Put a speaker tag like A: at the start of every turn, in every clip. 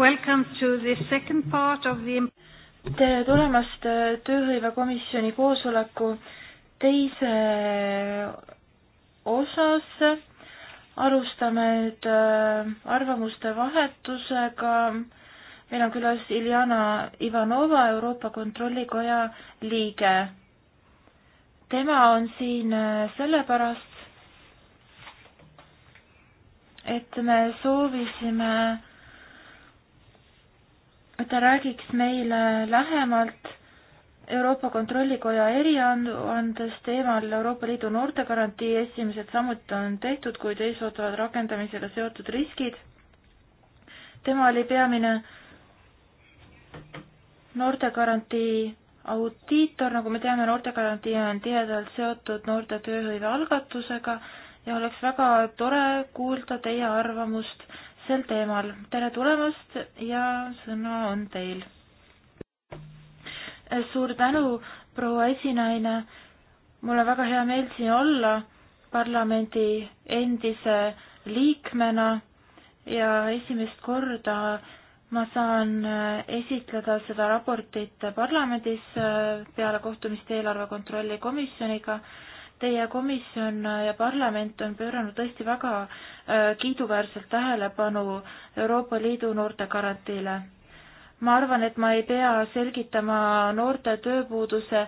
A: Welcome to the second part of the tere tulemast äh, tööhõivekomisjoni koosoleku teise äh, osas. alustame nüüd äh, arvamuste vahetusega. meil on külas Iljana Ivanova, Euroopa Kontrollikoja liige. tema on siin sellepärast, et me soovisime et ta räägiks meile lähemalt Euroopa Kontrollikoja eriandest teemal Euroopa Liidu noortegarantii esimesed sammud on tehtud, kuid ees ootavad rakendamisega seotud riskid. tema oli peamine noortegarantii audiitor, nagu me teame, noortegarantii on tihedalt seotud noorte tööhõive algatusega ja oleks väga tore kuulda teie arvamust sel teemal. tere tulemast ja sõna on teil. suur tänu, proua esinaine. mul on väga hea meel siin olla parlamendi endise liikmena ja esimest korda ma saan esitleda seda raportit parlamendis äh, peale kohtumist eelarve kontrolli komisjoniga Teie komisjon ja parlament on pööranud tõesti väga äh, kiiduväärselt tähelepanu Euroopa Liidu noortegarantiile. ma arvan, et ma ei pea selgitama noorte tööpuuduse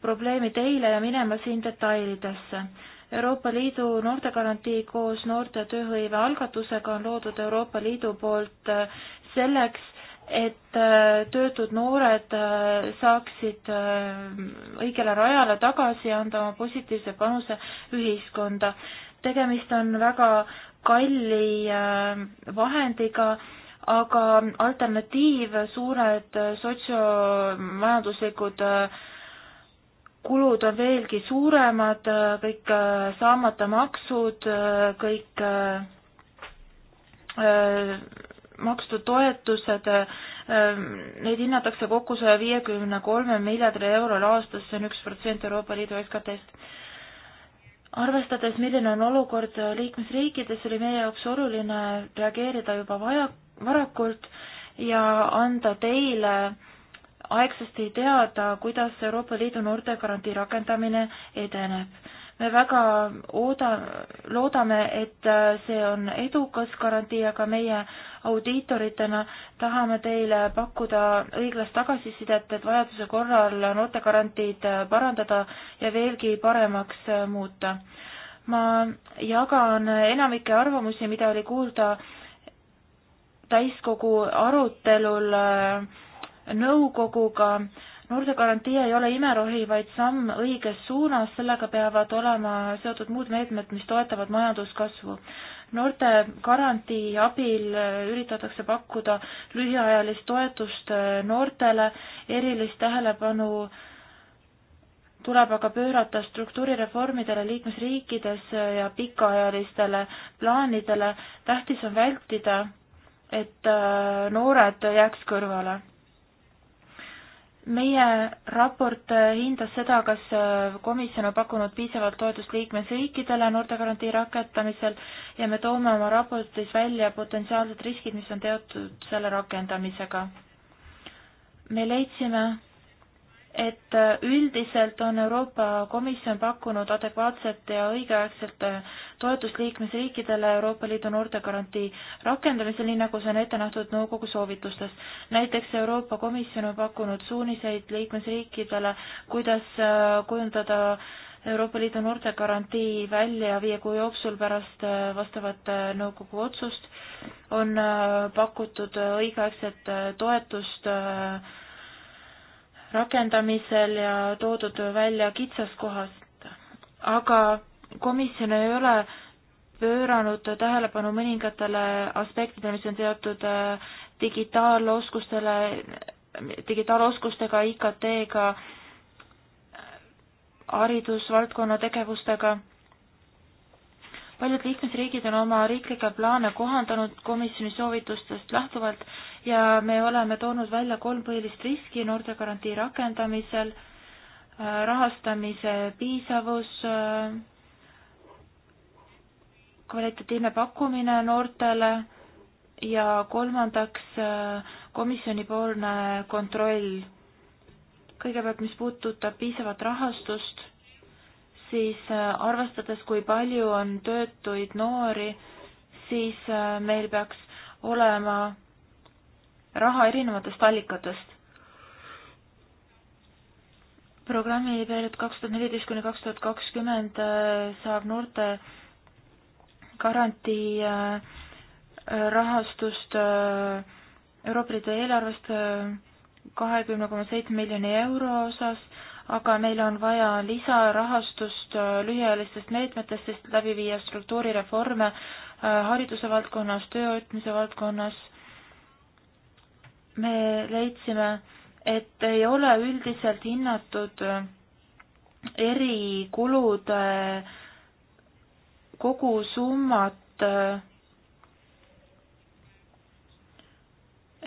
A: probleemi teile ja minema siin detailidesse Euroopa Liidu noortegarantii koos noorte tööhõive algatusega on loodud Euroopa Liidu poolt äh, selleks, et äh, töötud noored äh, saaksid äh, õigele rajale tagasi ja anda oma positiivse panuse ühiskonda. tegemist on väga kalli vahendiga, aga alternatiiv, suured sotsiomajanduslikud kulud on veelgi suuremad, kõik saamata maksud, kõik makstud toetused, ähm, neid hinnatakse kokku saja viiekümne kolme miljardile eurole aastas, see on üks protsent Euroopa Liidu SKT-st. arvestades, milline on olukord liikmesriikides, oli meie jaoks oluline reageerida juba vaja, varakult ja anda teile aegsasti teada, kuidas Euroopa Liidu noortegarantii rakendamine edeneb me väga ooda-, loodame, et äh, see on edukas garantii, aga meie audiitoritena tahame teile pakkuda õiglast tagasisidet, et vajaduse korral noortegarantiid äh, parandada ja veelgi paremaks äh, muuta. ma jagan enamike arvamusi, mida oli kuulda täiskogu arutelul nõukoguga äh, noorsoogarantii ei ole imerohi, vaid samm õiges suunas, sellega peavad olema seotud muud meetmed, mis toetavad majanduskasvu. noorte garantii abil äh, üritatakse pakkuda lühiajalist toetust äh, noortele, erilist tähelepanu tuleb aga pöörata struktuurireformidele liikmesriikides äh, ja pikaajalistele plaanidele. tähtis on vältida, et noored jääks kõrvale meie raport hindas seda, kas komisjon on pakkunud piisavalt toetust liikmesriikidele noortegarantii rakendamisel ja me toome oma raportis välja potentsiaalsed riskid, mis on teatud selle rakendamisega. me leidsime, et üldiselt on Euroopa Komisjon pakkunud adekvaatset ja õigeaegselt toetust liikmesriikidele Euroopa Liidu noortegarantii rakendamisel, nii nagu see on ette nähtud nõukogu soovitustes. näiteks Euroopa Komisjon on pakkunud suuniseid liikmesriikidele, kuidas äh, kujundada Euroopa Liidu noortegarantii välja viie kuu jooksul pärast äh, vastavat äh, nõukogu otsust, on pakutud õigeaegset toetust rakendamisel ja toodud välja kitsaskohast, aga komisjon ei ole pööranud tähelepanu mõningatele aspektidele, mis on seotud äh, digitaaloskustele, digitaaloskustega, IKT-ga, haridusvaldkonna tegevustega. paljud liikmesriigid on oma riiklikke plaane kohandanud komisjoni soovitustest lähtuvalt ja me oleme toonud välja kolm põhilist riski noortegarantii rakendamisel, rahastamise piisavus, kvalitatiivne pakkumine noortele ja kolmandaks komisjonipoolne kontroll. kõigepealt, mis puudutab piisavat rahastust, siis äh, arvestades, kui palju on töötuid noori, siis äh, meil peaks olema raha erinevatest allikatest. programmi periood kaks tuhat neliteist kuni kaks tuhat kakskümmend äh, saab noorte garantii äh, rahastust äh, Euroopa Liidu eelarvest kahekümne koma seitsme miljoni euro osas, aga neil on vaja lisarahastust lühiajalistest meetmetest, sest läbi viia struktuurireforme hariduse valdkonnas, tööotmise valdkonnas me leidsime, et ei ole üldiselt hinnatud äh, erikulude kogusummat, äh,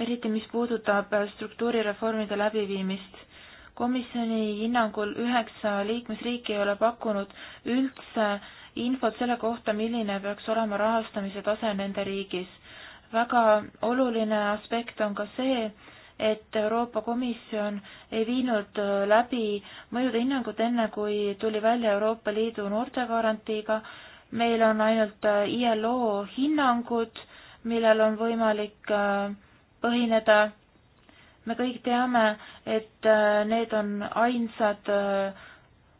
A: eriti mis puudutab struktuurireformide läbiviimist. komisjoni hinnangul üheksa liikmesriiki ei ole pakkunud üldse infot selle kohta, milline peaks olema rahastamise tase nende riigis väga oluline aspekt on ka see, et Euroopa Komisjon ei viinud äh, läbi mõjude hinnangut enne, kui tuli välja Euroopa Liidu noortegarantiiga. meil on ainult äh, ILO hinnangud, millel on võimalik äh, põhineda. me kõik teame, et need on ainsad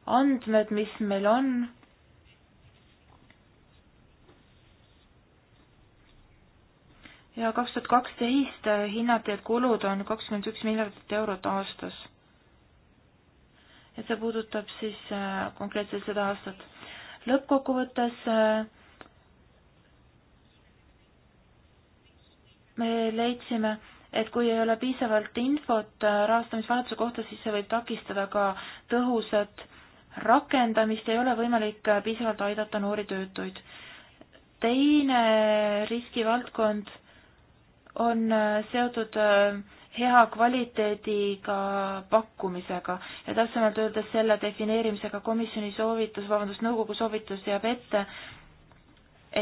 A: andmed, mis meil on ja kaks tuhat kaksteist äh, hinnati, et kulud on kakskümmend üks miljardit eurot aastas. et see puudutab siis äh, konkreetselt seda aastat. lõppkokkuvõttes äh, me leidsime, et kui ei ole piisavalt infot rahastamisvahetuse kohta, siis see võib takistada ka tõhusat rakendamist, ei ole võimalik piisavalt aidata noori töötuid. teine riskivaldkond on äh, seotud äh, hea kvaliteediga pakkumisega ja täpsemalt öeldes selle defineerimisega komisjoni soovitus, vabandust, nõukogu soovitus jääb ette,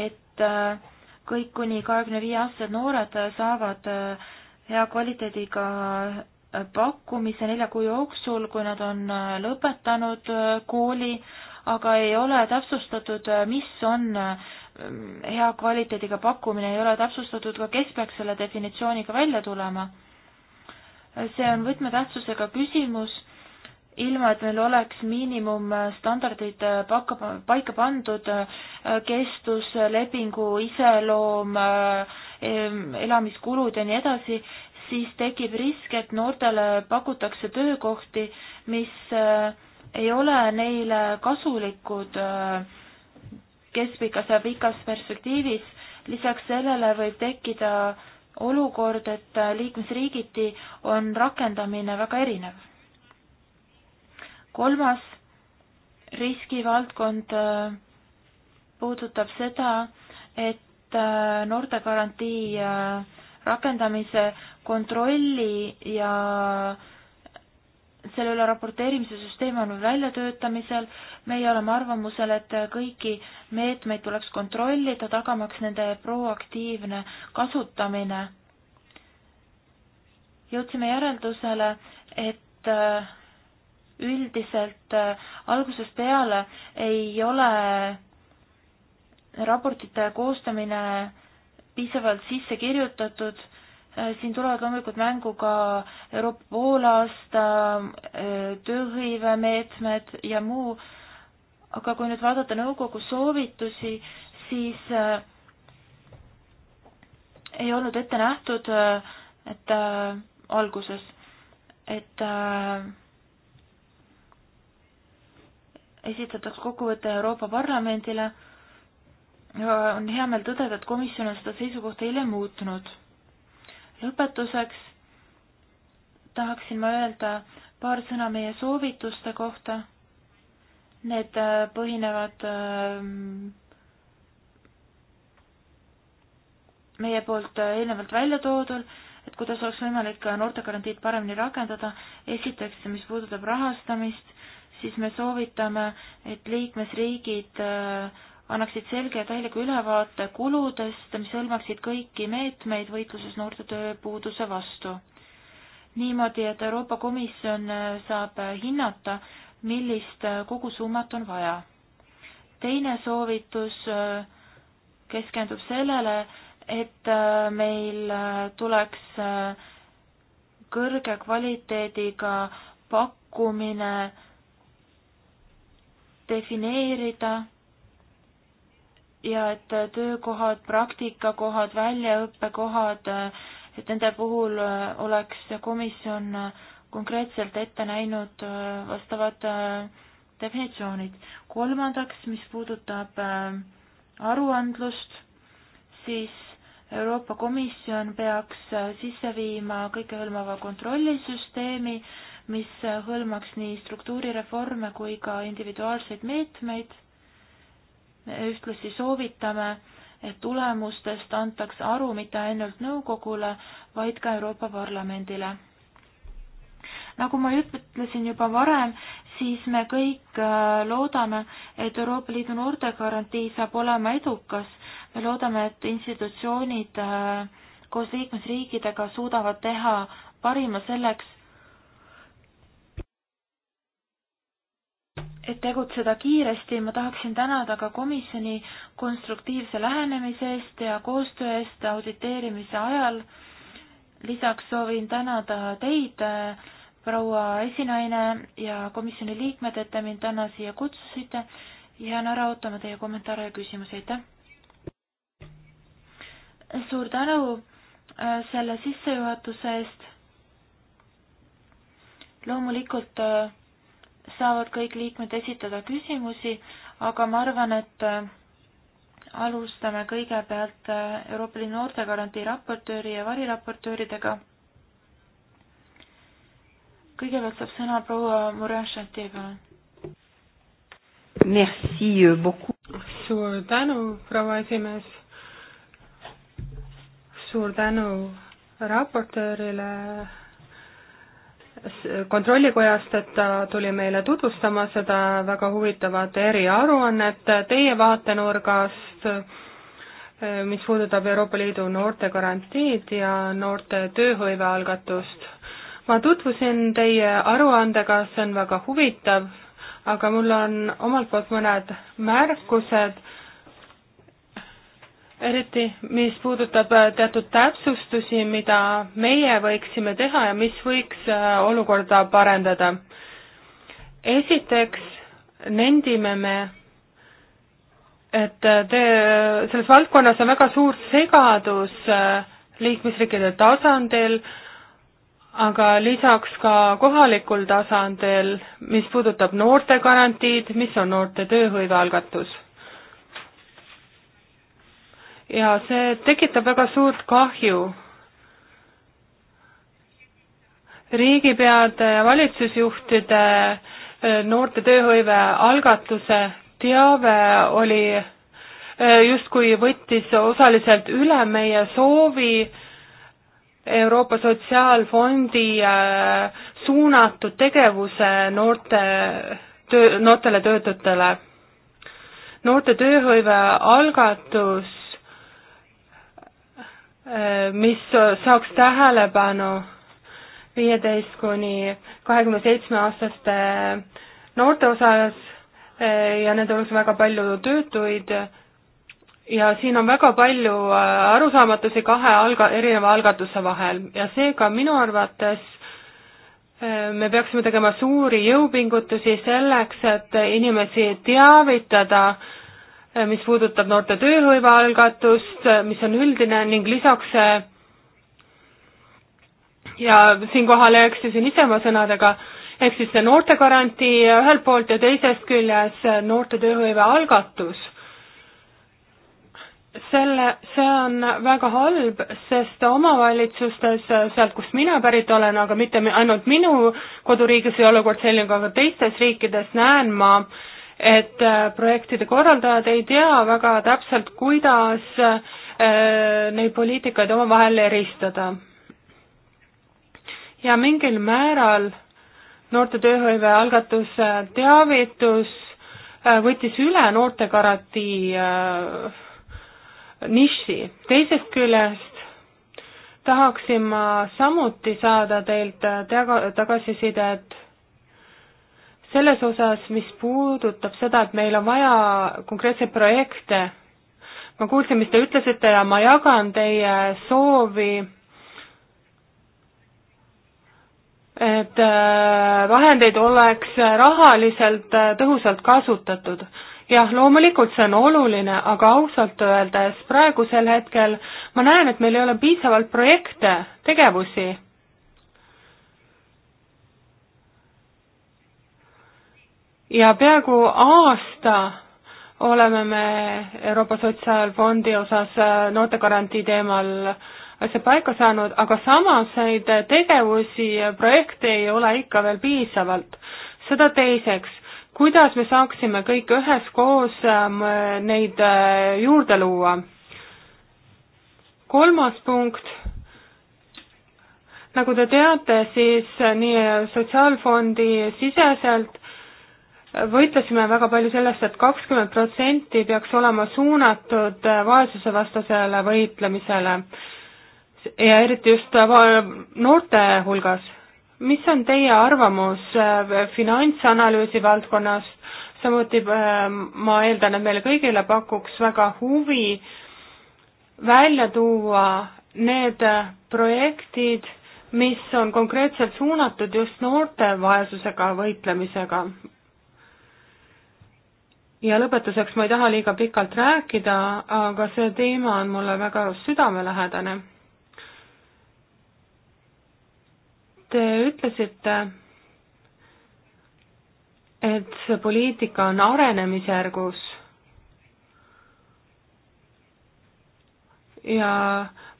A: et äh, kõik kuni kahekümne viie aastased noored saavad hea kvaliteediga pakkumise nelja kuu jooksul, kui nad on lõpetanud kooli, aga ei ole täpsustatud, mis on hea kvaliteediga pakkumine, ei ole täpsustatud ka, kes peaks selle definitsiooniga välja tulema. see on võtmetähtsusega küsimus, ilma et meil oleks miinimumstandardid pakka, paika pandud, kestus, lepingu iseloom, elamiskulud ja nii edasi, siis tekib risk, et noortele pakutakse töökohti, mis ei ole neile kasulikud äh, keskpikas ja pikas perspektiivis. lisaks sellele võib tekkida olukord, et liikmesriigiti on rakendamine väga erinev. kolmas riskivaldkond äh, puudutab seda, et äh, noortegarantii äh, rakendamise kontrolli ja selle üle raporteerimise süsteem on väljatöötamisel, meie oleme arvamusel, et kõiki meetmeid tuleks kontrollida, tagamaks nende proaktiivne kasutamine. jõudsime järeldusele, et äh, üldiselt äh, algusest peale ei ole raportite koostamine piisavalt sisse kirjutatud Äh, siin tulevad loomulikult mängu ka Euroopa poolaasta, äh, tööhõivemeetmed ja muu, aga kui nüüd vaadata nõukogu soovitusi, siis äh, ei olnud ette nähtud, et äh, alguses, et äh, esitataks kokkuvõte Euroopa Parlamendile. on hea meel tõdeda, et komisjon on seda seisukohta hiljem muutnud lõpetuseks tahaksin ma öelda paar sõna meie soovituste kohta. Need äh, põhinevad ähm, meie poolt äh, eelnevalt välja toodul, et kuidas oleks võimalik äh, noortegarantiid paremini rakendada. esiteks, mis puudutab rahastamist, siis me soovitame, et liikmesriigid äh, annaksid selge ja täieliku ülevaate kuludest, mis hõlmaksid kõiki meetmeid võitluses noorte tööpuuduse vastu. niimoodi, et Euroopa Komisjon saab hinnata, millist kogusummat on vaja. teine soovitus keskendub sellele, et meil tuleks kõrge kvaliteediga pakkumine defineerida ja et töökohad, praktikakohad, väljaõppekohad, et nende puhul äh, oleks komisjon äh, konkreetselt ette näinud äh, vastavad definitsioonid. kolmandaks, mis puudutab aruandlust, siis Euroopa Komisjon peaks sisse viima kõikehõlmava kontrollisüsteemi, mis hõlmaks nii struktuurireforme kui ka individuaalseid meetmeid me ühtlasi soovitame, et tulemustest antaks aru mitte ainult nõukogule, vaid ka Euroopa Parlamendile. nagu ma ütlesin juba varem, siis me kõik äh, loodame, et Euroopa Liidu noortegarantii saab olema edukas. me loodame, et institutsioonid äh, koos liikmesriikidega suudavad teha parima selleks, et tegutseda kiiresti. ma tahaksin tänada ka komisjoni konstruktiivse lähenemise eest ja koostöö eest auditeerimise ajal. lisaks soovin tänada teid, proua esinaine ja komisjoni liikmed, et te mind täna siia kutsusite. jään ära ootama teie kommentaare ja küsimusi, aitäh! suur tänu äh, selle sissejuhatuse eest. loomulikult äh, saavad kõik liikmed esitada küsimusi, aga ma arvan, et äh, alustame kõigepealt äh, Euroopa Liidu noortegarantii raportööri ja variraportööridega. kõigepealt saab sõna proua Murashati, palun. Merci euh, beaucoup.
B: suur tänu, proua esimees. suur tänu raportöörile kontrollikojast, et ta tuli meile tutvustama seda väga huvitavat eriaruannet teie vaatenurgast, mis puudutab Euroopa Liidu noortegarantiid ja noorte tööhõive algatust. ma tutvusin teie aruandega, see on väga huvitav, aga mul on omalt poolt mõned märkused eriti mis puudutab äh, teatud täpsustusi, mida meie võiksime teha ja mis võiks äh, olukorda parendada. esiteks nendime me, et äh, te, selles valdkonnas on väga suur segadus liikmesriikide tasandil, aga lisaks ka kohalikul tasandil, mis puudutab noortegarantiid, mis on noorte tööhõive algatus ja see tekitab väga suurt kahju. riigipeade ja valitsusjuhtide eh, noorte tööhõive algatuse teave oli eh, justkui võttis osaliselt üle meie soovi Euroopa Sotsiaalfondi eh, suunatud tegevuse noorte töö, noortele töötutele. noorte tööhõive algatus Äh, mis saaks tähelepanu viieteist kuni kahekümne seitsme aastaste noorte osas äh, ja need oleks väga palju töötuid ja siin on väga palju äh, arusaamatusi kahe alga, erineva algatuse vahel ja seega minu arvates me peaksime tegema suuri jõupingutusi selleks, et inimesi teavitada äh, Äh, mis puudutab noorte tööhõive algatust, äh, mis on üldine ning lisaks äh, ja siinkohal eksisin ise oma sõnadega, ehk siis see noortegarantii ühelt poolt ja teisest küljest noorte tööhõive algatus, selle, see on väga halb, sest omavalitsustes, sealt, kust mina pärit olen, aga mitte ainult minu koduriigis ei ole olukord selline, aga teistes riikides näen ma äh, et äh, projektide korraldajad ei tea väga täpselt, kuidas äh, neid poliitikaid omavahel eristada. ja mingil määral noorte tööhõive algatuse teavitus äh, võttis üle noortegarantii niši, teisest küljest tahaksin ma samuti saada teilt tagasisidet selles osas, mis puudutab seda, et meil on vaja konkreetseid projekte, ma kuulsin, mis te ütlesite ja ma jagan teie soovi, et äh, vahendeid oleks rahaliselt äh, tõhusalt kasutatud. jah, loomulikult see on oluline, aga ausalt öeldes praegusel hetkel ma näen, et meil ei ole piisavalt projekte, tegevusi ja peaaegu aasta oleme me Euroopa Sotsiaalfondi osas äh, noortegarantii teemal asja paika saanud, aga samas neid tegevusi ja projekte ei ole ikka veel piisavalt. seda teiseks, kuidas me saaksime kõik üheskoos ähm, neid äh, juurde luua? kolmas punkt, nagu te teate, siis äh, nii Sotsiaalfondi siseselt võitlesime väga palju sellest et, et kakskümmend protsenti peaks olema suunatud vaesusevastasele võitlemisele ja eriti just noorte hulgas. mis on teie arvamus äh, finantsanalüüsi valdkonnast, samuti äh, ma eeldan, et meile kõigile pakuks väga huvi välja tuua need äh, projektid, mis on konkreetselt suunatud just noorte vaesusega võitlemisega ja lõpetuseks ma ei taha liiga pikalt rääkida, aga see teema on mulle väga südamelähedane. Te ütlesite, et see poliitika on arenemisjärgus ja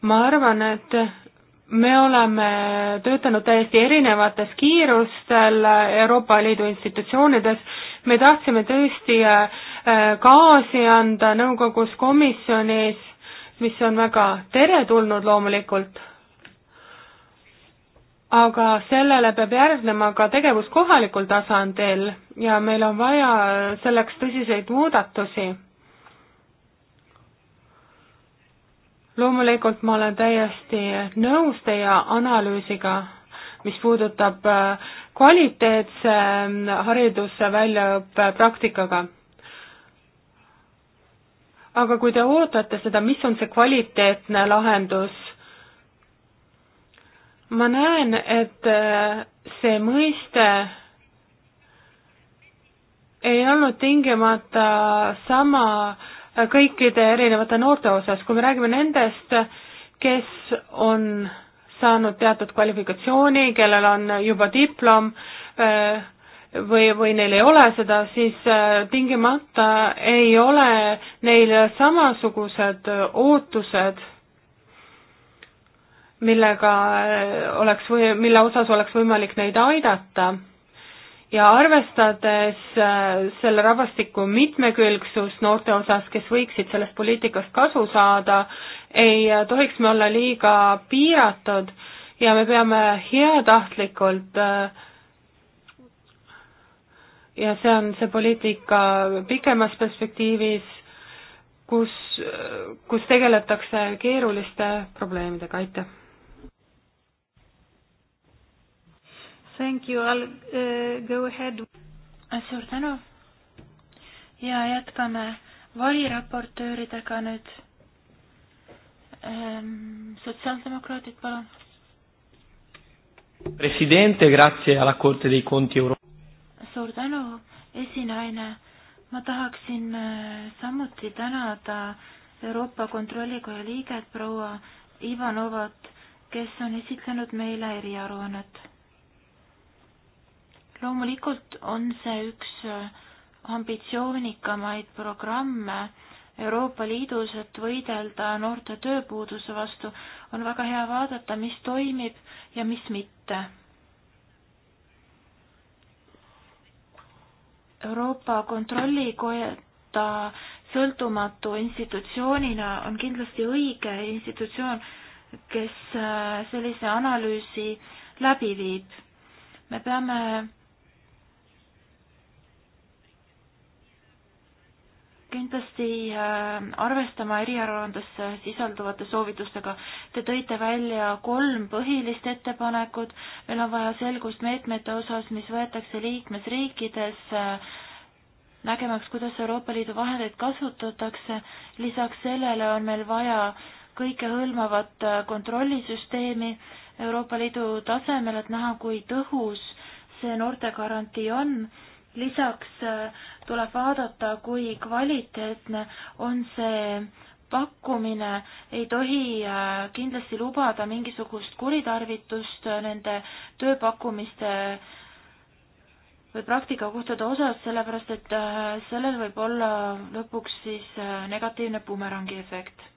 B: ma arvan, et me oleme töötanud täiesti erinevates kiirustel Euroopa Liidu institutsioonides me tahtsime tõesti äh, äh, gaasi anda nõukogus komisjonis, mis on väga teretulnud loomulikult, aga sellele peab järgnema ka tegevus kohalikul tasandil ja meil on vaja selleks tõsiseid muudatusi loomulikult ma olen täiesti nõus teie analüüsiga mis puudutab äh, kvaliteetse ähm, hariduse väljaõppe praktikaga. aga kui te ootate seda, mis on see kvaliteetne lahendus, ma näen, et äh, see mõiste ei olnud tingimata sama äh, kõikide erinevate noorte osas, kui me räägime nendest, kes on saanud teatud kvalifikatsiooni, kellel on juba diplom äh, või, või neil ei ole seda, siis äh, tingimata ei ole neil samasugused ootused, millega äh, oleks või, mille osas oleks võimalik neid aidata ja arvestades selle rahvastiku mitmekülgsust noorte osas, kes võiksid sellest poliitikast kasu saada, ei tohiks me olla liiga piiratud ja me peame heatahtlikult äh, ja see on see poliitika pikemas perspektiivis, kus, kus tegeletakse keeruliste probleemidega,
A: aitäh! Thank you. I'll uh, go ahead. Suur tänu. Ja jätkame valiraportööridega nüüd. Ehm, sotsiaaldemokraadid, palun.
C: president, grazie alla Corte dei Conti Euro-.
A: suur tänu, esinaine. ma tahaksin äh, samuti tänada Euroopa Kontrollikoja liiget proua Ivanovat, kes on esitlenud meile eriaruannet. loomulikult on see üks äh, ambitsioonikamaid programme Euroopa Liidus, et võidelda noorte tööpuuduse vastu, on väga hea vaadata, mis toimib ja mis mitte. Euroopa Kontrollikojata sõltumatu institutsioonina on kindlasti õige institutsioon, kes äh, sellise analüüsi läbi viib. me peame kindlasti äh, arvestama eriaruandes sisalduvate soovitustega. Te tõite välja kolm põhilist ettepanekut, meil on vaja selgust meetmete osas, mis võetakse liikmesriikides, äh, nägemaks, kuidas Euroopa Liidu vahendeid kasutatakse, lisaks sellele on meil vaja kõikehõlmavat äh, kontrollisüsteemi Euroopa Liidu tasemel, et näha, kui tõhus see noortegarantii on lisaks tuleb vaadata, kui kvaliteetne on see pakkumine, ei tohi äh, kindlasti lubada mingisugust kuritarvitust äh, nende tööpakkumiste äh, või praktikakohtade osas, sellepärast et sellel võib olla lõpuks siis negatiivne bumerangi efekt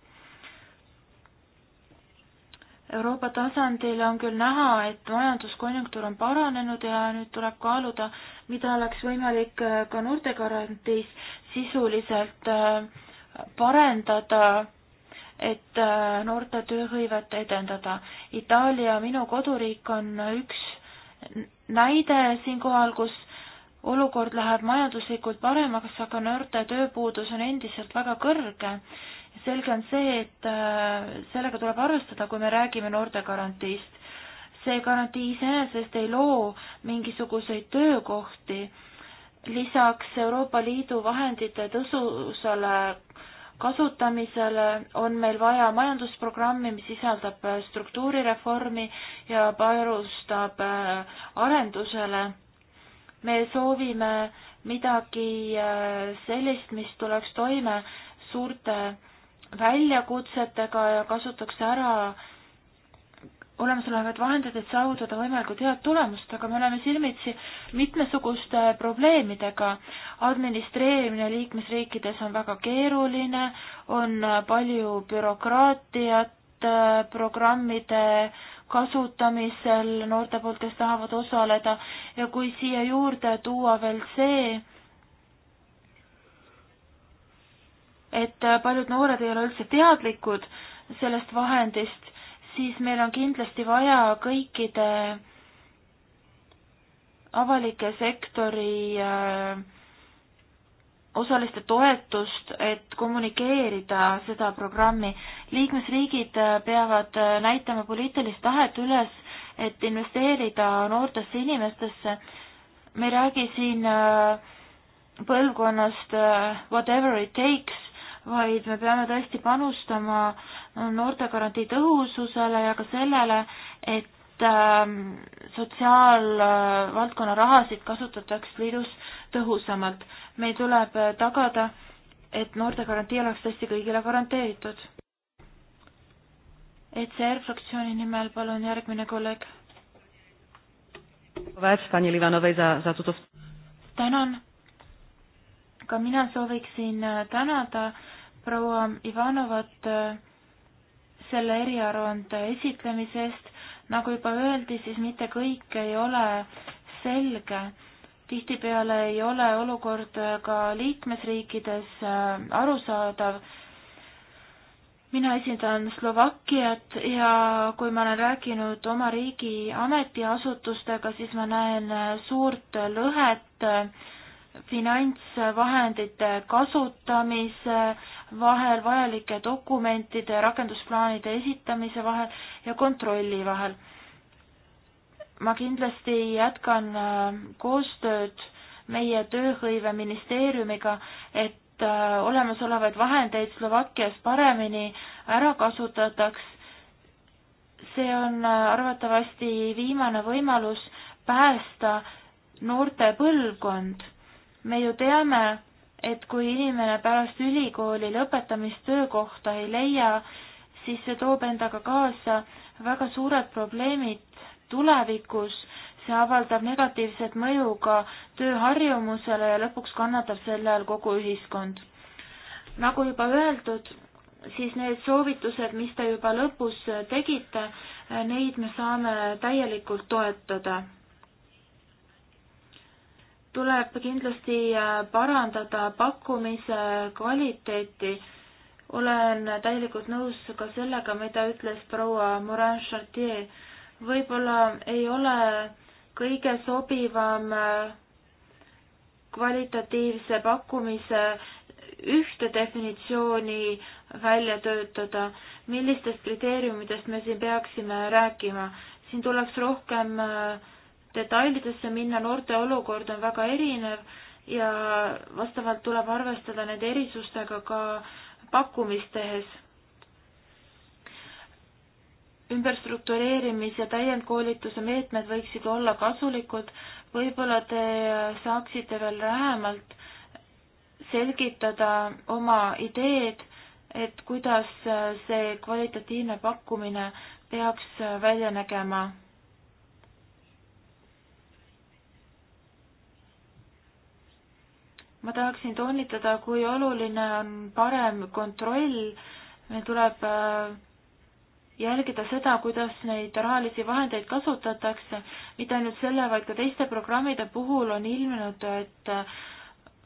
A: Euroopa tasandil on küll näha, et majanduskonjunktuur on paranenud ja nüüd tuleb kaaluda, mida oleks võimalik äh, ka noortegarantiis sisuliselt äh, parendada, et äh, noorte tööhõivet edendada. Itaalia, minu koduriik, on üks näide siinkohal, kus olukord läheb majanduslikult paremaks, aga noorte tööpuudus on endiselt väga kõrge selge on see, et äh, sellega tuleb arvestada, kui me räägime noortegarantiist. see garantii iseenesest ei loo mingisuguseid töökohti. lisaks Euroopa Liidu vahendite tõsusale kasutamisele on meil vaja majandusprogrammi, mis sisaldab äh, struktuurireformi ja panustab äh, arendusele. me soovime midagi sellist, mis tuleks toime suurte väljakutsetega ja kasutatakse ära olemasolevad vahendid, et saavutada võimalikult head tulemust, aga me oleme silmitsi mitmesuguste probleemidega. administreerimine liikmesriikides on väga keeruline, on palju bürokraatiat äh, programmide kasutamisel noorte poolt, kes tahavad osaleda ja kui siia juurde tuua veel see, et äh, paljud noored ei ole üldse teadlikud sellest vahendist, siis meil on kindlasti vaja kõikide avalike sektori äh, osaliste toetust, et kommunikeerida seda programmi. liikmesriigid äh, peavad näitama poliitilist tahet üles, et investeerida noortesse inimestesse. me ei räägi siin põlvkonnast whatever it takes, vaid me peame tõesti panustama noortegarantii tõhususele ja ka sellele, et ähm, sotsiaalvaldkonna rahasid kasutataks liidus tõhusamalt. meil tuleb tagada, et noortegarantii oleks tõesti kõigile garanteeritud. ECR fraktsiooni nimel palun järgmine kolleeg. tänan. ka mina sooviksin äh, tänada proua Ivanovat äh, selle eriaruande esitlemise eest. nagu juba öeldi, siis mitte kõik ei ole selge. tihtipeale ei ole olukord ka liikmesriikides äh, arusaadav. mina esindan Slovakkiat ja kui ma olen rääkinud oma riigi ametiasutustega, siis ma näen äh, suurt lõhet finantsvahendite kasutamise vahel, vajalike dokumentide ja rakendusplaanide esitamise vahel ja kontrolli vahel. ma kindlasti jätkan äh, koostööd meie tööhõiveministeeriumiga, et äh, olemasolevaid vahendeid Slovakkias paremini ära kasutataks. see on äh, arvatavasti viimane võimalus päästa noorte põlvkond me ju teame, et kui inimene pärast ülikooli lõpetamist töökohta ei leia, siis see toob endaga kaasa väga suured probleemid tulevikus, see avaldab negatiivset mõju ka tööharjumusele ja lõpuks kannatab selle all kogu ühiskond. nagu juba öeldud, siis need soovitused, mis te juba lõpus tegite, neid me saame täielikult toetada tuleb kindlasti äh, parandada pakkumise kvaliteeti. olen täielikult nõus ka sellega, mida ütles proua Morin Chartier. võib-olla ei ole kõige sobivam äh, kvalitatiivse pakkumise ühte definitsiooni välja töötada, millistest kriteeriumidest me siin peaksime rääkima. siin tuleks rohkem äh, detailidesse minna, noorte olukord on väga erinev ja vastavalt tuleb arvestada nende erisustega ka pakkumist tehes. ümberstruktureerimis- ja täiendkoolituse meetmed võiksid olla kasulikud, võib-olla te saaksite veel lähemalt selgitada oma ideed, et kuidas see kvalitatiivne pakkumine peaks välja nägema ma tahaksin toonitada, kui oluline on parem kontroll, meil tuleb äh, jälgida seda, kuidas neid rahalisi vahendeid kasutatakse, mitte ainult selle, vaid ka teiste programmide puhul on ilmnenud, et äh,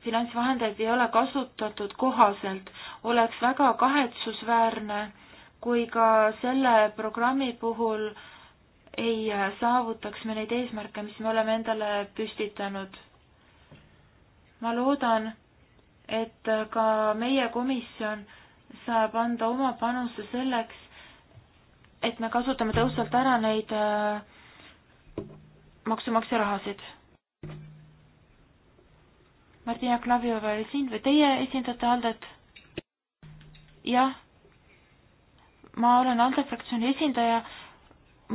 A: finantsvahendeid ei ole kasutatud kohaselt. oleks väga kahetsusväärne, kui ka selle programmi puhul ei äh, saavutaks me neid eesmärke, mis me oleme endale püstitanud ma loodan, et ka meie komisjon saab anda oma panuse selleks, et me kasutame tõhusalt ära neid äh, maksumaksja rahasid. Martina Klavjova oli siin või teie esindate Aldet? jah, ma olen Alde fraktsiooni esindaja,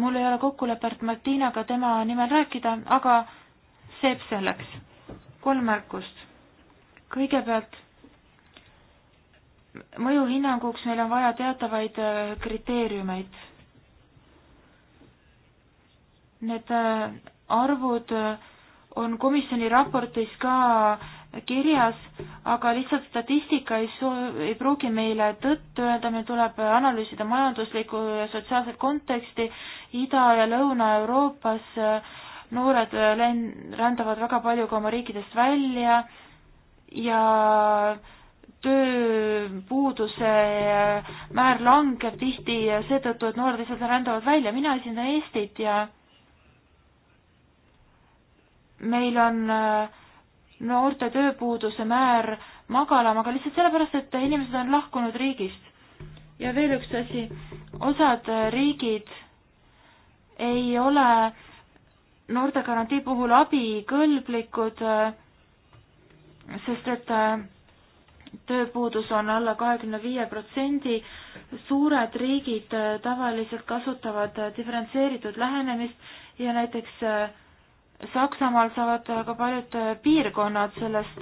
A: mul ei ole kokkulepet Martinaga tema nimel rääkida, aga see selleks kolm märkust. kõigepealt mõjuhinnanguks meil on vaja teatavaid äh, kriteeriumeid. Need äh, arvud äh, on komisjoni raportis ka kirjas, aga lihtsalt statistika ei soo-, ei pruugi meile tõtt öelda, meil tuleb analüüsida majanduslikku ja sotsiaalset konteksti Ida- ja Lõuna-Euroopas noored äh, len-, rändavad väga palju ka oma riikidest välja ja tööpuuduse äh, määr langeb tihti seetõttu, et noored lihtsalt rändavad välja, mina esindan Eestit ja meil on äh, noorte tööpuuduse määr magalam, aga lihtsalt sellepärast, et inimesed on lahkunud riigist. ja veel üks asi, osad riigid ei ole noorte garantii puhul abikõlblikud, äh, sest et äh, tööpuudus on alla kahekümne viie protsendi, suured riigid äh, tavaliselt kasutavad diferentseeritud lähenemist ja näiteks Saksamaal saavad ka paljud piirkonnad sellest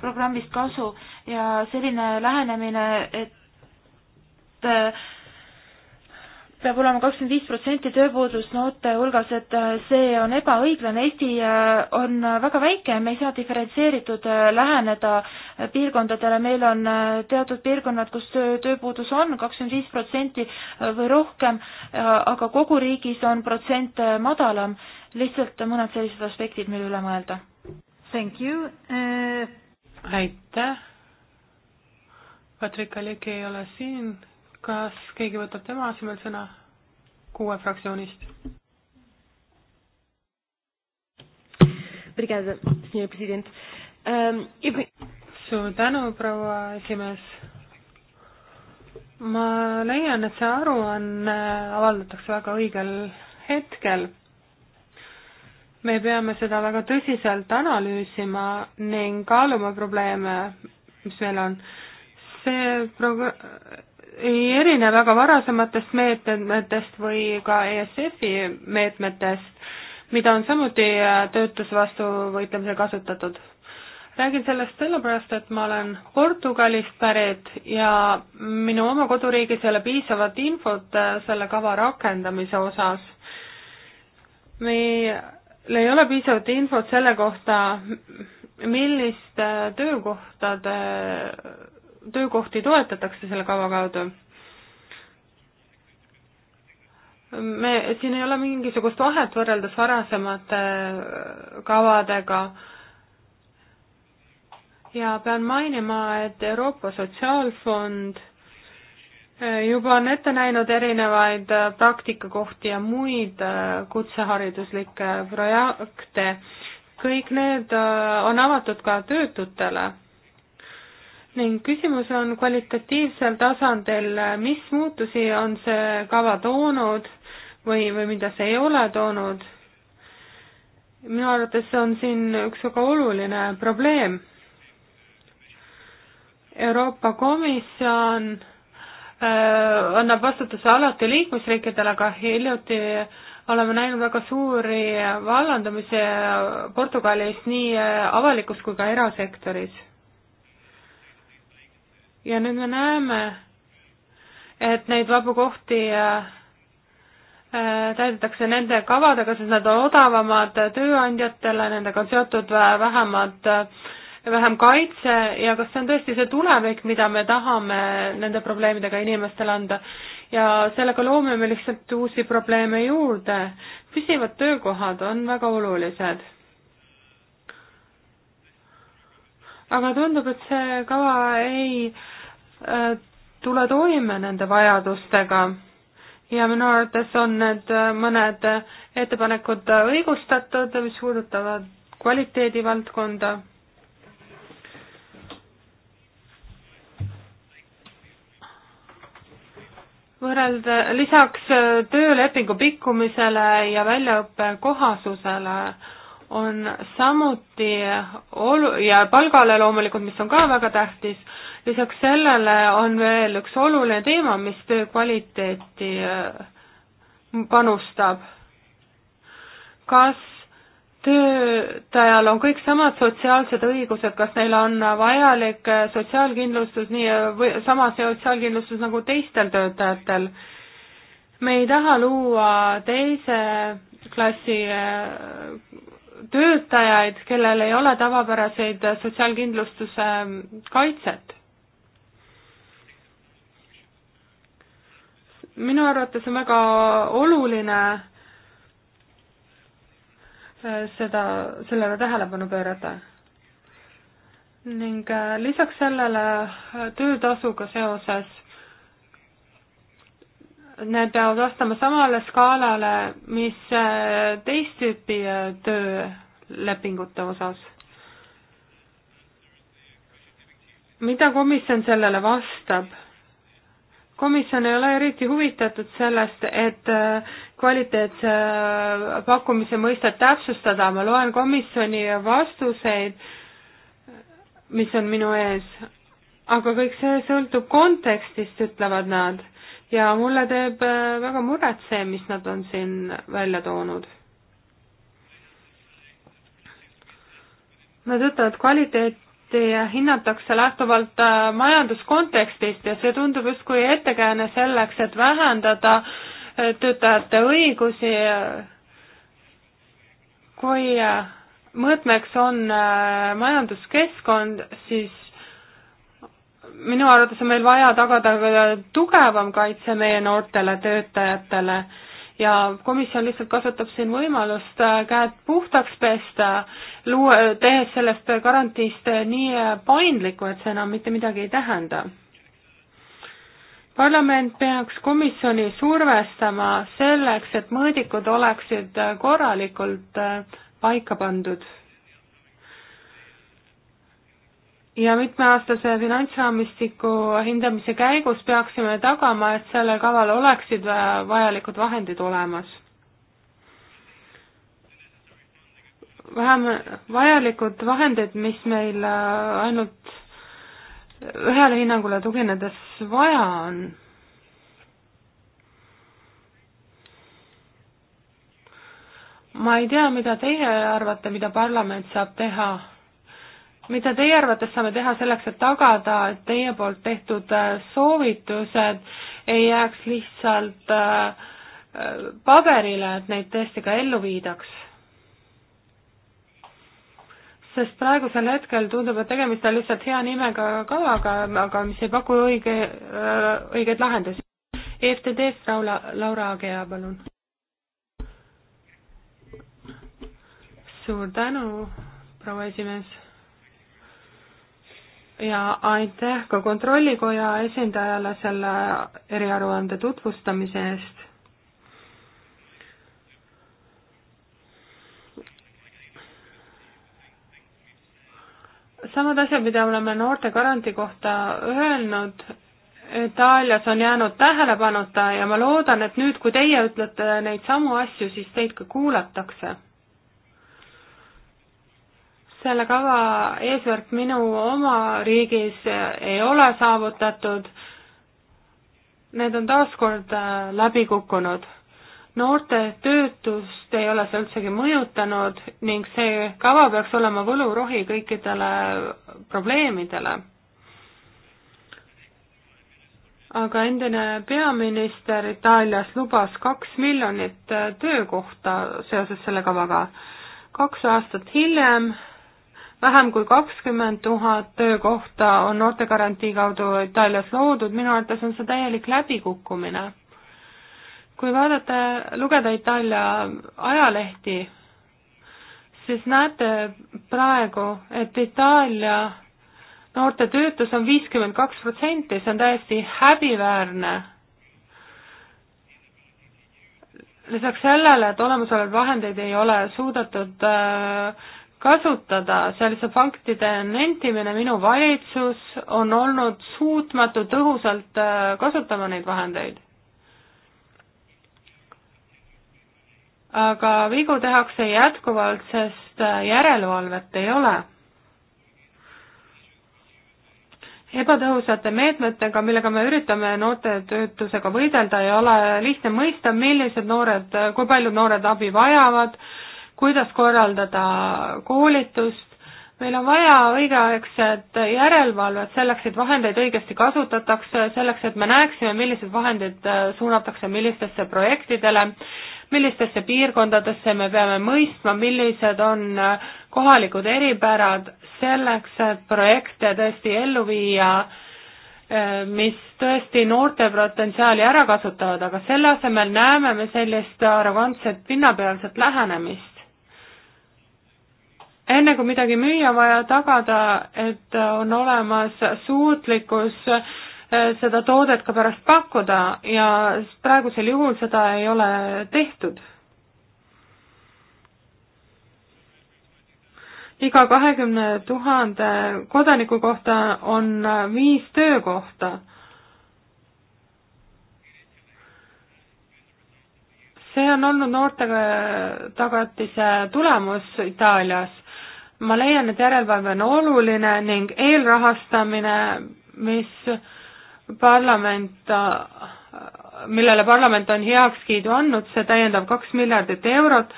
A: programmist kasu ja selline lähenemine, et peab olema kakskümmend viis protsenti tööpuudust noorte hulgas, et äh, see on ebaõiglane, Eesti äh, on äh, väga väike, me ei saa diferentseeritud läheneda piirkondadele, meil on teatud piirkonnad, kus tööpuudus on kakskümmend viis protsenti või rohkem, aga kogu riigis on protsent madalam, lihtsalt mõned sellised aspektid, mille üle mõelda. Thank
B: you uh.... aitäh. Patrick Alek ei ole siin kas keegi võtab tema asemel sõna kuue fraktsioonist? Um, suur tänu, proua esimees. ma leian, et see aruanne avaldatakse väga õigel hetkel me peame seda väga tõsiselt analüüsima ning kaaluma probleeme, mis meil on. see prog-, ei erine väga varasematest meetmetest või ka ESF-i meetmetest, mida on samuti äh, töötuse vastu võitlemisel kasutatud. räägin sellest sellepärast, et ma olen Portugalist pärit ja minu oma koduriigis ei ole piisavat infot äh, selle kava rakendamise osas. meil ei ole piisavat infot selle kohta, milliste äh, töökohtade töökohti toetatakse selle kava kaudu. me, siin ei ole mingisugust vahet võrreldes varasemate äh, kavadega ja pean mainima, et Euroopa Sotsiaalfond äh, juba on ette näinud erinevaid äh, praktikakohti ja muid kutsehariduslikke projekte. kõik need on avatud ka töötutele ning küsimus on kvalitatiivsel tasandil, mis muutusi on see kava toonud või, või mida see ei ole toonud. minu arvates on siin üks väga oluline probleem. Euroopa Komisjon äh, annab vastutuse alati liikmesriikidele, aga hiljuti oleme näinud väga suuri vallandamisi Portugalis nii äh, avalikus kui ka erasektoris ja nüüd me näeme, et neid vabu kohti äh, äh, täidetakse nende kavadega, sest nad on odavamad tööandjatele, nendega on seotud äh, vähemad, vähem kaitse ja kas see on tõesti see tulevik, mida me tahame nende probleemidega inimestele anda? ja sellega loome me lihtsalt uusi probleeme juurde. püsivad töökohad on väga olulised aga tundub, et see kava ei äh, tule toime nende vajadustega ja minu arvates on need äh, mõned ettepanekud õigustatud, mis puudutavad kvaliteedi valdkonda. võrrelda, lisaks töölepingu pikkumisele ja väljaõppe kohasusele on samuti olu- ja palgale loomulikult, mis on ka väga tähtis, lisaks sellele on veel üks oluline teema, mis töö kvaliteeti äh, panustab. kas töötajal on kõik samad sotsiaalsed õigused, kas neil on vajalik äh, sotsiaalkindlustus nii äh, või sama sotsiaalkindlustus nagu teistel töötajatel? me ei taha luua teise klassi töötajaid, kellel ei ole tavapäraseid sotsiaalkindlustuse kaitset. minu arvates on väga oluline äh, seda, sellele tähelepanu pöörata. ning äh, lisaks sellele äh, töötasuga seoses need peavad vastama samale skaalale, mis äh, teist tüüpi äh, töölepingute osas. mida komisjon sellele vastab? komisjon ei ole eriti huvitatud sellest, et äh, kvaliteetse pakkumise mõistet täpsustada, ma loen komisjoni vastuseid, mis on minu ees, aga kõik see sõltub kontekstist, ütlevad nad ja mulle teeb äh, väga muret see, mis nad on siin välja toonud. Nad ütlevad, kvaliteeti hinnatakse lähtuvalt äh, majanduskontekstist ja see tundub justkui ettekääne selleks, et vähendada äh, töötajate õigusi, kui mõõtmeks on majanduskeskkond, siis minu arvates on meil vaja tagada tugevam kaitse meie noortele töötajatele ja komisjon lihtsalt kasutab siin võimalust äh, käed puhtaks pesta, luua, tehes sellest garantiist äh, nii äh, paindliku, et see enam mitte midagi ei tähenda. parlament peaks komisjoni survestama selleks, et mõõdikud oleksid korralikult paika pandud ja mitmeaastase finantsraamistiku hindamise käigus peaksime tagama, et sellel kaval oleksid vajalikud vahendid olemas. vähem vajalikud vahendid, mis meil äh, ainult ühele hinnangule tuginedes vaja on ma ei tea, mida teie arvate, mida parlament saab teha mida teie arvates saame teha selleks, et tagada, et teie poolt tehtud äh, soovitused ei jääks lihtsalt äh, äh, paberile, et neid tõesti ka ellu viidaks? sest praegusel hetkel tundub, et tegemist on lihtsalt hea nimega kavaga, aga mis ei paku õige, õigeid lahendusi. EFTD-st Laura, Laura Agea, palun. suur tänu, proua esimees ja aitäh ka Kontrollikoja esindajale selle eriaruande tutvustamise eest. samad asjad, mida oleme noortegarantii kohta öelnud, Itaalias on jäänud tähelepanuta ja ma loodan, et nüüd, kui teie ütlete neid samu asju, siis teid ka kuulatakse selle kava eesmärk minu oma riigis ei ole saavutatud. Need on taaskord äh, läbi kukkunud. noorte töötust ei ole see üldsegi mõjutanud ning see kava peaks olema võlurohi kõikidele probleemidele aga endine peaminister Itaalias lubas kaks miljonit äh, töökohta seoses selle kavaga. kaks aastat hiljem vähem kui kakskümmend tuhat töökohta on noortegarantii kaudu Itaalias loodud, minu arvates on see täielik läbikukkumine. kui vaadata, lugeda Itaalia ajalehti, siis näete praegu, et Itaalia noorte töötus on viiskümmend kaks protsenti, see on täiesti häbiväärne. lisaks sellele, et olemasolevaid vahendeid ei ole suudetud äh, kasutada, see on lihtsalt faktide nentimine, minu valitsus on olnud suutmatu tõhusalt äh, kasutama neid vahendeid. aga vigu tehakse jätkuvalt, sest äh, järelevalvet ei ole. ebatõhusate meetmetega, millega me üritame noorte töötusega võidelda, ei ole lihtne mõista, millised noored, äh, kui paljud noored abi vajavad, kuidas korraldada koolitust, meil on vaja õigeaegset järelevalvet selleks, et vahendeid õigesti kasutatakse, selleks, et me näeksime, millised vahendid äh, suunatakse millistesse projektidele, millistesse piirkondadesse me peame mõistma, millised on äh, kohalikud eripärad selleks, et projekte tõesti ellu viia, äh, mis tõesti noorte potentsiaali ära kasutavad, aga selle asemel näeme me sellist arrogantset pinnapealset lähenemist enne kui midagi müüa, on vaja tagada, et on olemas suutlikkus äh, seda toodet ka pärast pakkuda ja praegusel juhul seda ei ole tehtud. iga kahekümne tuhande kodaniku kohta on äh, viis töökohta. see on olnud noortega tagatise tulemus Itaalias ma leian, et järelevalve on oluline ning eelrahastamine, mis parlament, millele parlament on heakskiidu andnud, see täiendab kaks miljardit eurot,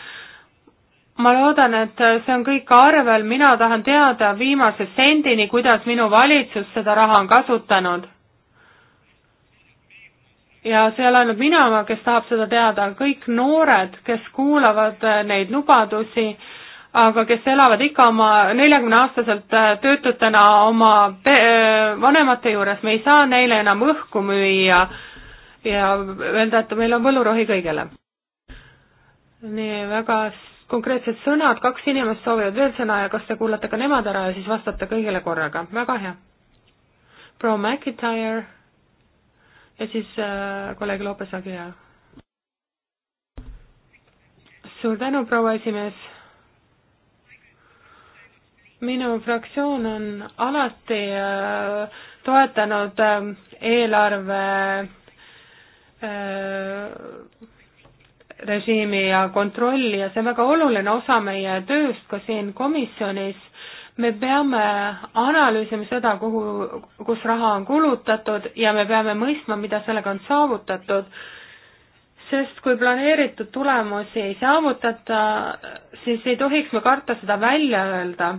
B: ma loodan, et see on kõik arvel, mina tahan teada viimase sendini, kuidas minu valitsus seda raha on kasutanud. ja see ei ole ainult mina, kes tahab seda teada, kõik noored, kes kuulavad neid lubadusi, aga kes elavad ikka oma neljakümneaastaselt äh, töötutena oma äh, vanemate juures, me ei saa neile enam õhku müüa ja öelda, et meil on võlurohi kõigele. nii, väga konkreetsed sõnad, kaks inimest soovivad veel sõna ja kas te kuulate ka nemad ära ja siis vastate kõigile korraga, väga hea. proua McIntyre ja siis äh, kolleeg Lopes Agia. suur tänu, proua esimees minu fraktsioon on alati äh, toetanud äh, eelarve äh, režiimi ja kontrolli ja see on väga oluline osa meie tööst ka siin komisjonis. me peame analüüsima seda, kuhu, kus raha on kulutatud ja me peame mõistma, mida sellega on saavutatud sest kui planeeritud tulemusi ei saavutata, siis ei tohiks me karta seda välja öelda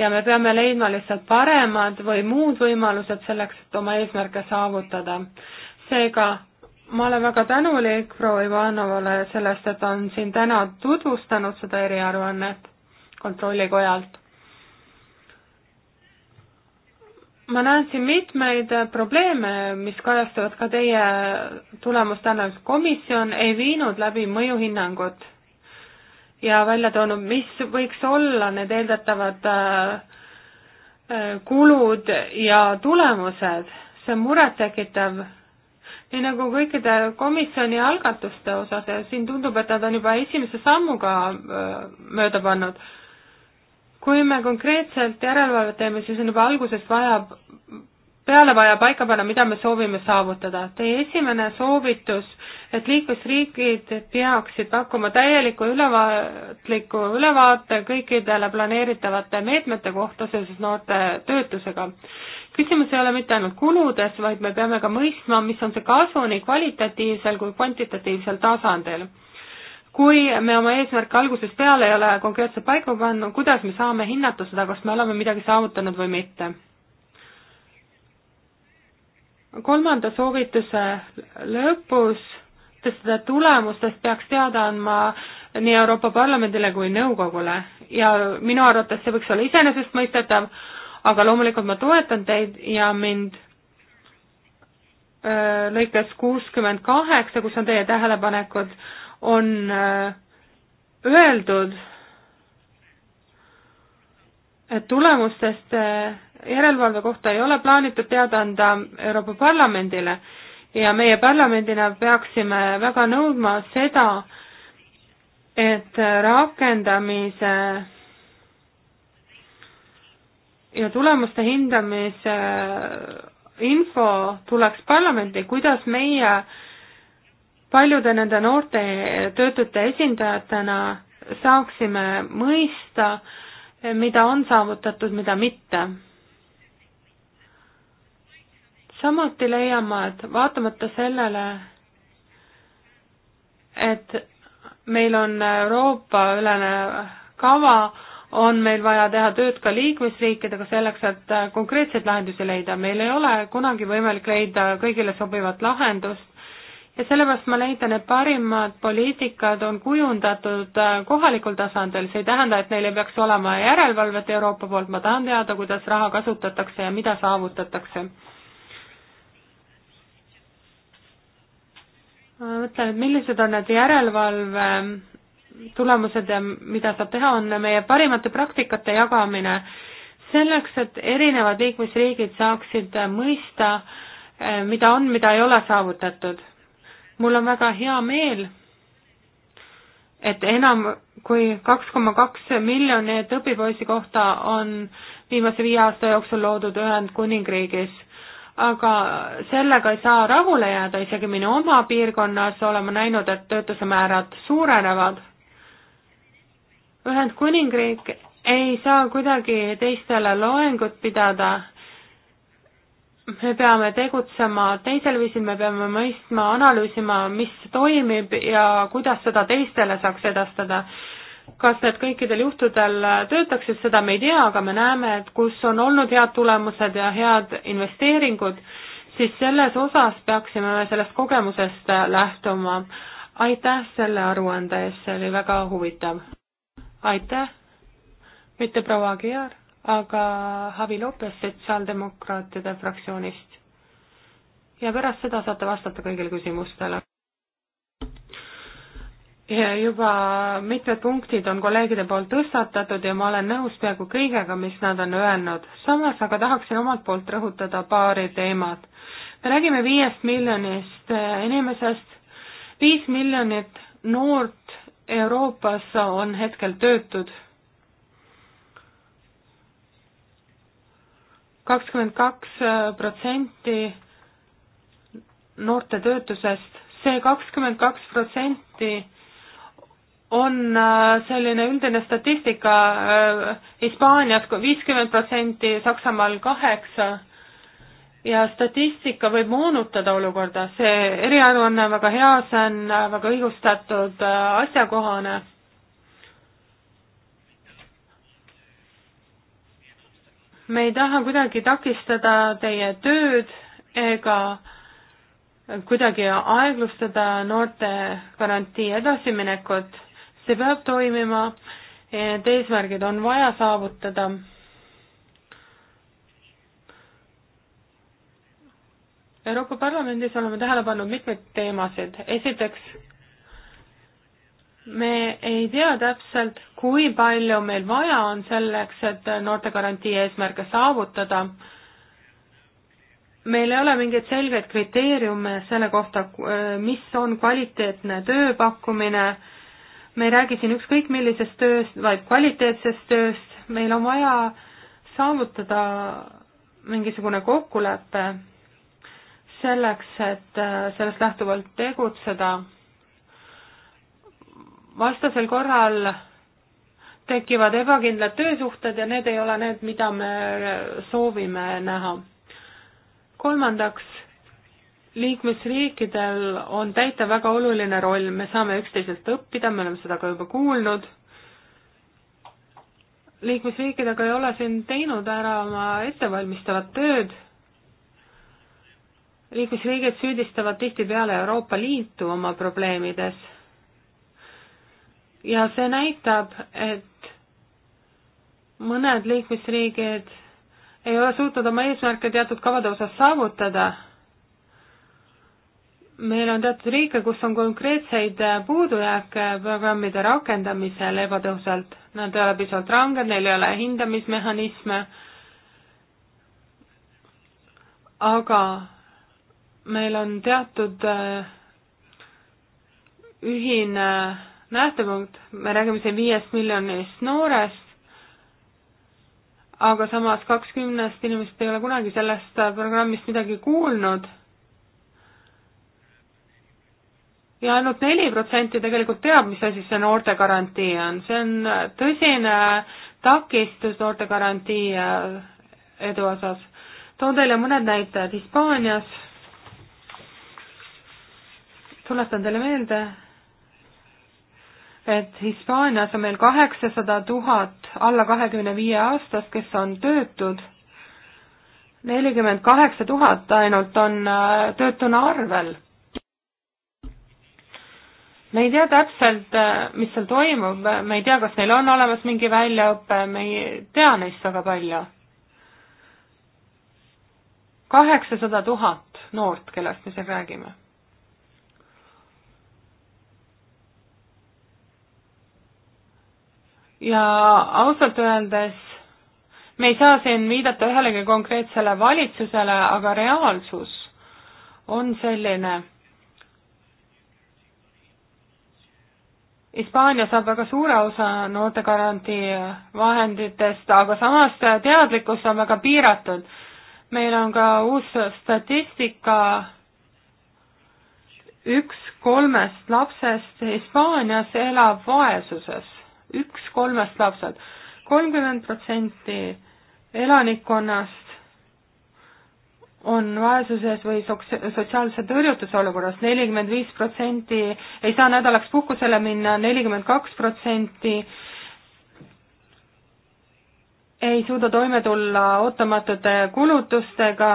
B: ja me peame leidma lihtsalt paremad või muud võimalused selleks, et oma eesmärke saavutada. seega ma olen väga tänulik proua Ivanovale sellest, et ta on siin täna tutvustanud seda eriaruannet Kontrollikojalt. ma näen siin mitmeid probleeme, mis kajastuvad ka teie tulemustanud. komisjon ei viinud läbi mõjuhinnangut ja välja toonud, mis võiks olla need eeldatavad äh, äh, kulud ja tulemused, see on murettekitav. nii nagu kõikide komisjoni algatuste osas ja siin tundub, et nad on juba esimese sammuga äh, mööda pannud. kui me konkreetselt järelevalvet teeme, siis on juba algusest vaja, peale vaja paika panna, mida me soovime saavutada. Teie esimene soovitus et liikmesriigid peaksid pakkuma täieliku ülevaatliku ülevaate kõikidele planeeritavate meetmete kohta seoses noorte töötusega. küsimus ei ole mitte ainult kuludes, vaid me peame ka mõistma, mis on see kasu nii kvalitatiivsel kui kvantitatiivsel tasandil kui me oma eesmärke algusest peale ei ole konkreetselt paika pannud, kuidas me saame hinnata seda, kas me oleme midagi saavutanud või mitte? kolmanda soovituse lõpus seda tulemustest peaks teada andma nii Euroopa Parlamendile kui nõukogule ja minu arvates see võiks olla iseenesestmõistetav, aga loomulikult ma toetan teid ja mind äh, lõikes kuuskümmend kaheksa, kus on teie tähelepanekud, on äh, öeldud, et tulemustest äh, järelevalve kohta ei ole plaanitud teada anda Euroopa Parlamendile ja meie parlamendina peaksime väga nõudma seda, et rakendamise ja tulemuste hindamise info tuleks parlamenti, kuidas meie paljude nende noorte töötute esindajatena saaksime mõista, mida on saavutatud, mida mitte samuti leian ma, et vaatamata sellele, et meil on Euroopa-ülene kava, on meil vaja teha tööd ka liikmesriikidega selleks, et konkreetseid lahendusi leida. meil ei ole kunagi võimalik leida kõigile sobivat lahendust ja sellepärast ma leidan, et parimad poliitikad on kujundatud kohalikul tasandil, see ei tähenda, et neil ei peaks olema järelevalvet Euroopa poolt, ma tahan teada, kuidas raha kasutatakse ja mida saavutatakse ma mõtlen, et millised on need järelevalve tulemused ja mida saab teha, on meie parimate praktikate jagamine selleks, et erinevad liikmesriigid saaksid mõista, eh, mida on, mida ei ole saavutatud. mul on väga hea meel, et enam kui kaks koma kaks miljonit õpipoisi kohta on viimase viie aasta jooksul loodud Ühendkuningriigis aga sellega ei saa rahule jääda, isegi minu oma piirkonnas oleme näinud, et töötuse määrad suurenevad. Ühendkuningriik ei saa kuidagi teistele loengut pidada. me peame tegutsema teisel viisil, me peame mõistma, analüüsima, mis toimib ja kuidas seda teistele saaks edastada kas need kõikidel juhtudel töötaksid, seda me ei tea, aga me näeme, et kus on olnud head tulemused ja head investeeringud, siis selles osas peaksime me sellest kogemusest lähtuma. aitäh selle aruande eest, see oli väga huvitav. aitäh, mitte proua Aguiar, aga Javi Lopes Sotsiaaldemokraatide fraktsioonist. ja pärast seda saate vastata kõigile küsimustele juba mitmed punktid on kolleegide poolt tõstatatud ja ma olen nõus peaaegu kõigega, mis nad on öelnud. samas aga tahaksin omalt poolt rõhutada paari teemat. me räägime viiest miljonist eh, inimesest, viis miljonit noort Euroopas on hetkel töötud. kakskümmend kaks protsenti noorte töötusest see, see kakskümmend kaks protsenti on äh, selline üldine statistika äh, Hispaanias viiskümmend protsenti, Saksamaal kaheksa ja statistika võib moonutada olukorda, see eriaruanne on väga hea, see on äh, väga õigustatud, asjakohane. me ei taha kuidagi takistada teie tööd ega kuidagi aeglustada noorte garantii edasiminekut see peab toimima, need eesmärgid on vaja saavutada. Euroopa Parlamendis oleme tähele pannud mitmeid teemasid, esiteks me ei tea täpselt, kui palju meil vaja on selleks, et noortegarantii eesmärke saavutada. meil ei ole mingeid selgeid kriteeriume selle kohta, mis on kvaliteetne tööpakkumine me ei räägi siin ükskõik millisest tööst, vaid kvaliteetsest tööst, meil on vaja saavutada mingisugune kokkulepe selleks, et äh, sellest lähtuvalt tegutseda. vastasel korral tekivad ebakindlad töösuhted ja need ei ole need, mida me soovime näha. kolmandaks liikmesriikidel on täita väga oluline roll, me saame üksteiselt õppida, me oleme seda ka juba kuulnud, liikmesriigid aga ei ole siin teinud ära oma ettevalmistavat tööd, liikmesriigid süüdistavad tihtipeale Euroopa Liitu oma probleemides ja see näitab, et mõned liikmesriigid ei ole suutnud oma eesmärke teatud kavade osas saavutada meil on teatud riike, kus on konkreetseid puudujääke programmide rakendamisel ebatõhusalt, nad ei ole piisavalt ranged, neil ei ole hindamismehhanisme, aga meil on teatud äh, ühine nähtepunkt, me räägime siin viiest miljonist noorest, aga samas kakskümnest inimesest ei ole kunagi sellest programmist midagi kuulnud ja ainult neli protsenti tegelikult teab, mis asi see noortegarantii on, see on äh, tõsine äh, takistus noortegarantii äh, edu osas. toon teile mõned näited, Hispaanias tuletan teile meelde, et Hispaanias on meil kaheksasada tuhat alla kahekümne viie aastast, kes on töötud, nelikümmend kaheksa tuhat ainult on töötuna arvel me ei tea täpselt, äh, mis seal toimub, me ei tea, kas neil on olemas mingi väljaõpe, me ei tea neist väga palju. kaheksasada tuhat noort, kellest me siin räägime. ja ausalt öeldes me ei saa siin viidata ühelegi konkreetsele valitsusele, aga reaalsus on selline Hispaania saab väga suure osa noortegarantii vahenditest, aga samas teadlikkus on väga piiratud. meil on ka uus statistika, üks kolmest lapsest Hispaanias elab vaesuses, üks kolmest lapsed. kolmkümmend protsenti elanikkonnast on vaesuses või sotsiaalse tõrjutuse olukorras, nelikümmend viis protsenti ei saa nädalaks puhkusele minna, nelikümmend kaks protsenti ei suuda toime tulla ootamatute kulutustega,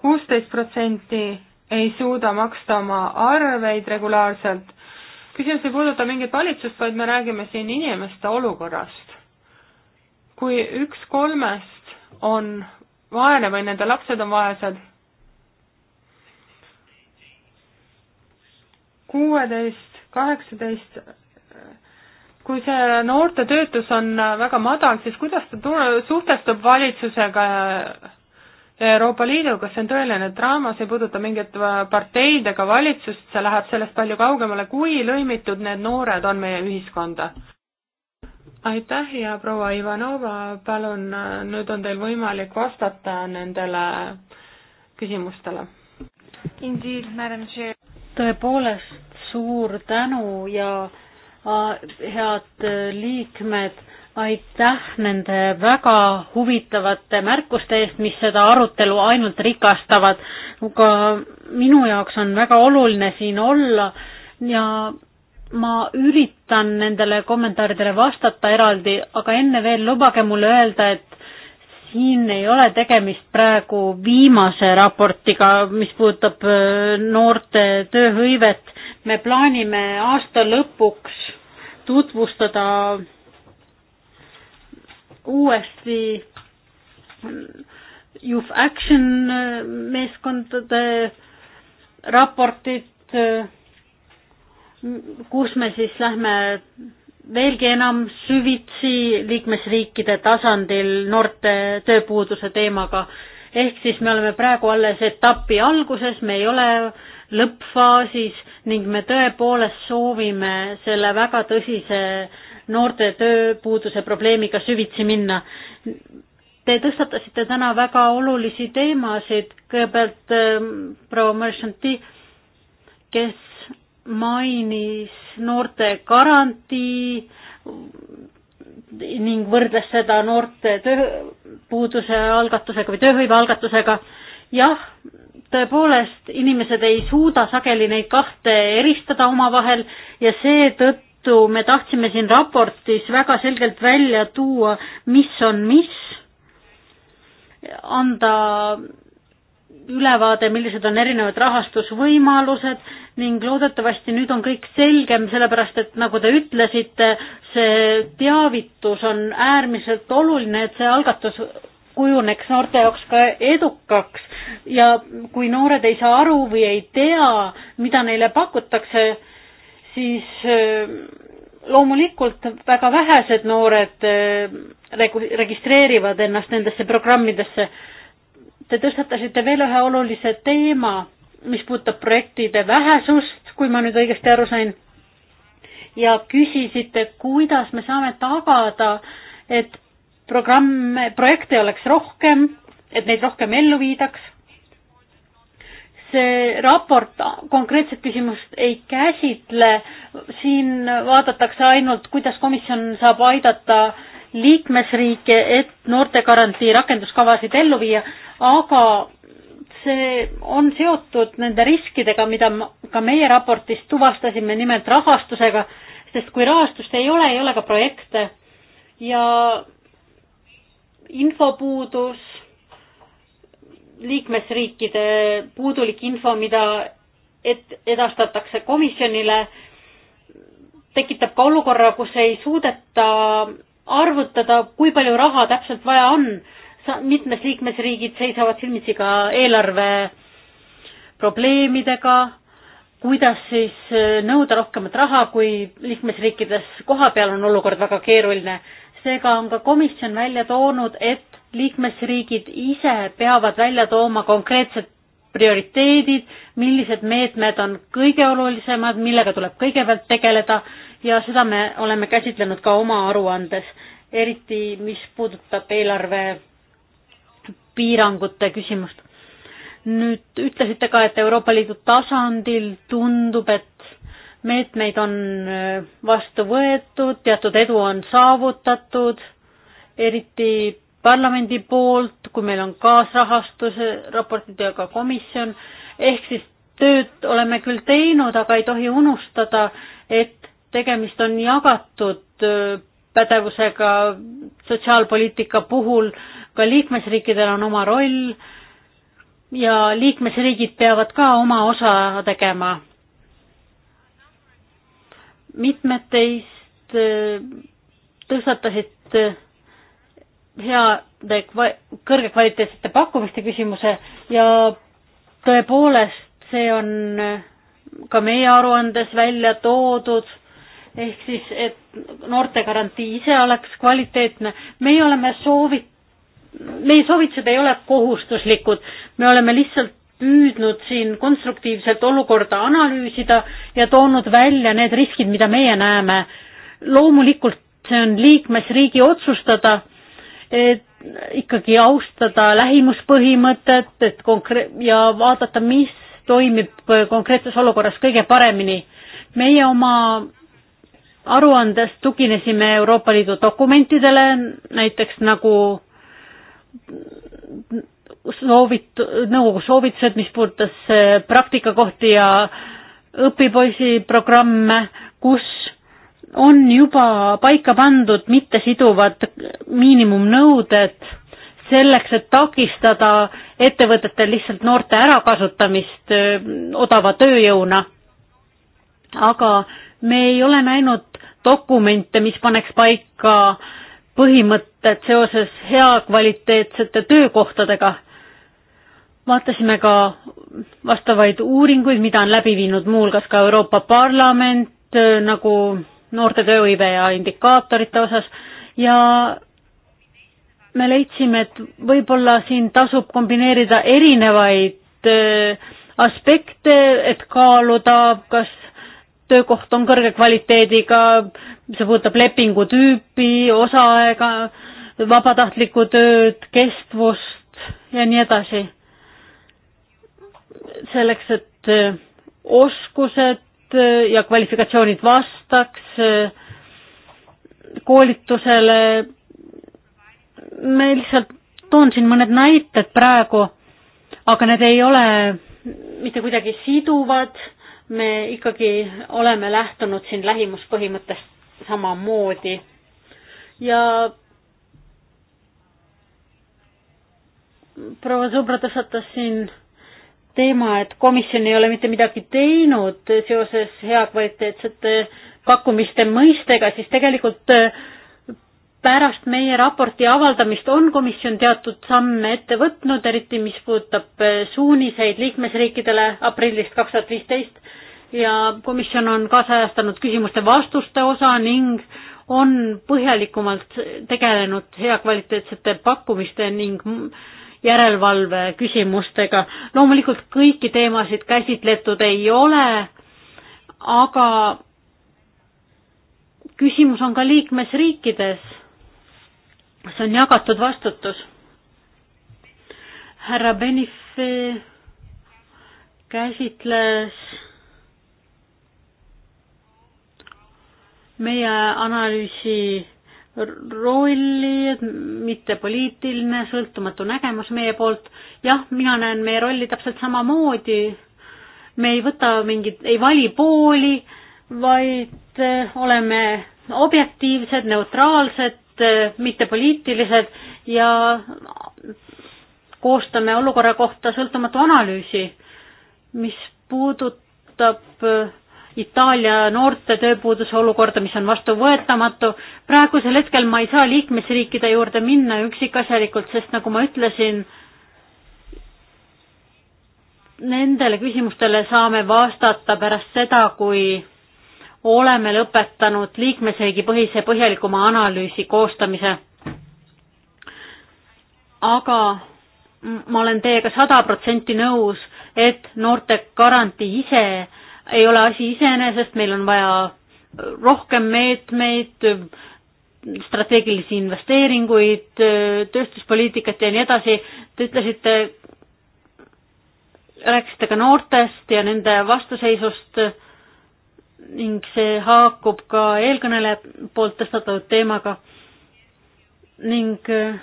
B: kuusteist protsenti ei suuda maksta oma arveid regulaarselt. küsimus ei puuduta mingit valitsust, vaid me räägime siin inimeste olukorrast. kui üks kolmest on vaene või nende lapsed on vaesed. kuueteist, kaheksateist, kui see noorte töötus on väga madal, siis kuidas ta suhtestub valitsusega ja Euroopa Liiduga, see on tõeline draama, see ei puuduta mingit parteid ega valitsust, see läheb sellest palju kaugemale, kui lõimitud need noored on meie ühiskonda? aitäh ja proua Ivanova, palun, nüüd on teil võimalik vastata nendele küsimustele.
D: tõepoolest, suur tänu ja head liikmed, aitäh nende väga huvitavate märkuste eest, mis seda arutelu ainult rikastavad. ka minu jaoks on väga oluline siin olla ja ma üritan nendele kommentaaridele vastata eraldi, aga enne veel lubage mulle öelda, et siin ei ole tegemist praegu viimase raportiga, mis puudutab äh, noorte tööhõivet. me plaanime aasta lõpuks tutvustada uuesti Youth Action äh, meeskondade raportit äh, kus me siis lähme veelgi enam süvitsi liikmesriikide tasandil noorte tööpuuduse teemaga. ehk siis me oleme praegu alles etapi alguses, me ei ole lõppfaasis ning me tõepoolest soovime selle väga tõsise noorte tööpuuduse probleemiga süvitsi minna. Te tõstatasite täna väga olulisi teemasid, kõigepealt ähm, proua Merchanti, kes mainis noorte garantii ning võrdles seda noorte tööpuuduse algatusega või tööhõive algatusega. jah, tõepoolest inimesed ei suuda sageli neid kahte eristada omavahel ja seetõttu me tahtsime siin raportis väga selgelt välja tuua, mis on mis, anda ülevaade, millised on erinevad rahastusvõimalused ning loodetavasti nüüd on kõik selgem, sellepärast et nagu te ütlesite, see teavitus on äärmiselt oluline, et see algatus kujuneks noorte jaoks ka edukaks ja kui noored ei saa aru või ei tea, mida neile pakutakse, siis äh, loomulikult väga vähesed noored äh, registreerivad ennast nendesse programmidesse Te tõstatasite veel ühe olulise teema, mis puudutab projektide vähesust, kui ma nüüd õigesti aru sain, ja küsisite, kuidas me saame tagada, et programme, projekte oleks rohkem, et neid rohkem ellu viidaks. see raport konkreetset küsimust ei käsitle, siin vaadatakse ainult, kuidas komisjon saab aidata liikmesriike, et noortegarantii rakenduskavasid ellu viia, aga see on seotud nende riskidega, mida ka meie raportis tuvastasime, nimelt rahastusega, sest kui rahastust ei ole, ei ole ka projekte ja infopuudus, liikmesriikide puudulik info, mida et edastatakse komisjonile, tekitab ka olukorra, kus ei suudeta arvutada, kui palju raha täpselt vaja on mitmes liikmesriigid seisavad silmitsi ka eelarve probleemidega, kuidas siis äh, nõuda rohkemat raha, kui liikmesriikides kohapeal on olukord väga keeruline. seega on ka komisjon välja toonud, et liikmesriigid ise peavad välja tooma konkreetsed prioriteedid, millised meetmed on kõige olulisemad, millega tuleb kõigepealt tegeleda ja seda me oleme käsitlenud ka oma aruandes, eriti mis puudutab eelarve piirangute küsimust. nüüd ütlesite ka, et Euroopa Liidu tasandil tundub, et meetmeid on äh, vastu võetud, teatud edu on saavutatud, eriti parlamendi poolt, kui meil on kaasrahastuse raportid ja ka komisjon, ehk siis tööd oleme küll teinud, aga ei tohi unustada, et tegemist on jagatud äh, pädevusega sotsiaalpoliitika puhul, ka liikmesriikidel on oma roll ja liikmesriigid peavad ka oma osa tegema. mitmed teist äh, tõstatasid äh, heade kõrgekvaliteetsete pakkumiste küsimuse ja tõepoolest, see on äh, ka meie aruandes välja toodud ehk siis, et noortegarantii ise oleks kvaliteetne. meie oleme soovi-, meie soovitused ei ole kohustuslikud, me oleme lihtsalt püüdnud siin konstruktiivselt olukorda analüüsida ja toonud välja need riskid, mida meie näeme. loomulikult see on liikmesriigi otsustada, et ikkagi austada lähimuspõhimõtet, et konkre- ja vaadata, mis toimib konkreetses olukorras kõige paremini. meie oma aruandes tuginesime Euroopa Liidu dokumentidele, näiteks nagu soovit-, nõukogu soovitused, mis puudutas äh, praktikakohti ja õpipoisi programme, kus on juba paika pandud mittesiduvad miinimumnõuded selleks, et takistada ettevõtetel lihtsalt noorte ärakasutamist äh, odava tööjõuna. aga me ei ole näinud dokumente, mis paneks paika põhimõtted seoses hea kvaliteetsete töökohtadega. vaatasime ka vastavaid uuringuid, mida on läbi viinud muuhulgas ka Euroopa Parlament äh, nagu noorte tööhõive ja indikaatorite osas ja me leidsime, et võib-olla siin tasub kombineerida erinevaid äh, aspekte, et kaaluda, kas töökoht on kõrge kvaliteediga, see puudutab lepingu tüüpi, osaaega, vabatahtlikku tööd, kestvust ja nii edasi. selleks, et äh, oskused äh, ja kvalifikatsioonid vastaks äh, koolitusele, me lihtsalt toon siin mõned näited praegu, aga need ei ole mitte kuidagi siduvad me ikkagi oleme lähtunud siin lähimuspõhimõttest samamoodi ja proua Zubra tõstatas siin teema, et komisjon ei ole mitte midagi teinud seoses heakvaliteetsete pakkumiste mõistega, siis tegelikult äh, pärast meie raporti avaldamist on komisjon teatud samme ette võtnud, eriti mis puudutab äh, suuniseid liikmesriikidele aprillist kaks tuhat viisteist ja komisjon on kaasajastanud küsimuste-vastuste osa ning on põhjalikumalt tegelenud hea kvaliteetsete pakkumiste ning järelevalve küsimustega. loomulikult kõiki teemasid käsitletud ei ole, aga küsimus on ka liikmesriikides, see on jagatud vastutus. härra Benife käsitles meie analüüsi rolli, mitte poliitiline sõltumatu nägemus meie poolt. jah, mina näen meie rolli täpselt samamoodi. me ei võta mingit, ei vali pooli, vaid eh, oleme objektiivsed, neutraalsed, eh, mitte poliitilised ja koostame olukorra kohta sõltumatu analüüsi, mis puudutab eh, Itaalia noorte tööpuuduse olukorda, mis on vastuvõetamatu. praegusel hetkel ma ei saa liikmesriikide juurde minna üksikasjalikult, sest nagu ma ütlesin, nendele küsimustele saame vastata pärast seda, kui oleme lõpetanud liikmesriigi põhise põhjalikuma analüüsi koostamise. aga ma olen teiega sada protsenti nõus, et noorte garantii ise ei ole asi iseenesest, meil on vaja äh, rohkem meetmeid, strateegilisi investeeringuid, äh, tööstuspoliitikat ja nii edasi. Te ütlesite, rääkisite ka noortest ja nende vastuseisust ning see haakub ka eelkõneleja poolt tõstatatud teemaga. ning äh,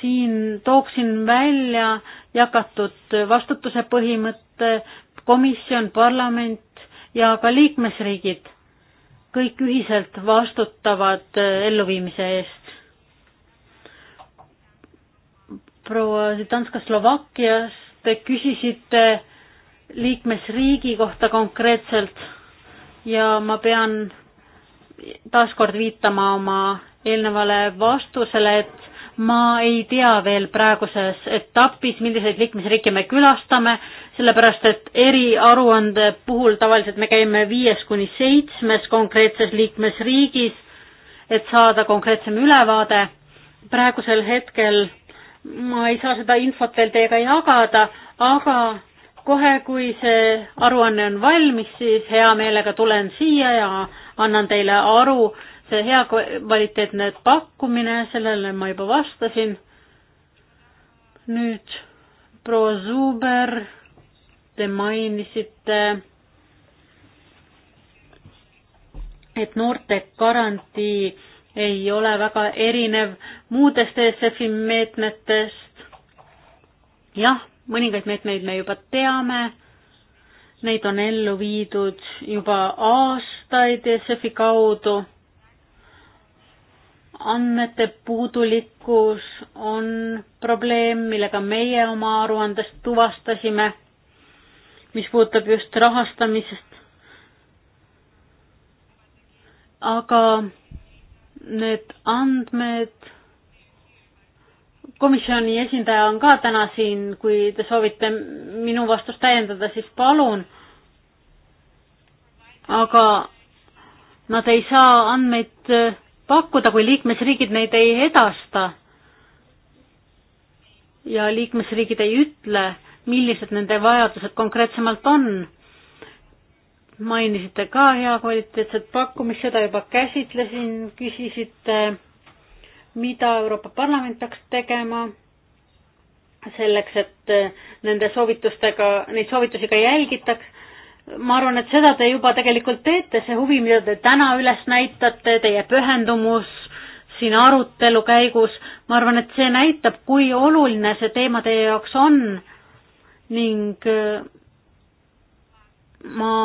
D: siin tooksin välja jagatud vastutuse põhimõtte, komisjon, parlament ja ka liikmesriigid kõik ühiselt vastutavad äh, elluviimise eest. proua Danska Slovakkias te küsisite liikmesriigi kohta konkreetselt ja ma pean taaskord viitama oma eelnevale vastusele, et ma ei tea veel praeguses etapis, milliseid liikmesriike me külastame, sellepärast et eriaruande puhul tavaliselt me käime viies kuni seitsmes konkreetses liikmesriigis, et saada konkreetsem ülevaade. praegusel hetkel ma ei saa seda infot veel teiega jagada, aga kohe, kui see aruanne on valmis, siis hea meelega tulen siia ja annan teile aru see hea kvaliteetne pakkumine, sellele ma juba vastasin. nüüd proua Zuber, te mainisite, et noorte garantii ei ole väga erinev muudest ESF-i meetmetest. jah, mõningaid meetmeid me juba teame, neid on ellu viidud juba aastaid ESF-i kaudu andmete puudulikkus on probleem, millega meie oma aruandest tuvastasime, mis puudutab just rahastamisest. aga need andmed, komisjoni esindaja on ka täna siin, kui te soovite minu vastust täiendada, siis palun. aga nad ei saa andmeid pakkuda, kui liikmesriigid neid ei edasta ja liikmesriigid ei ütle, millised nende vajadused konkreetsemalt on. mainisite ka hea kvaliteetset pakkumist, seda juba käsitlesin, küsisite, mida Euroopa Parlament peaks tegema selleks, et nende soovitustega, neid soovitusi ka jälgitaks ma arvan, et seda te juba tegelikult teete, see huvi, mida te täna üles näitate, teie pühendumus siin arutelu käigus, ma arvan, et see näitab, kui oluline see teema teie jaoks on ning äh, ma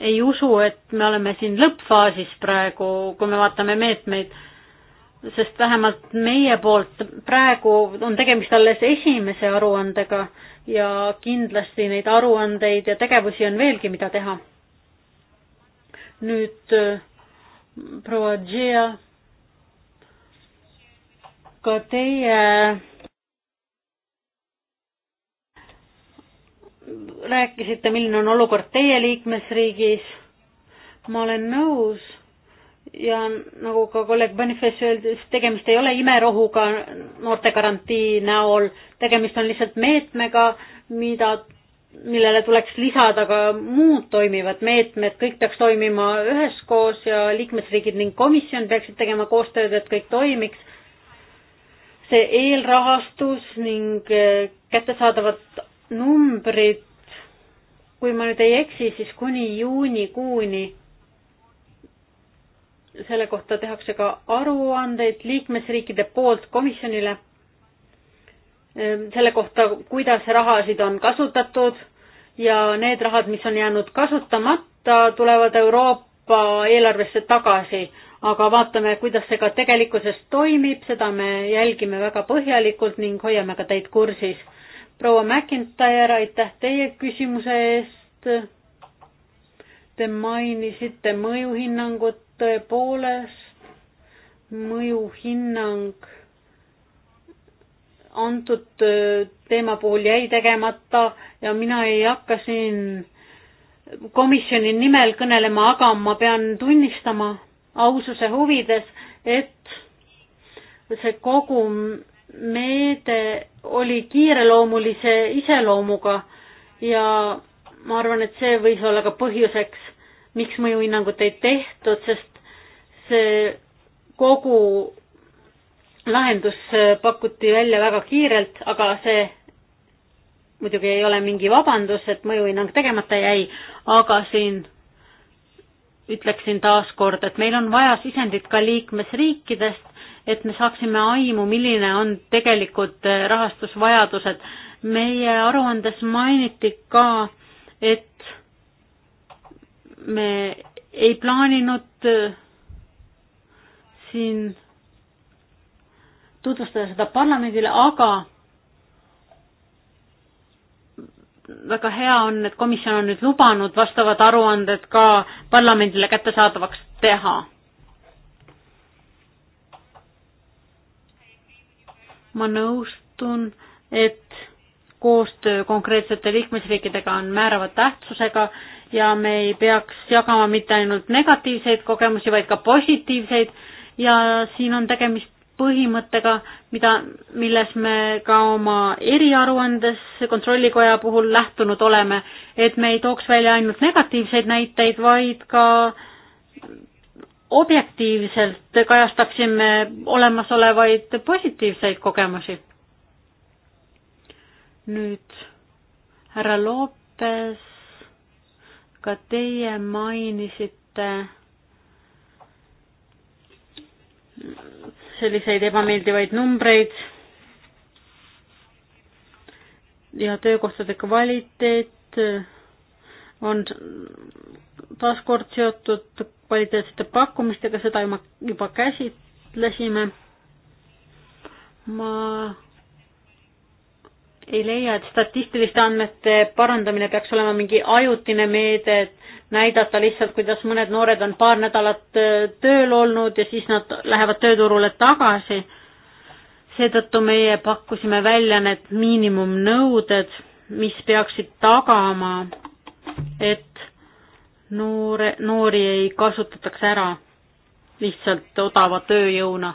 D: ei usu, et me oleme siin lõppfaasis praegu, kui me vaatame meetmeid meet sest vähemalt meie poolt praegu on tegemist alles esimese aruandega ja kindlasti neid aruandeid ja tegevusi on veelgi, mida teha. nüüd äh, proua Gia, ka teie rääkisite, milline on olukord teie liikmesriigis. ma olen nõus ja nagu ka kolleeg Boniface öeldis, tegemist ei ole imerohuga noortegarantii näol, tegemist on lihtsalt meetmega, mida, millele tuleks lisada ka muud toimivad meetmed, kõik peaks toimima üheskoos ja liikmesriigid ning komisjon peaksid tegema koostööd, et kõik toimiks. see eelrahastus ning eh, kättesaadavad numbrid, kui ma nüüd ei eksi, siis kuni juunikuuni selle kohta tehakse ka aruandeid liikmesriikide poolt komisjonile ehm, selle kohta, kuidas rahasid on kasutatud ja need rahad, mis on jäänud kasutamata, tulevad Euroopa eelarvesse tagasi. aga vaatame, kuidas see ka tegelikkuses toimib, seda me jälgime väga põhjalikult ning hoiame ka teid kursis. proua McIntyre, aitäh teie küsimuse eest. Te mainisite mõjuhinnangut tõepoolest mõjuhinnang antud äh, teema puhul jäi tegemata ja mina ei hakka siin komisjoni nimel kõnelema, aga ma pean tunnistama aususe huvides, et see kogu meede oli kiireloomulise iseloomuga ja ma arvan, et see võis olla ka põhjuseks, miks mõjuhinnangut ei tehtud, sest see kogu lahendus pakuti välja väga kiirelt, aga see muidugi ei ole mingi vabandus, et mõjuhinnang tegemata jäi, aga siin ütleksin taaskord, et meil on vaja sisendit ka liikmesriikidest, et me saaksime aimu, milline on tegelikud rahastusvajadused. meie aruandes mainiti ka, et me ei plaaninud äh, siin tutvustada seda parlamendile, aga väga hea on, et komisjon on nüüd lubanud vastavad aruanded ka parlamendile kättesaadavaks teha. ma nõustun, et koostöö konkreetsete liikmesriikidega on määrava tähtsusega ja me ei peaks jagama mitte ainult negatiivseid kogemusi, vaid ka positiivseid ja siin on tegemist põhimõttega, mida, milles me ka oma eriaruandes Kontrollikoja puhul lähtunud oleme, et me ei tooks välja ainult negatiivseid näiteid, vaid ka objektiivselt kajastaksime olemasolevaid positiivseid kogemusi. nüüd härra Loopes ka teie mainisite selliseid ebameeldivaid numbreid ja töökohtade kvaliteet on taaskord seotud kvaliteetsete pakkumistega, seda juba, juba käsitlesime. ma ei leia, et statistiliste andmete parandamine peaks olema mingi ajutine meede, et näidata lihtsalt, kuidas mõned noored on paar nädalat äh, tööl olnud ja siis nad lähevad tööturule tagasi. seetõttu meie pakkusime välja need miinimumnõuded, mis peaksid tagama, et noore, noori ei kasutataks ära lihtsalt odava tööjõuna.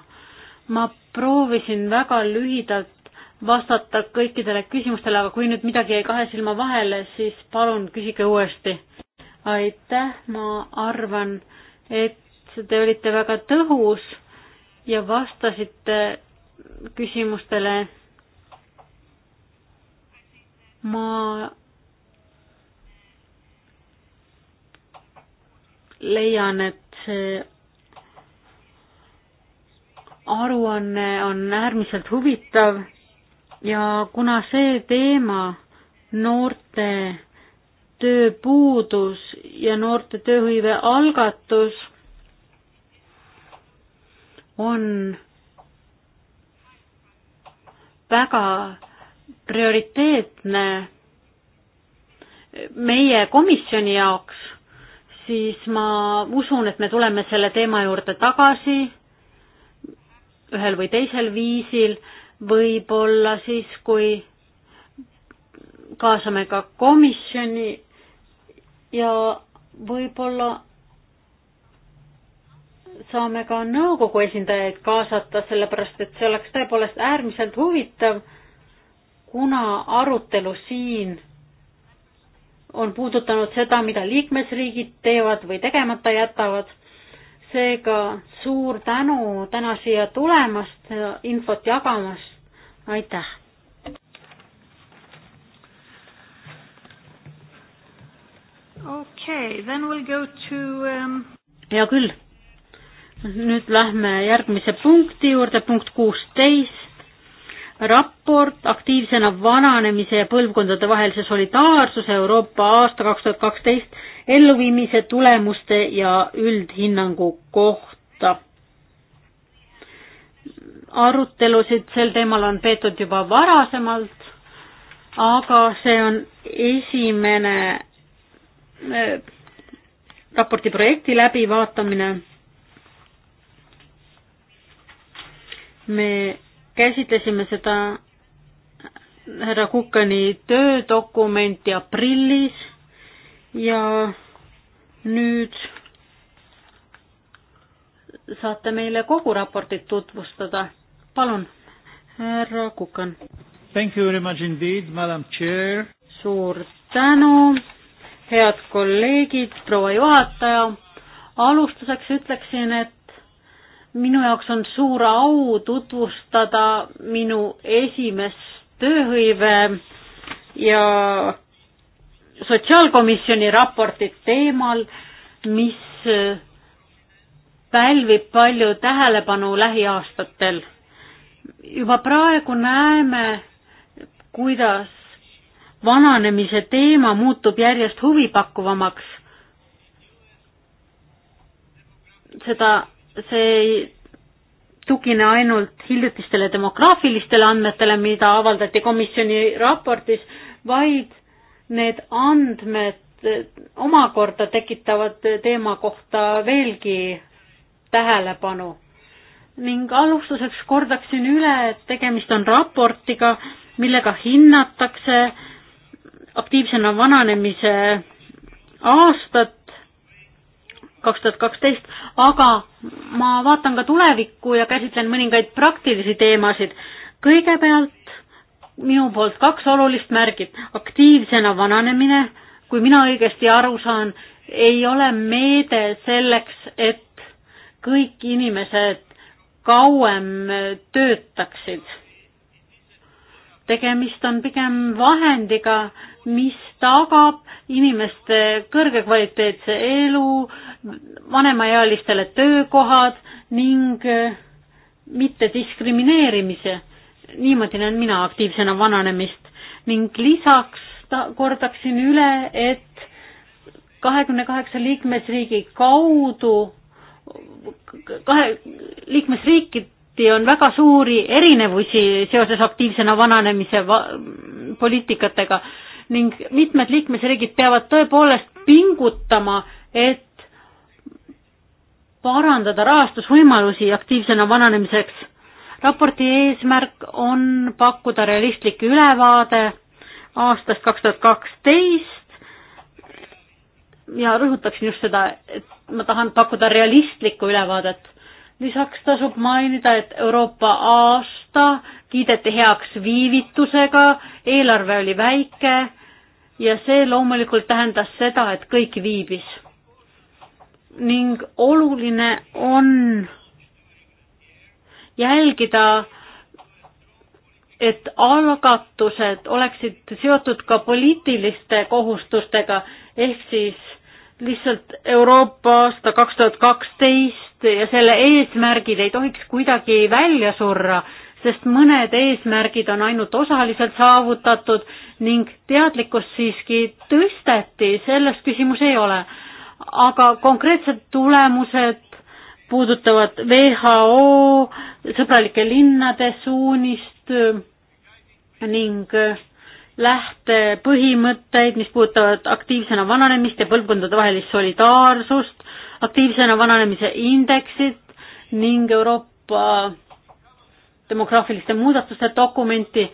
D: ma proovisin väga lühidalt vastata kõikidele küsimustele, aga kui nüüd midagi jäi kahe silma vahele, siis palun küsige uuesti. aitäh, ma arvan, et te olite väga tõhus ja vastasite küsimustele. ma leian, et see aruanne on äärmiselt huvitav ja kuna see teema, noorte tööpuudus ja noorte tööhõive algatus on väga prioriteetne meie komisjoni jaoks, siis ma usun, et me tuleme selle teema juurde tagasi ühel või teisel viisil võib-olla siis, kui kaasame ka komisjoni ja võib-olla saame ka nõukogu esindajaid kaasata, sellepärast et see oleks tõepoolest äärmiselt huvitav, kuna arutelu siin on puudutanud seda, mida liikmesriigid teevad või tegemata jätavad. seega suur tänu täna siia tulemast, infot jagamast aitäh!
A: Okay, then we'll go to um...
D: hea küll, nüüd lähme järgmise punkti juurde, punkt kuusteist, raport aktiivsena vananemise ja põlvkondade vahelise solidaarsuse Euroopa aasta kaks tuhat kaksteist elluviimise tulemuste ja üldhinnangu kohta arutelusid sel teemal on peetud juba varasemalt, aga see on esimene eh, raporti projekti läbivaatamine. me käsitlesime seda härra Kukani töödokumenti aprillis ja nüüd saate meile kogu raportit tutvustada palun, härra Kukan. Thank you very much indeed, madam chair. suur tänu, head kolleegid, proua juhataja. alustuseks ütleksin, et minu jaoks on suur au tutvustada minu esimest tööhõive ja sotsiaalkomisjoni raportit teemal, mis pälvib palju tähelepanu lähiaastatel juba praegu näeme, kuidas vananemise teema muutub järjest huvipakkuvamaks. seda, see ei tugine ainult hiljutistele demograafilistele andmetele, mida avaldati komisjoni raportis, vaid need andmed omakorda tekitavad teema kohta veelgi tähelepanu ning alustuseks kordaksin üle, et tegemist on raportiga, millega hinnatakse aktiivsena vananemise aastat kaks tuhat kaksteist, aga ma vaatan ka tulevikku ja käsitlen mõningaid praktilisi teemasid. kõigepealt minu poolt kaks olulist märgit. aktiivsena vananemine, kui mina õigesti aru saan, ei ole meede selleks, et kõik inimesed kauem töötaksid. tegemist on pigem vahendiga, mis tagab inimeste kõrgekvaliteetse elu, vanemaealistele töökohad ning äh, mittediskrimineerimise. niimoodi näen mina aktiivsena vananemist ning lisaks kordaksin üle, et kahekümne kaheksa liikmesriigi kaudu kahe liikmesriikiti on väga suuri erinevusi seoses aktiivsena vananemise va poliitikatega ning mitmed liikmesriigid peavad tõepoolest pingutama, et parandada rahastusvõimalusi aktiivsena vananemiseks. raporti eesmärk on pakkuda realistlik ülevaade aastast kaks tuhat kaksteist ja rõhutaksin just seda, et ma tahan pakkuda realistlikku ülevaadet. lisaks tasub mainida, et Euroopa aasta kiideti heaks viivitusega, eelarve oli väike ja see loomulikult tähendas seda, et kõik viibis. ning oluline on jälgida, et algatused oleksid seotud ka poliitiliste kohustustega, ehk siis lihtsalt Euroopa aasta kaks tuhat kaksteist ja selle eesmärgid ei tohiks kuidagi välja surra, sest mõned eesmärgid on ainult osaliselt saavutatud ning teadlikkust siiski tõsteti, selles küsimus ei ole. aga konkreetsed tulemused puudutavad WHO sõbralike linnade suunist ning lähtepõhimõtteid, mis puudutavad aktiivsena vananemist ja põlvkondadevahelist solidaarsust, aktiivsena vananemise indeksit ning Euroopa demograafiliste muudatuste dokumenti.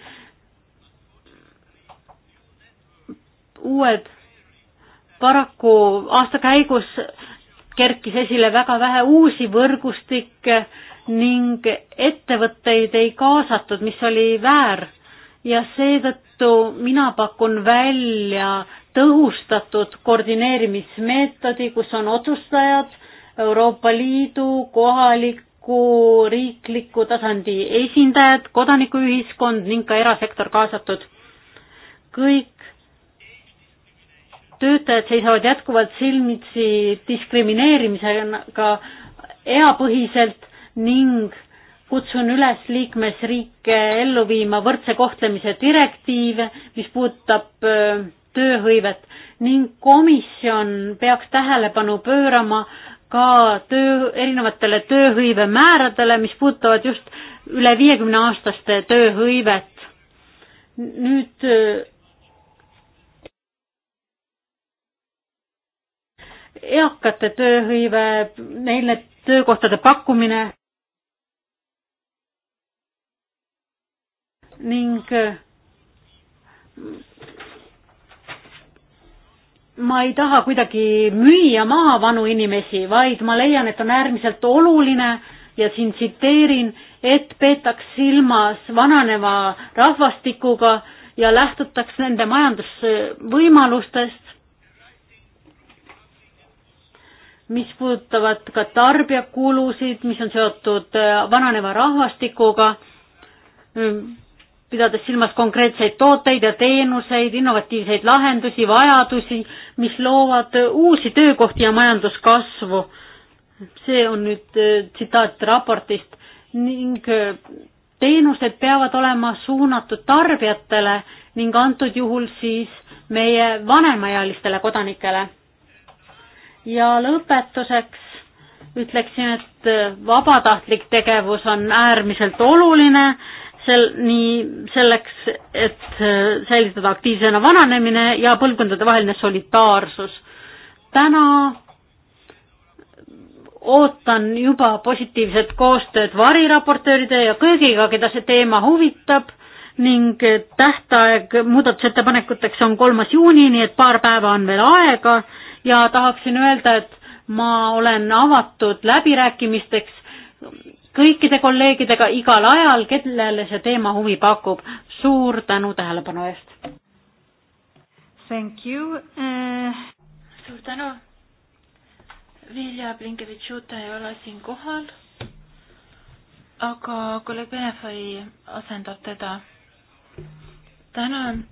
D: uued, paraku aasta käigus kerkis esile väga vähe uusi võrgustikke ning ettevõtteid ei kaasatud, mis oli väär ja seetõttu mina pakun välja tõhustatud koordineerimismeetodi, kus on otsustajad Euroopa Liidu, kohaliku, riikliku tasandi esindajad, kodanikuühiskond ning ka erasektor kaasatud. kõik töötajad seisavad jätkuvalt silmitsi diskrimineerimisega eapõhiselt ning kutsun üles liikmesriike ellu viima võrdse kohtlemise direktiive, mis puudutab tööhõivet ning komisjon peaks tähelepanu pöörama ka töö, erinevatele tööhõive määradele, mis puudutavad just üle viiekümne aastaste tööhõivet. nüüd eakate tööhõive, neile töökohtade pakkumine ning äh, ma ei taha kuidagi müüa maha vanu inimesi, vaid ma leian, et on äärmiselt oluline ja siin tsiteerin, et peetaks silmas vananeva rahvastikuga ja lähtutaks nende majandusvõimalustest, mis puudutavad ka tarbijakulusid, mis on seotud äh, vananeva rahvastikuga, pidades silmas konkreetseid tooteid ja teenuseid, innovatiivseid lahendusi, vajadusi, mis loovad uusi töökohti ja majanduskasvu. see on nüüd äh, tsitaat raportist ning äh, teenused peavad olema suunatud tarbijatele ning antud juhul siis meie vanemaealistele kodanikele. ja lõpetuseks ütleksin, et äh, vabatahtlik tegevus on äärmiselt oluline sel-, nii selleks, et äh, säilitada aktiivsena vananemine ja põlvkondadevaheline solidaarsus. täna ootan juba positiivset koostööd variraportööride ja kõigiga, keda see teema huvitab ning tähtaeg muudatusettepanekuteks on kolmas juuni, nii et paar päeva on veel aega ja tahaksin öelda, et ma olen avatud läbirääkimisteks kõikide kolleegidega igal ajal, kellele see teema huvi pakub. suur tänu tähelepanu eest! Thank you uh....
A: suur tänu. Vilja Blinkevitš-Juta ei ole siin kohal, aga kolleeg Benefai asendab teda. tänan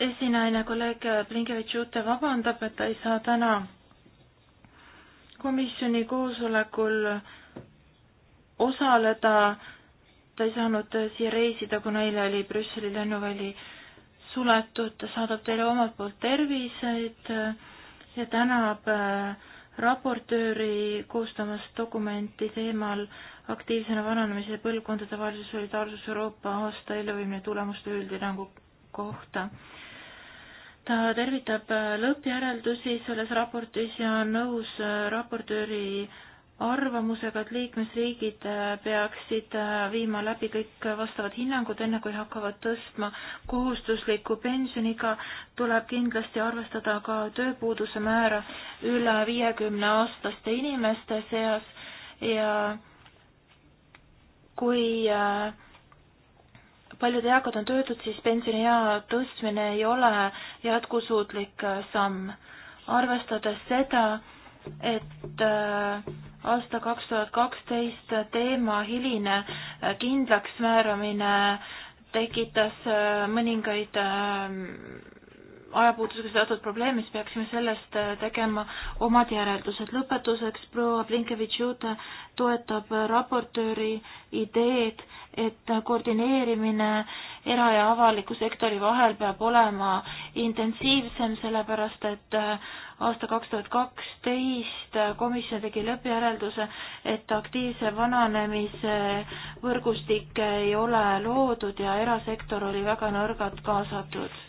A: esinaine kolleeg Blinkevitš-Jute vabandab, et ta ei saa täna komisjoni koosolekul osaleda. ta ei saanud siia reisida, kuna eile oli Brüsseli lennuväli suletud, ta saadab teile omalt poolt tervised ja tänab äh, raportööri koostamas dokumenti teemal aktiivsena vananemise põlvkondade vahelise solidaarsus Euroopa aasta elluviimine tulemuste üldhinnangu kohta ta tervitab äh, lõppjäreldusi selles raportis ja on nõus äh, raportööri arvamusega, et liikmesriigid äh, peaksid viima läbi kõik vastavad hinnangud, enne kui hakkavad tõstma kohustuslikku pensioniga, tuleb kindlasti arvestada ka tööpuuduse määra üle viiekümne aastaste inimeste seas ja kui äh, paljud eakad on töötud, siis pensioniea tõstmine ei ole jätkusuutlik samm. arvestades seda, et äh, aasta kaks tuhat kaksteist teema hiline äh, kindlaksmääramine tekitas äh, mõningaid ajapuudusega seotud probleem, siis peaksime sellest äh, tegema omad järeldused. lõpetuseks proua Blinkevitš-Jute toetab raportööri ideed, et koordineerimine era- ja avaliku sektori vahel peab olema intensiivsem, sellepärast et äh, aasta kaks tuhat kaksteist äh, komisjon tegi lõppjärelduse, et aktiivse vananemise võrgustik ei ole loodud ja erasektor oli väga nõrgalt kaasatud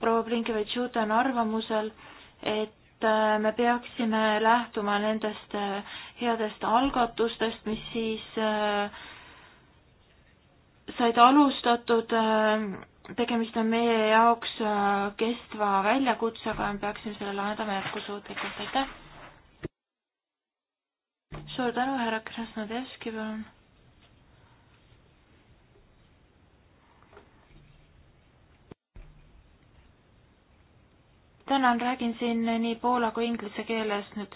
A: proua Plinkivitš-Juut on arvamusel, et äh, me peaksime lähtuma nendest äh, headest algatustest, mis siis äh, said alustatud, tegemist on meie jaoks kestva väljakutsega ja me peaksime selle lahendama jätkusuutlikult, aitäh! suur tänu, härra Krasnodevski, palun! tänan, räägin siin nii poola kui inglise keeles nüüd.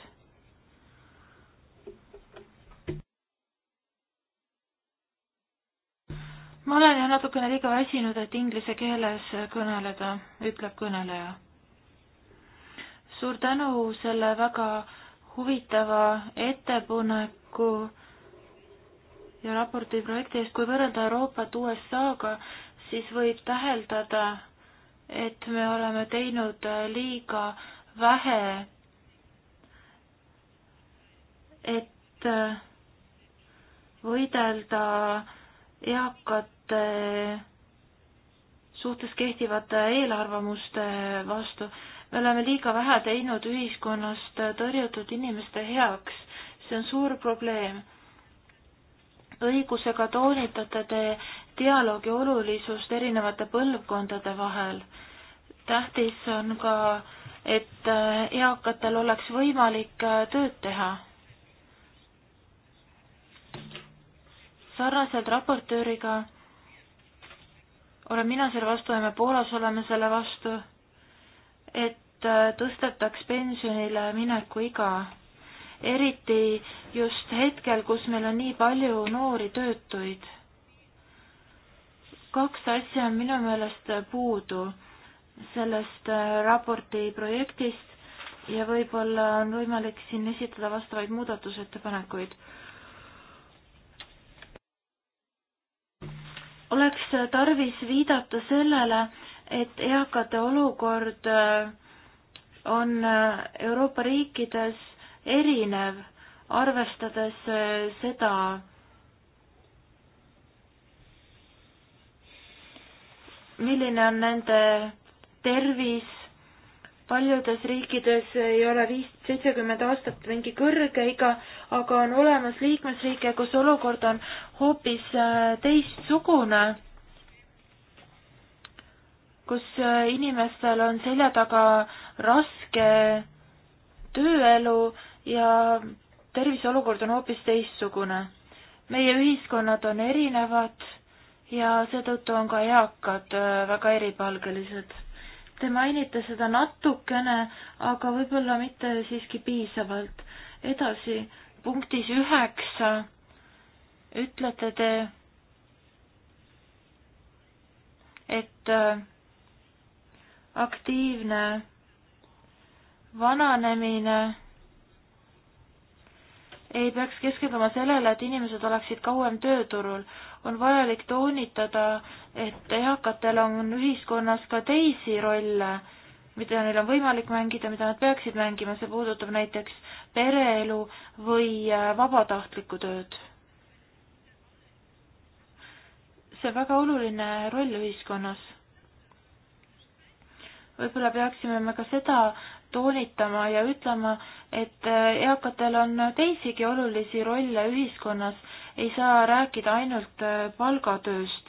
A: ma olen jah natukene liiga väsinud, et inglise keeles kõneleda, ütleb kõneleja. suur tänu selle väga huvitava ettepaneku ja raporti projekti eest, kui võrrelda Euroopat USA-ga, siis võib täheldada, et me oleme teinud äh, liiga vähe, et äh, võidelda eakate suhtes kehtivate eelarvamuste vastu. me oleme liiga vähe teinud ühiskonnast äh, tõrjutud inimeste heaks, see on suur probleem õigusega toonitate te, dialoogi olulisust erinevate põlvkondade vahel. tähtis on ka, et äh, eakatel oleks võimalik äh, tööd teha. sarnaselt raportööriga olen mina selle vastu ja me Poolas oleme selle vastu, et äh, tõstetaks pensionile mineku iga. eriti just hetkel, kus meil on nii palju noori töötuid kaks asja on minu meelest puudu sellest äh, raporti projektist ja võib-olla on võimalik siin esitada vastavaid muudatusettepanekuid. oleks tarvis viidata sellele, et eakate olukord äh, on äh, Euroopa riikides erinev, arvestades seda, milline on nende tervis. paljudes riikides ei ole viis, seitsekümmend aastat mingi kõrge iga, aga on olemas liikmesriike, kus olukord on hoopis äh, teistsugune, kus äh, inimestel on selja taga raske tööelu ja tervise olukord on hoopis teistsugune. meie ühiskonnad on erinevad ja seetõttu on ka eakad äh, väga eripalgelised. Te mainite seda natukene, aga võib-olla mitte siiski piisavalt. edasi, punktis üheksa ütlete te, et äh, aktiivne vananemine ei peaks keskenduma sellele, et inimesed oleksid kauem tööturul, on vajalik toonitada, et eakatel on ühiskonnas ka teisi rolle, mida neil on võimalik mängida, mida nad peaksid mängima, see puudutab näiteks pereelu või äh, vabatahtlikku tööd. see on väga oluline roll ühiskonnas. võib-olla peaksime me ka seda toonitama ja ütlema, et äh, eakatel on teisigi olulisi rolle ühiskonnas ei saa rääkida ainult äh, palgatööst.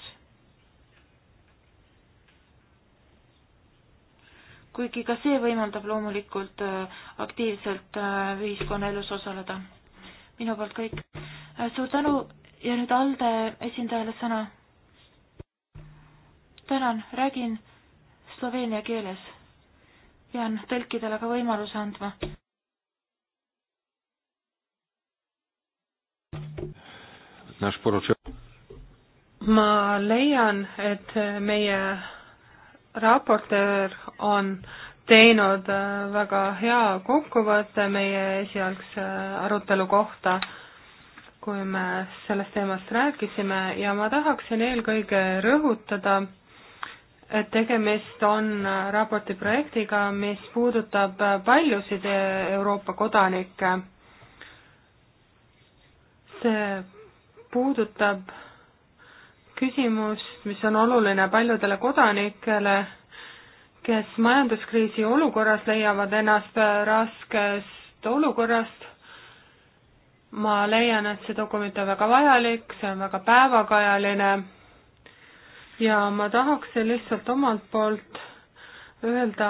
A: kuigi ka see võimaldab loomulikult äh, aktiivselt äh, ühiskonnaelus osaleda. minu poolt kõik. suur tänu ja nüüd ALDE esindajale sõna. tänan, räägin sloveenia keeles. pean tõlkidele ka võimaluse andma.
B: ma leian, et meie raportöör on teinud äh, väga hea kokkuvõtte meie esialgse äh, arutelu kohta, kui me sellest teemast rääkisime ja ma tahaksin eelkõige rõhutada, et tegemist on äh, raporti projektiga, mis puudutab paljusid Euroopa kodanikke. see puudutab küsimust, mis on oluline paljudele kodanikele, kes majanduskriisi olukorras leiavad ennast raskest olukorrast. ma leian, et see dokument on väga vajalik, see on väga päevakajaline ja ma tahaksin lihtsalt omalt poolt öelda,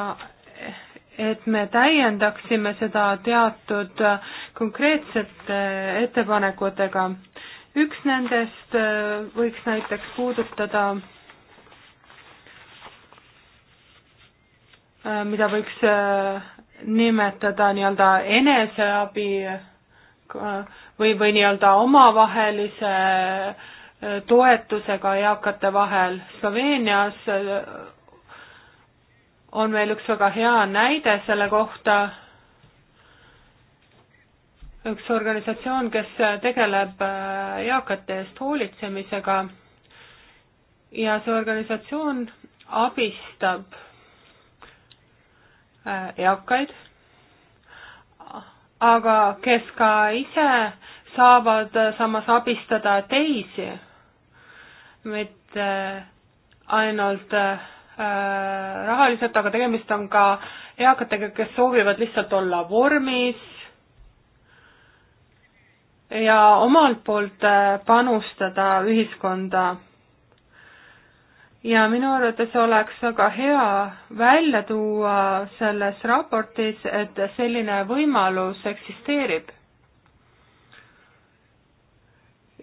B: et me täiendaksime seda teatud konkreetsete ettepanekutega üks nendest äh, võiks näiteks puudutada, äh, mida võiks äh, nimetada nii-öelda eneseabi või, või nii-öelda omavahelise toetusega eakate vahel. Sloveenias on meil üks väga hea näide selle kohta, üks organisatsioon, kes äh, tegeleb äh, eakate eest hoolitsemisega ja see organisatsioon abistab äh, eakaid, aga kes ka ise saavad samas abistada teisi, mitte ainult rahaliselt, aga tegemist on ka eakatega, kes soovivad lihtsalt olla vormis ja omalt poolt äh, panustada ühiskonda. ja minu arvates oleks väga hea välja tuua selles raportis, et selline võimalus eksisteerib.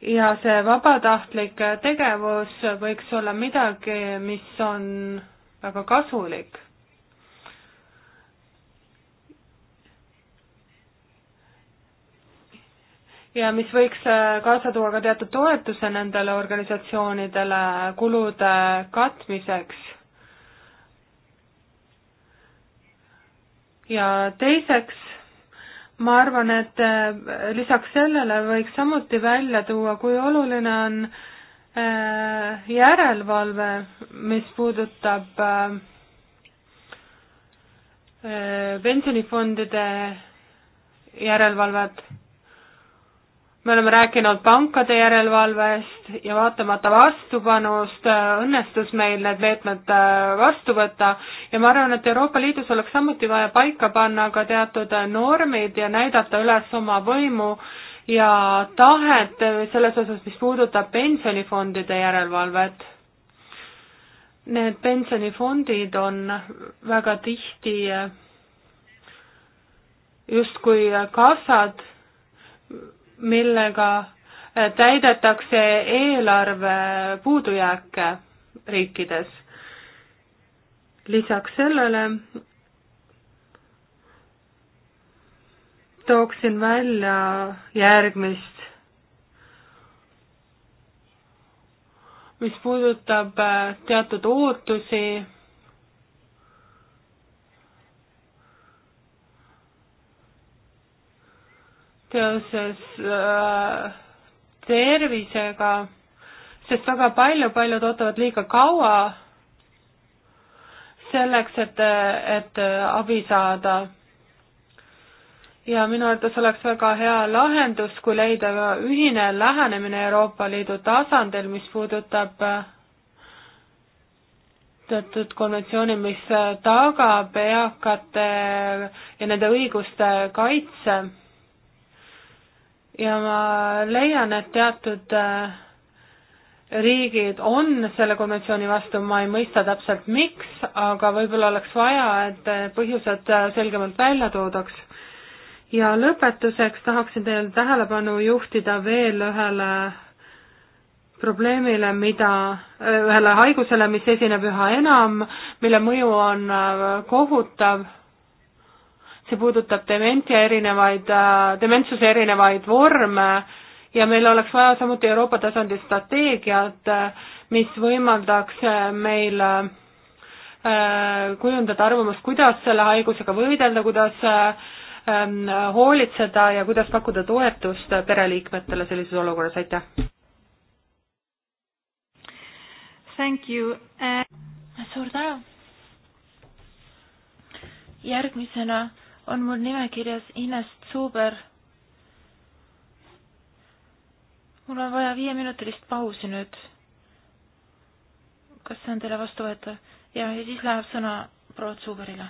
B: ja see vabatahtlik tegevus võiks olla midagi, mis on väga kasulik ja mis võiks äh, kaasa tuua ka teatud toetuse nendele organisatsioonidele kulude katmiseks. ja teiseks, ma arvan, et äh, lisaks sellele võiks samuti välja tuua, kui oluline on äh, järelevalve, mis puudutab pensionifondide järelevalvet me oleme rääkinud pankade järelevalvest ja vaatamata vastupanust äh, õnnestus meil need meetmed äh, vastu võtta ja ma arvan, et Euroopa Liidus oleks samuti vaja paika panna ka teatud äh, normid ja näidata üles oma võimu ja tahet selles osas, mis puudutab pensionifondide järelevalvet. Need pensionifondid on väga tihti justkui kassad millega äh, täidetakse eelarve puudujääke riikides. lisaks sellele tooksin välja järgmist. mis puudutab äh, teatud ootusi seoses äh, tervisega, sest väga palju, paljud ootavad liiga kaua selleks, et, et äh, abi saada. ja minu arvates oleks väga hea lahendus, kui leida ühine lähenemine Euroopa Liidu tasandil, mis puudutab äh, teatud konventsiooni, mis äh, tagab eakate ja nende õiguste kaitse ja ma leian, et teatud äh, riigid on selle konventsiooni vastu, ma ei mõista täpselt, miks, aga võib-olla oleks vaja, et äh, põhjused äh, selgemalt välja toodaks. ja lõpetuseks tahaksin teil tähelepanu juhtida veel ühele probleemile, mida, ühele haigusele, mis esineb üha enam, mille mõju on kohutav see puudutab dementia erinevaid, äh, dementsuse erinevaid vorme ja meil oleks vaja samuti Euroopa tasandi strateegiat, mis võimaldaks äh, meil äh, kujundada arvamust, kuidas selle haigusega võidelda, kuidas ähm, hoolitseda ja kuidas pakkuda toetust pereliikmetele sellises olukorras, aitäh!
A: Thank you uh...! suur tänu! järgmisena on mul nimekirjas Ines Zuber. mul on vaja viieminutilist pausi nüüd. kas see on teile vastuvõetav? ja, ja siis läheb sõna proua Zuberile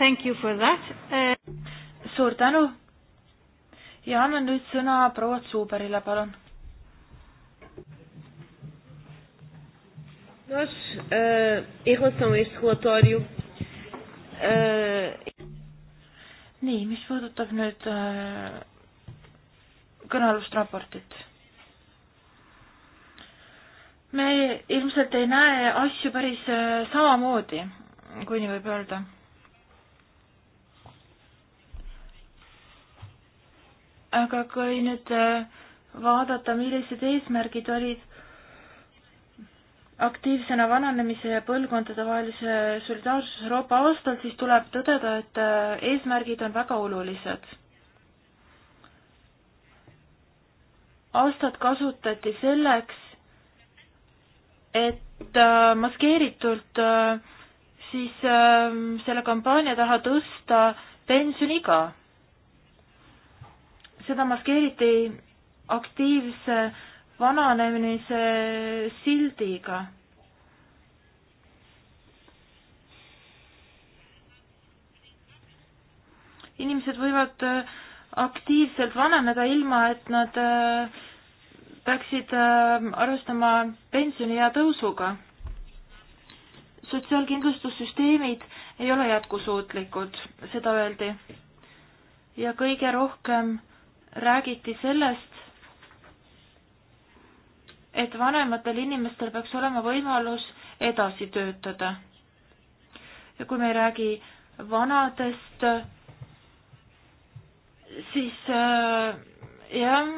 A: Thank you for that uh.... suur tänu ja annan nüüd sõna proua Zuberile, palun. Nós, uh, em relação a este relatório, uh... nii, mis puudutab nüüd uh, kõnealust raportit. me ilmselt ei näe asju päris uh, samamoodi, kui nii võib öelda aga kui nüüd äh, vaadata, millised eesmärgid olid aktiivsena vananemise ja põlvkondadevahelise solidaarsuse Euroopa aastal, siis tuleb tõdeda, et äh, eesmärgid on väga olulised. aastat kasutati selleks, et äh, maskeeritult siis selle kampaania taha tõsta pensioniiga seda maskeeriti aktiivse vananemise sildiga. inimesed võivad äh, aktiivselt vananeda, ilma et nad äh, peaksid äh, arvestama pensioniea tõusuga. sotsiaalkindlustussüsteemid ei ole jätkusuutlikud, seda öeldi. ja kõige rohkem räägiti sellest, et vanematel inimestel peaks olema võimalus edasi töötada. ja kui me ei räägi vanadest, siis äh, jah,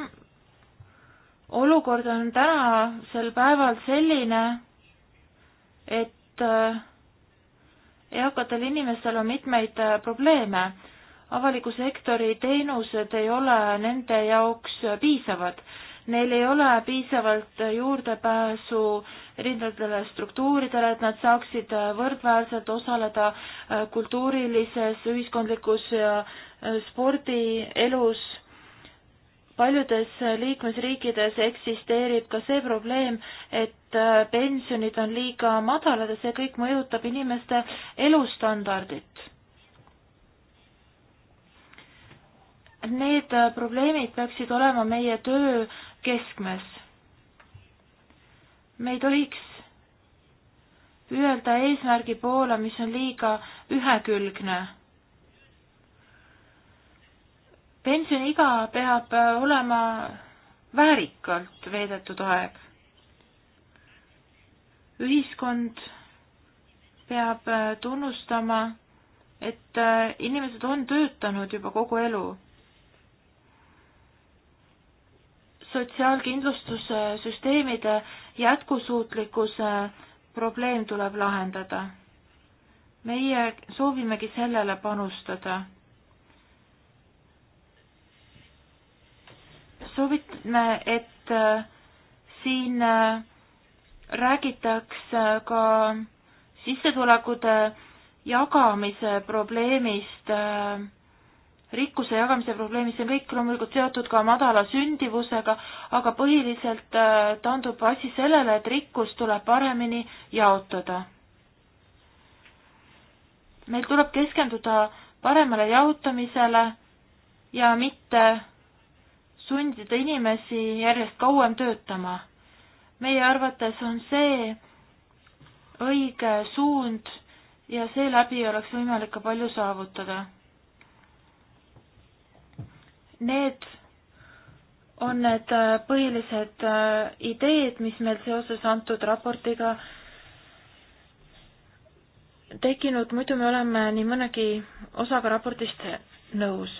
A: olukord on tänasel päeval selline, et äh, eakatel inimestel on mitmeid äh, probleeme avaliku sektori teenused ei ole nende jaoks piisavad. Neil ei ole piisavalt juurdepääsu erinevatele struktuuridele, et nad saaksid võrdväärselt osaleda äh, kultuurilises, ühiskondlikus ja äh, spordielus. paljudes liikmesriikides eksisteerib ka see probleem, et äh, pensionid on liiga madalad ja see kõik mõjutab inimeste elustandardit need äh, probleemid peaksid olema meie töö keskmes. me ei tohiks püüelda eesmärgi poole, mis on liiga ühekülgne. pensioniiga peab äh, olema väärikalt veedetud aeg. ühiskond peab äh, tunnustama, et inimesed on töötanud juba kogu elu sotsiaalkindlustussüsteemide jätkusuutlikkuse äh, probleem tuleb lahendada. meie soovimegi sellele panustada. soovitame, et äh, siin äh, räägitaks ka sissetulekute jagamise probleemist äh, rikkuse jagamise probleemid, see on kõik loomulikult seotud ka madala sündivusega, aga põhiliselt äh, taandub asi sellele, et rikkus tuleb paremini jaotada. meil tuleb keskenduda paremale jaotamisele ja mitte sundida inimesi järjest kauem töötama. meie arvates on see õige suund ja seeläbi oleks võimalik ka palju saavutada Need on need äh, põhilised äh, ideed, mis meil seoses antud raportiga tekkinud, muidu me oleme nii mõnegi osaga raportist nõus.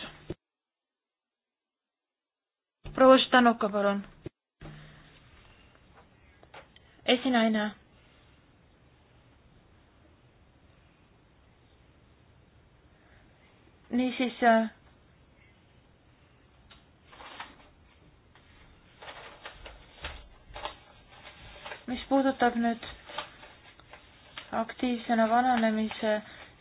A: proua Štanuka, palun. esinaine. niisiis äh, mis puudutab nüüd aktiivsena vananemise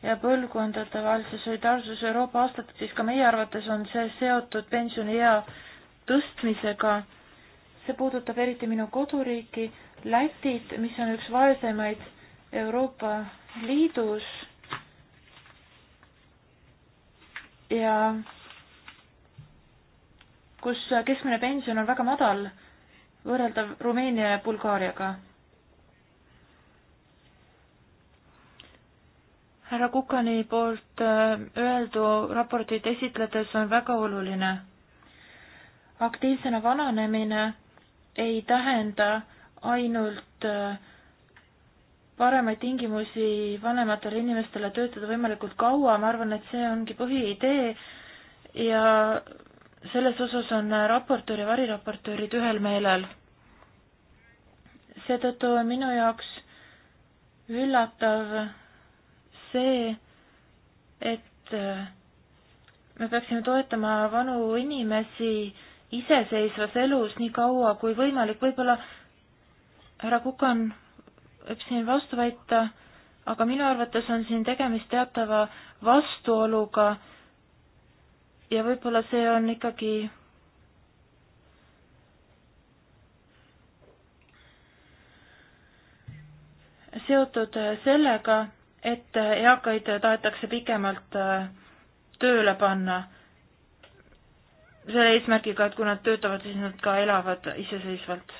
A: ja põlvkondade vahelise solidaarsuse Euroopa aastat, siis ka meie arvates on see seotud pensioniea tõstmisega. see puudutab eriti minu koduriiki Lätit, mis on üks vaesemaid Euroopa Liidus. ja kus keskmine pension on väga madal võrreldav Rumeenia ja Bulgaariaga. härra Kukani poolt äh, öeldu raportit esitledes on väga oluline. aktiivsena vananemine ei tähenda ainult äh, paremaid tingimusi vanematele inimestele töötada võimalikult kaua, ma arvan, et see ongi põhiidee ja selles osas on raportöör ja variraportöörid ühel meelel. seetõttu on minu jaoks üllatav see, et äh, me peaksime toetama vanu inimesi iseseisvas elus nii kaua kui võimalik, võib-olla härra Kukan võib siin vastu väita, aga minu arvates on siin tegemist teatava vastuoluga ja võib-olla see on ikkagi seotud sellega, et eakaid tahetakse pikemalt tööle panna selle eesmärgiga, et kui nad töötavad, siis nad ka elavad iseseisvalt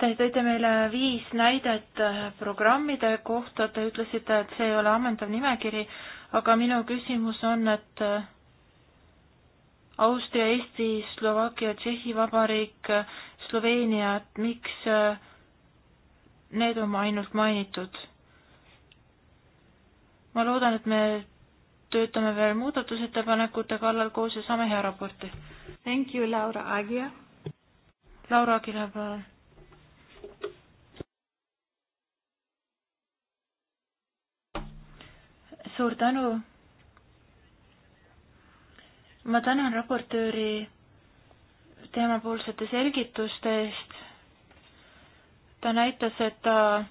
A: Te tõite meile viis näidet äh, programmide kohta, te ütlesite, et see ei ole ammendav nimekiri, aga minu küsimus on, et äh, Austria, Eesti, Slovakkia, Tšehhi Vabariik, äh, Sloveenia, et miks need on ainult mainitud? ma loodan, et me töötame veel muudatusettepanekute kallal koos ja saame hea raporti. Thank you, Laura Agia. Laura Agia, palun suur tänu. ma tänan raportööri teemapoolsete selgituste eest. ta näitas, et ta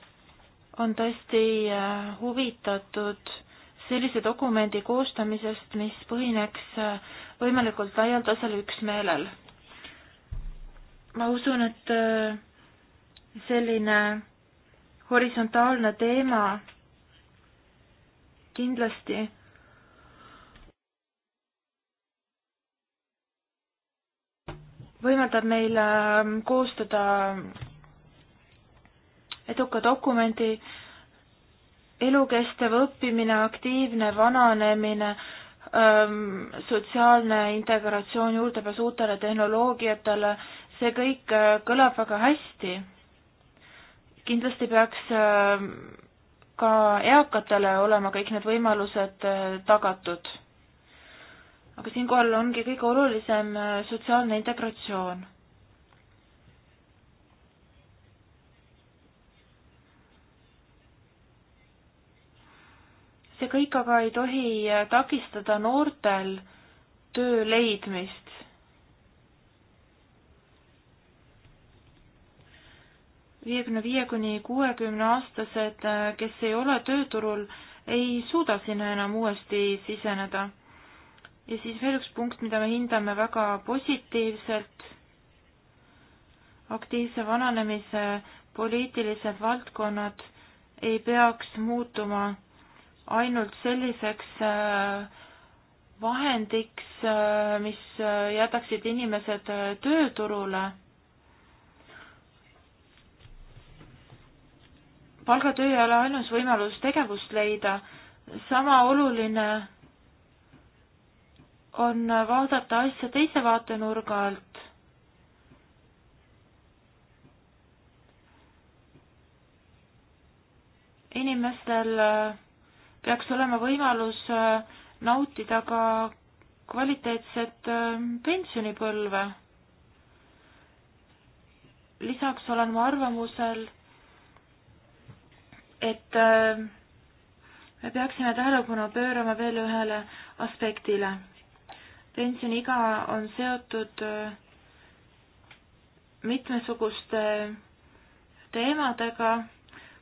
A: on tõesti äh, huvitatud sellise dokumendi koostamisest, mis põhineks äh, võimalikult laialdasel üksmeelel. ma usun, et äh, selline horisontaalne teema kindlasti võimaldab meil ähm, koostada eduka dokumendi elukestev õppimine, aktiivne vananemine, ähm, sotsiaalne integratsioon, juurdepääs uutele tehnoloogiatele, see kõik äh, kõlab väga hästi. kindlasti peaks ähm, ka eakatele olema kõik need võimalused äh, tagatud. aga siinkohal ongi kõige olulisem äh, sotsiaalne integratsioon. see kõik aga ei tohi äh, takistada noortel töö leidmist. viiekümne viie kuni kuuekümne aastased, äh, kes ei ole tööturul, ei suuda sinna enam uuesti siseneda. ja siis veel üks punkt, mida me hindame väga positiivselt, aktiivse vananemise poliitilised valdkonnad ei peaks muutuma ainult selliseks äh, vahendiks, äh, mis jätaksid inimesed tööturule palgatöö ei ole ainus võimalus tegevust leida, sama oluline on vaadata asja teise vaatenurga alt. inimestel äh, peaks olema võimalus äh, nautida ka kvaliteetset äh, pensionipõlve. lisaks olen ma arvamusel, et äh, me peaksime tähelepanu pöörama veel ühele aspektile. pensioniiga on seotud äh, mitmesuguste teemadega,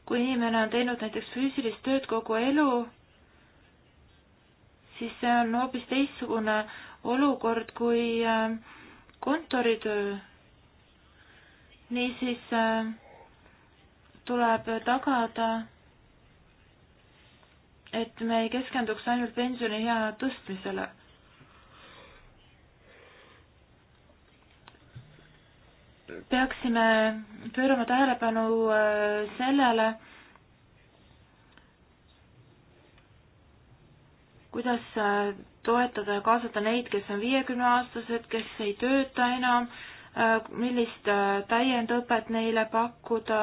A: kui inimene on teinud näiteks füüsilist tööd kogu elu, siis see on hoopis teistsugune olukord kui äh, kontoritöö. niisiis äh, tuleb tagada, et me ei keskenduks ainult pensioniea tõstmisele. peaksime pöörama tähelepanu äh, sellele, kuidas äh, toetada ja kaasata neid, kes on viiekümneaastased, kes ei tööta enam, äh, millist täiendõpet neile pakkuda,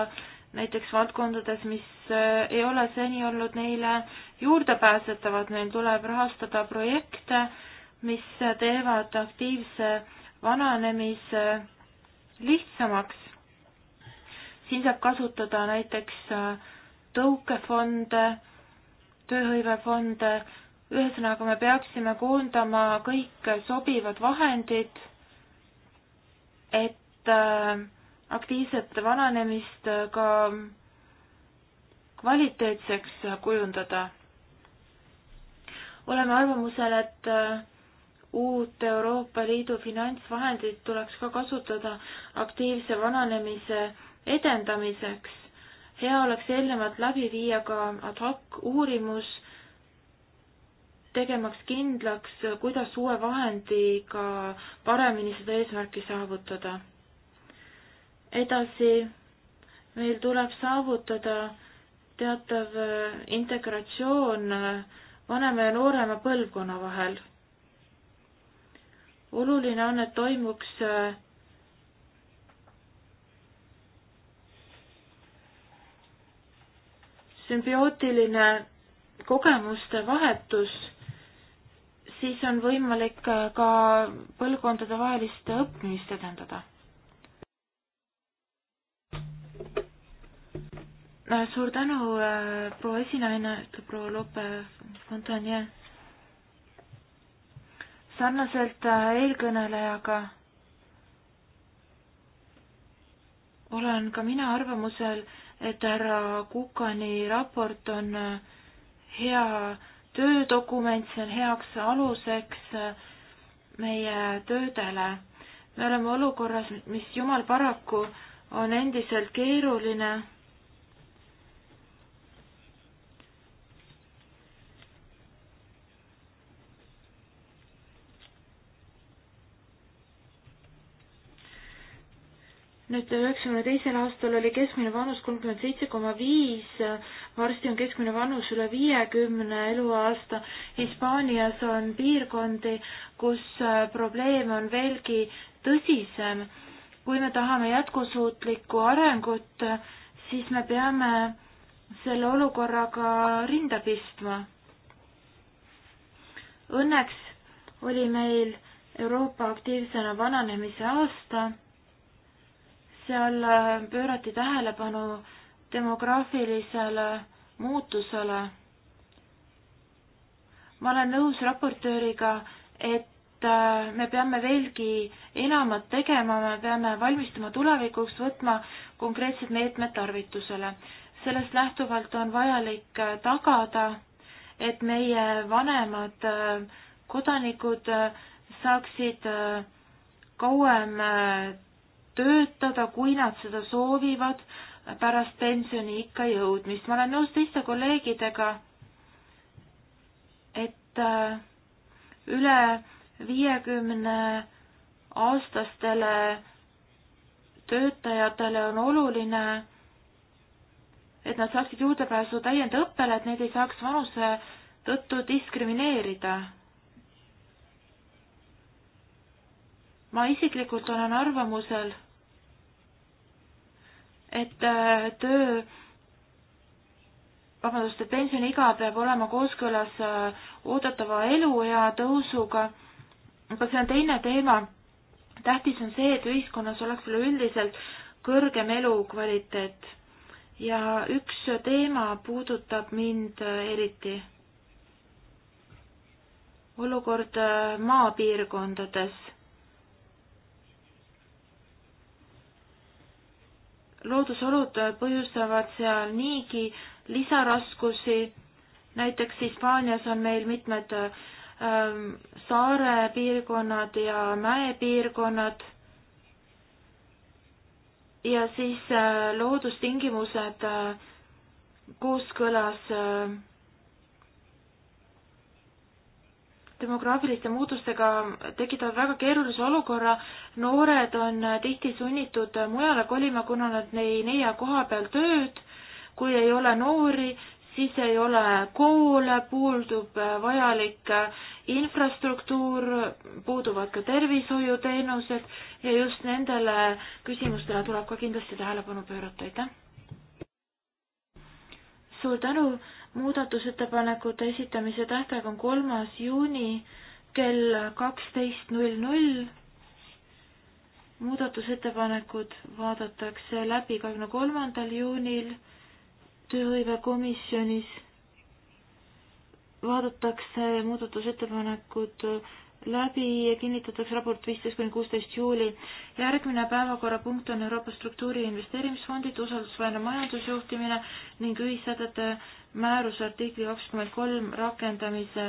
A: näiteks valdkondades, mis äh, ei ole seni olnud neile juurdepääsetavad, meil tuleb rahastada projekte, mis teevad aktiivse vananemise lihtsamaks. siin saab kasutada näiteks äh, tõukefonde, tööhõivefonde, ühesõnaga me peaksime koondama kõik sobivad vahendid, et äh, aktiivset vananemist ka kvaliteetseks kujundada. oleme arvamusel, et uut Euroopa Liidu finantsvahendit tuleks ka kasutada aktiivse vananemise edendamiseks. hea oleks eelnevalt läbi viia ka ad hoc uurimus, tegemaks kindlaks, kuidas uue vahendiga paremini seda eesmärki saavutada edasi meil tuleb saavutada teatav äh, integratsioon äh, vanema ja noorema põlvkonna vahel. oluline on, et toimuks äh, sümbiootiline kogemuste vahetus, siis on võimalik ka põlvkondadevahelist õppimist edendada Äh, suur tänu, äh, proua esinaine, ütleb proua Lope Fontanje. sarnaselt äh, eelkõnelejaga olen ka mina arvamusel, et härra Kukani raport on hea töödokument, see on heaks aluseks meie töödele. me oleme olukorras, mis jumal paraku on endiselt keeruline nüüd üheksakümne teisel aastal oli keskmine vanus kolmkümmend seitse koma viis, varsti on keskmine vanus üle viiekümne eluaasta. Hispaanias on piirkondi, kus äh, probleem on veelgi tõsisem. kui me tahame jätkusuutlikku arengut, siis me peame selle olukorraga rinda pistma. Õnneks oli meil Euroopa aktiivsena vananemise aasta seal äh, pöörati tähelepanu demograafilisele muutusele. ma olen nõus raportööriga, et äh, me peame veelgi enamat tegema, me peame valmistuma tulevikuks, võtma konkreetsed meetmed tarvitusele. sellest lähtuvalt on vajalik äh, tagada, et meie vanemad kodanikud saaksid kauem töötada, kui nad seda soovivad, pärast pensioniikka jõudmist. ma olen nõus teiste kolleegidega, et äh, üle viiekümne aastastele töötajatele on oluline, et nad saaksid juurdepääsu täiendõppele, et neid ei saaks vanuse tõttu diskrimineerida. ma isiklikult olen arvamusel et äh, töö, vabandust, et pensioniiga peab olema kooskõlas äh, oodatava eluea tõusuga, aga see on teine teema. tähtis on see, et ühiskonnas oleks üleüldiselt kõrgem elukvaliteet ja üks teema puudutab mind äh, eriti. olukord maapiirkondades. loodusolud põhjustavad seal niigi lisaraskusi, näiteks Hispaanias on meil mitmed ähm, saarepiirkonnad ja mäepiirkonnad ja siis äh, loodustingimused äh, kooskõlas äh, demograafiliste muutustega tekitavad väga keerulise olukorra. noored on tihti sunnitud mujale kolima, kuna nad ei leia koha peal tööd. kui ei ole noori, siis ei ole koole, puudub vajalik infrastruktuur, puuduvad ka tervishoiuteenused ja just nendele küsimustele tuleb ka kindlasti tähelepanu pöörata, aitäh! suur tänu, muudatusettepanekute esitamise tähtaeg on kolmas juuni kell kaksteist null null. muudatusettepanekud vaadatakse läbi kahekümne kolmandal juunil tööhõivekomisjonis vaadatakse muudatusettepanekud läbi ja kinnitatakse raport viisteist kuni kuusteist juuli. järgmine päevakorrapunkt on Euroopa struktuuri investeerimisfondid, usaldusväärne majandusjuhtimine ning ühissätete määruse artikli kakskümmend kolm rakendamise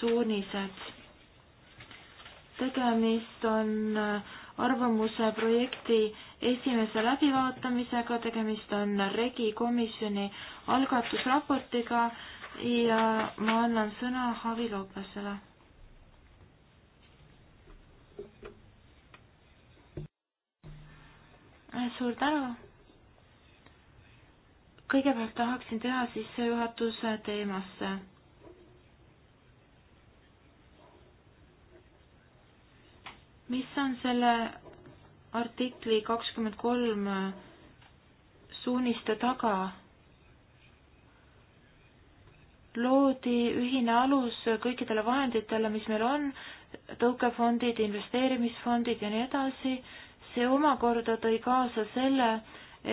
A: suunised. tegemist on äh, arvamuse projekti esimese läbivaatamisega, tegemist on Regi komisjoni algatusraportiga ja ma annan sõna Javi Lopesele Äh, suur tänu. kõigepealt tahaksin teha sissejuhatuse teemasse. mis on selle artikli kakskümmend kolm suuniste taga? loodi ühine alus kõikidele vahenditele, mis meil on, tõukefondid, investeerimisfondid ja nii edasi see omakorda tõi kaasa selle,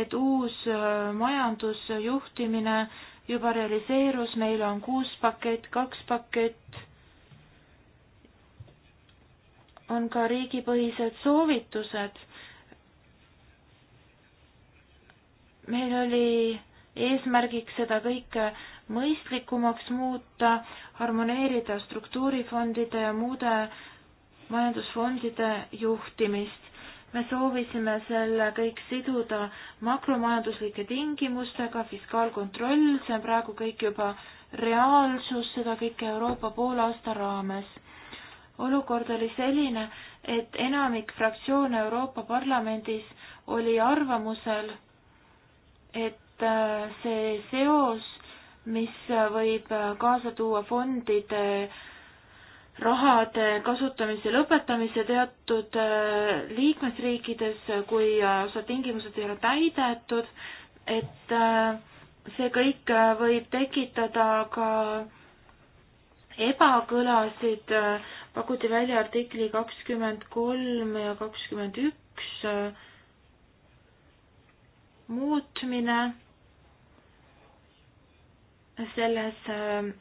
A: et uus äh, majandusjuhtimine juba realiseerus, meil on kuus pakett, kaks pakett, on ka riigipõhised soovitused. meil oli eesmärgiks seda kõike mõistlikumaks muuta, harmoneerida struktuurifondide ja muude majandusfondide juhtimist me soovisime selle kõik siduda makromajanduslike tingimustega, fiskaalkontroll, see on praegu kõik juba reaalsus, seda kõike Euroopa poolaasta raames. olukord oli selline, et enamik fraktsioone Euroopa Parlamendis oli arvamusel, et äh, see seos, mis võib äh, kaasa tuua fondide äh, rahade kasutamise lõpetamise teatud äh, liikmesriikides, kui osa äh, tingimused ei ole täidetud, et äh, see kõik võib tekitada ka ebakõlasid, pakuti välja artikli kakskümmend kolm ja kakskümmend üks muutmine selles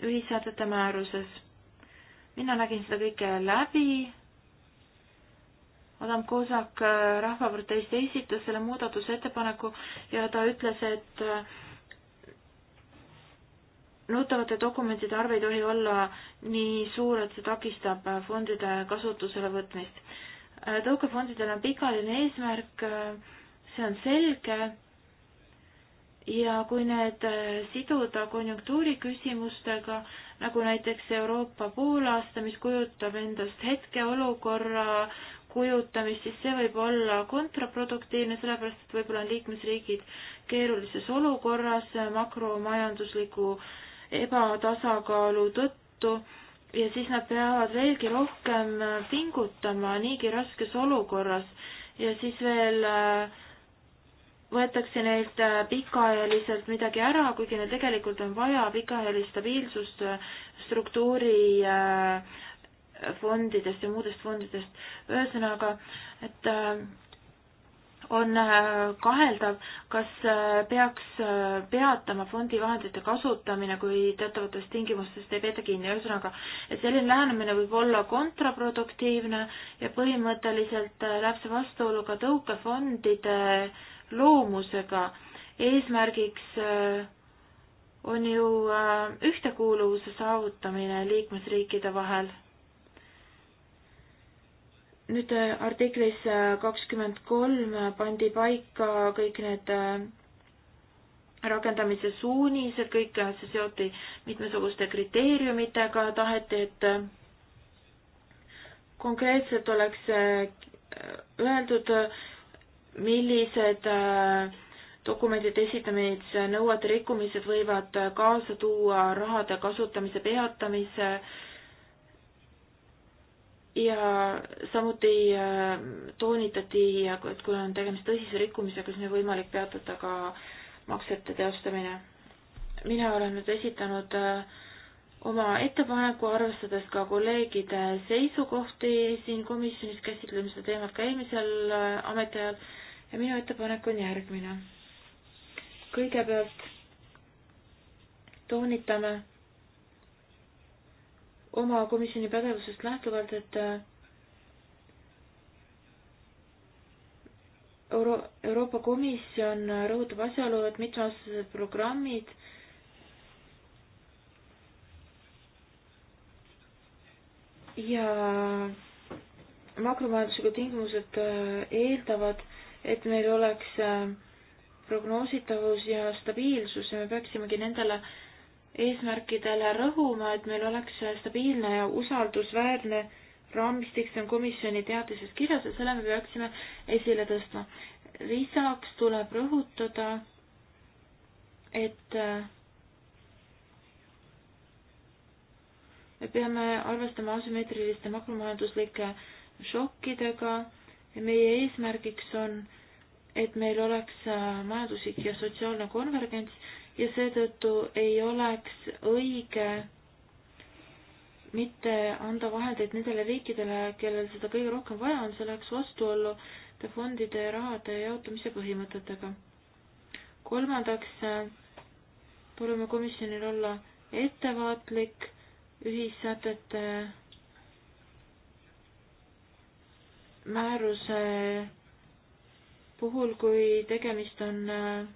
A: ühissätete määruses mina nägin seda kõike läbi. Adam Kosak äh, Rahvaparteist esitas selle muudatusettepaneku ja ta ütles, et äh, nõutavate dokumentide arv ei tohi olla nii suur, et see takistab äh, fondide kasutusele võtmist. tõukefondidel on pikaajaline eesmärk, see on selge ja kui need siduda konjunktuuri küsimustega, nagu näiteks Euroopa poolaasta, mis kujutab endast hetkeolukorra kujutamist, siis see võib olla kontraproduktiivne, sellepärast et võib-olla on liikmesriigid keerulises olukorras makromajandusliku ebatasakaalu tõttu ja siis nad peavad veelgi rohkem pingutama niigi raskes olukorras ja siis veel äh, võetakse neilt äh, pikaajaliselt midagi ära, kuigi neil tegelikult on vaja pikaajalist stabiilsust äh, struktuuri äh, fondidest ja muudest fondidest. ühesõnaga, et on kaheldav, kas peaks peatama fondivahendite kasutamine, kui teatavatest tingimustest ei peeta kinni. ühesõnaga, et selline lähenemine võib olla kontraproduktiivne ja põhimõtteliselt läheb see vastuoluga tõukefondide äh, loomusega. eesmärgiks äh, on ju äh, ühtekuuluvuse saavutamine liikmesriikide vahel. nüüd äh, artiklis kakskümmend kolm pandi paika kõik need rakendamise suunised, kõik see seoti mitmesuguste kriteeriumitega, taheti, et konkreetselt oleks öeldud, millised äh, dokumentide esitamise nõuete rikkumised võivad äh, kaasa tuua rahade kasutamise peatamise ja samuti äh, toonitati, et kui on tegemist tõsise rikkumisega, siis on võimalik peatada ka maksete teostamine. mina olen nüüd esitanud oma ettepaneku, arvestades ka kolleegide seisukohti siin komisjonis, käsitleme seda teemat ka eelmisel ametiajal ja minu ettepanek on järgmine. kõigepealt toonitame oma komisjoni pädevusest lähtuvalt, et äh, Euro-, Euroopa Komisjon rõhutab asjaolu, et mitmeaastased programmid ja makromajanduslikud tingimused äh, eeldavad, et meil oleks äh, prognoositavus ja stabiilsus ja me peaksimegi nendele eesmärkidele rõhuma, et meil oleks äh, stabiilne ja usaldusväärne raamistik, see on komisjoni teadises kirjas ja selle me peaksime esile tõstma. lisaks tuleb rõhutada, et me peame arvestama asümmeetriliste makromajanduslike šokkidega ja meie eesmärgiks on, et meil oleks äh, majanduslik ja sotsiaalne konvergents ja seetõttu ei oleks õige mitte anda vahendeid nendele riikidele, kellel seda kõige rohkem vaja on, see läheks vastuollu fondide ja rahade jaotamise põhimõtetega. kolmandaks äh, palume komisjonil olla ettevaatlik ühissätete määruse puhul, kui tegemist on äh,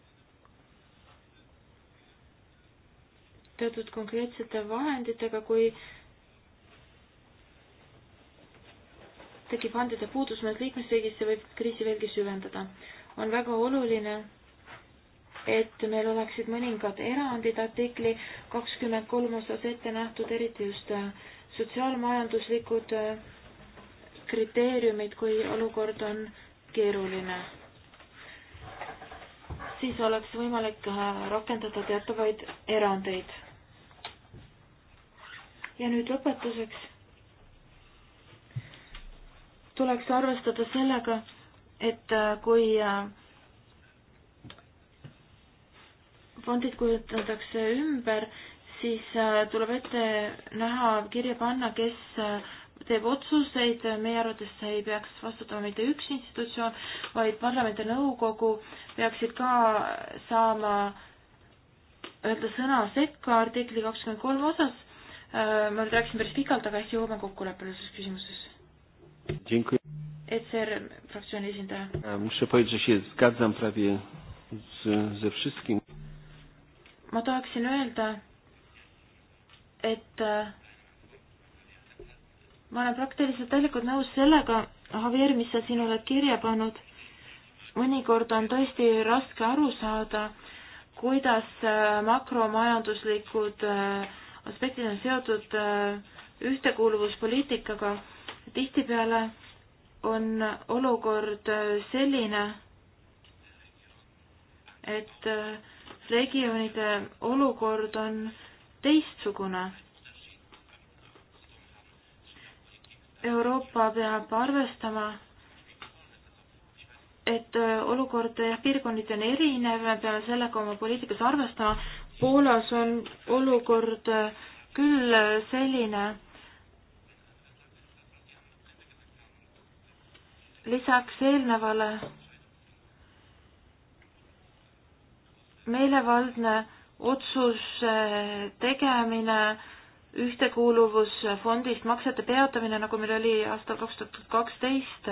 A: teatud konkreetsete vahenditega, kui tekib andide puudus mõnes liikmesriigis, see võib kriisi veelgi süvendada. on väga oluline, et meil oleksid mõningad erandid artikli kakskümmend kolm osas ette nähtud, eriti just äh, sotsiaalmajanduslikud äh, kriteeriumid, kui olukord on keeruline. siis oleks võimalik äh, rakendada teatavaid erandeid. ja nüüd lõpetuseks tuleks arvestada sellega, et äh, kui äh, fondid kujutatakse ümber, siis tuleb ette näha, kirja panna, kes teeb otsuseid, meie arvates ei peaks vastutama mitte üks institutsioon, vaid parlament ja nõukogu peaksid ka saama öelda sõna sekka artikli kakskümmend kolm osas. ma nüüd rääkisin päris pikalt, aga hästi jõuame kokkuleppele selles küsimuses. ECR fraktsiooni esindaja.
C: Muszę powiedzieć, że się zgadzam prawie z, ze wszystkim.
A: ma tahaksin öelda, et äh, ma olen praktiliselt täielikult nõus sellega, Javier, mis sa siin oled kirja pannud. mõnikord on tõesti raske aru saada, kuidas äh, makromajanduslikud äh, aspektid on seotud äh, ühtekuuluvuspoliitikaga. tihtipeale on olukord selline, et regioonide olukord on teistsugune Euroopa peab arvestama, et äh, olukord äh, piirkonniti on erinev, me peame sellega oma poliitikas arvestama. Poolas on olukord äh, küll selline. lisaks eelnevale meelevaldne otsuse tegemine ühtekuuluvusfondist maksete peatamine, nagu meil oli aastal kaks tuhat kaksteist,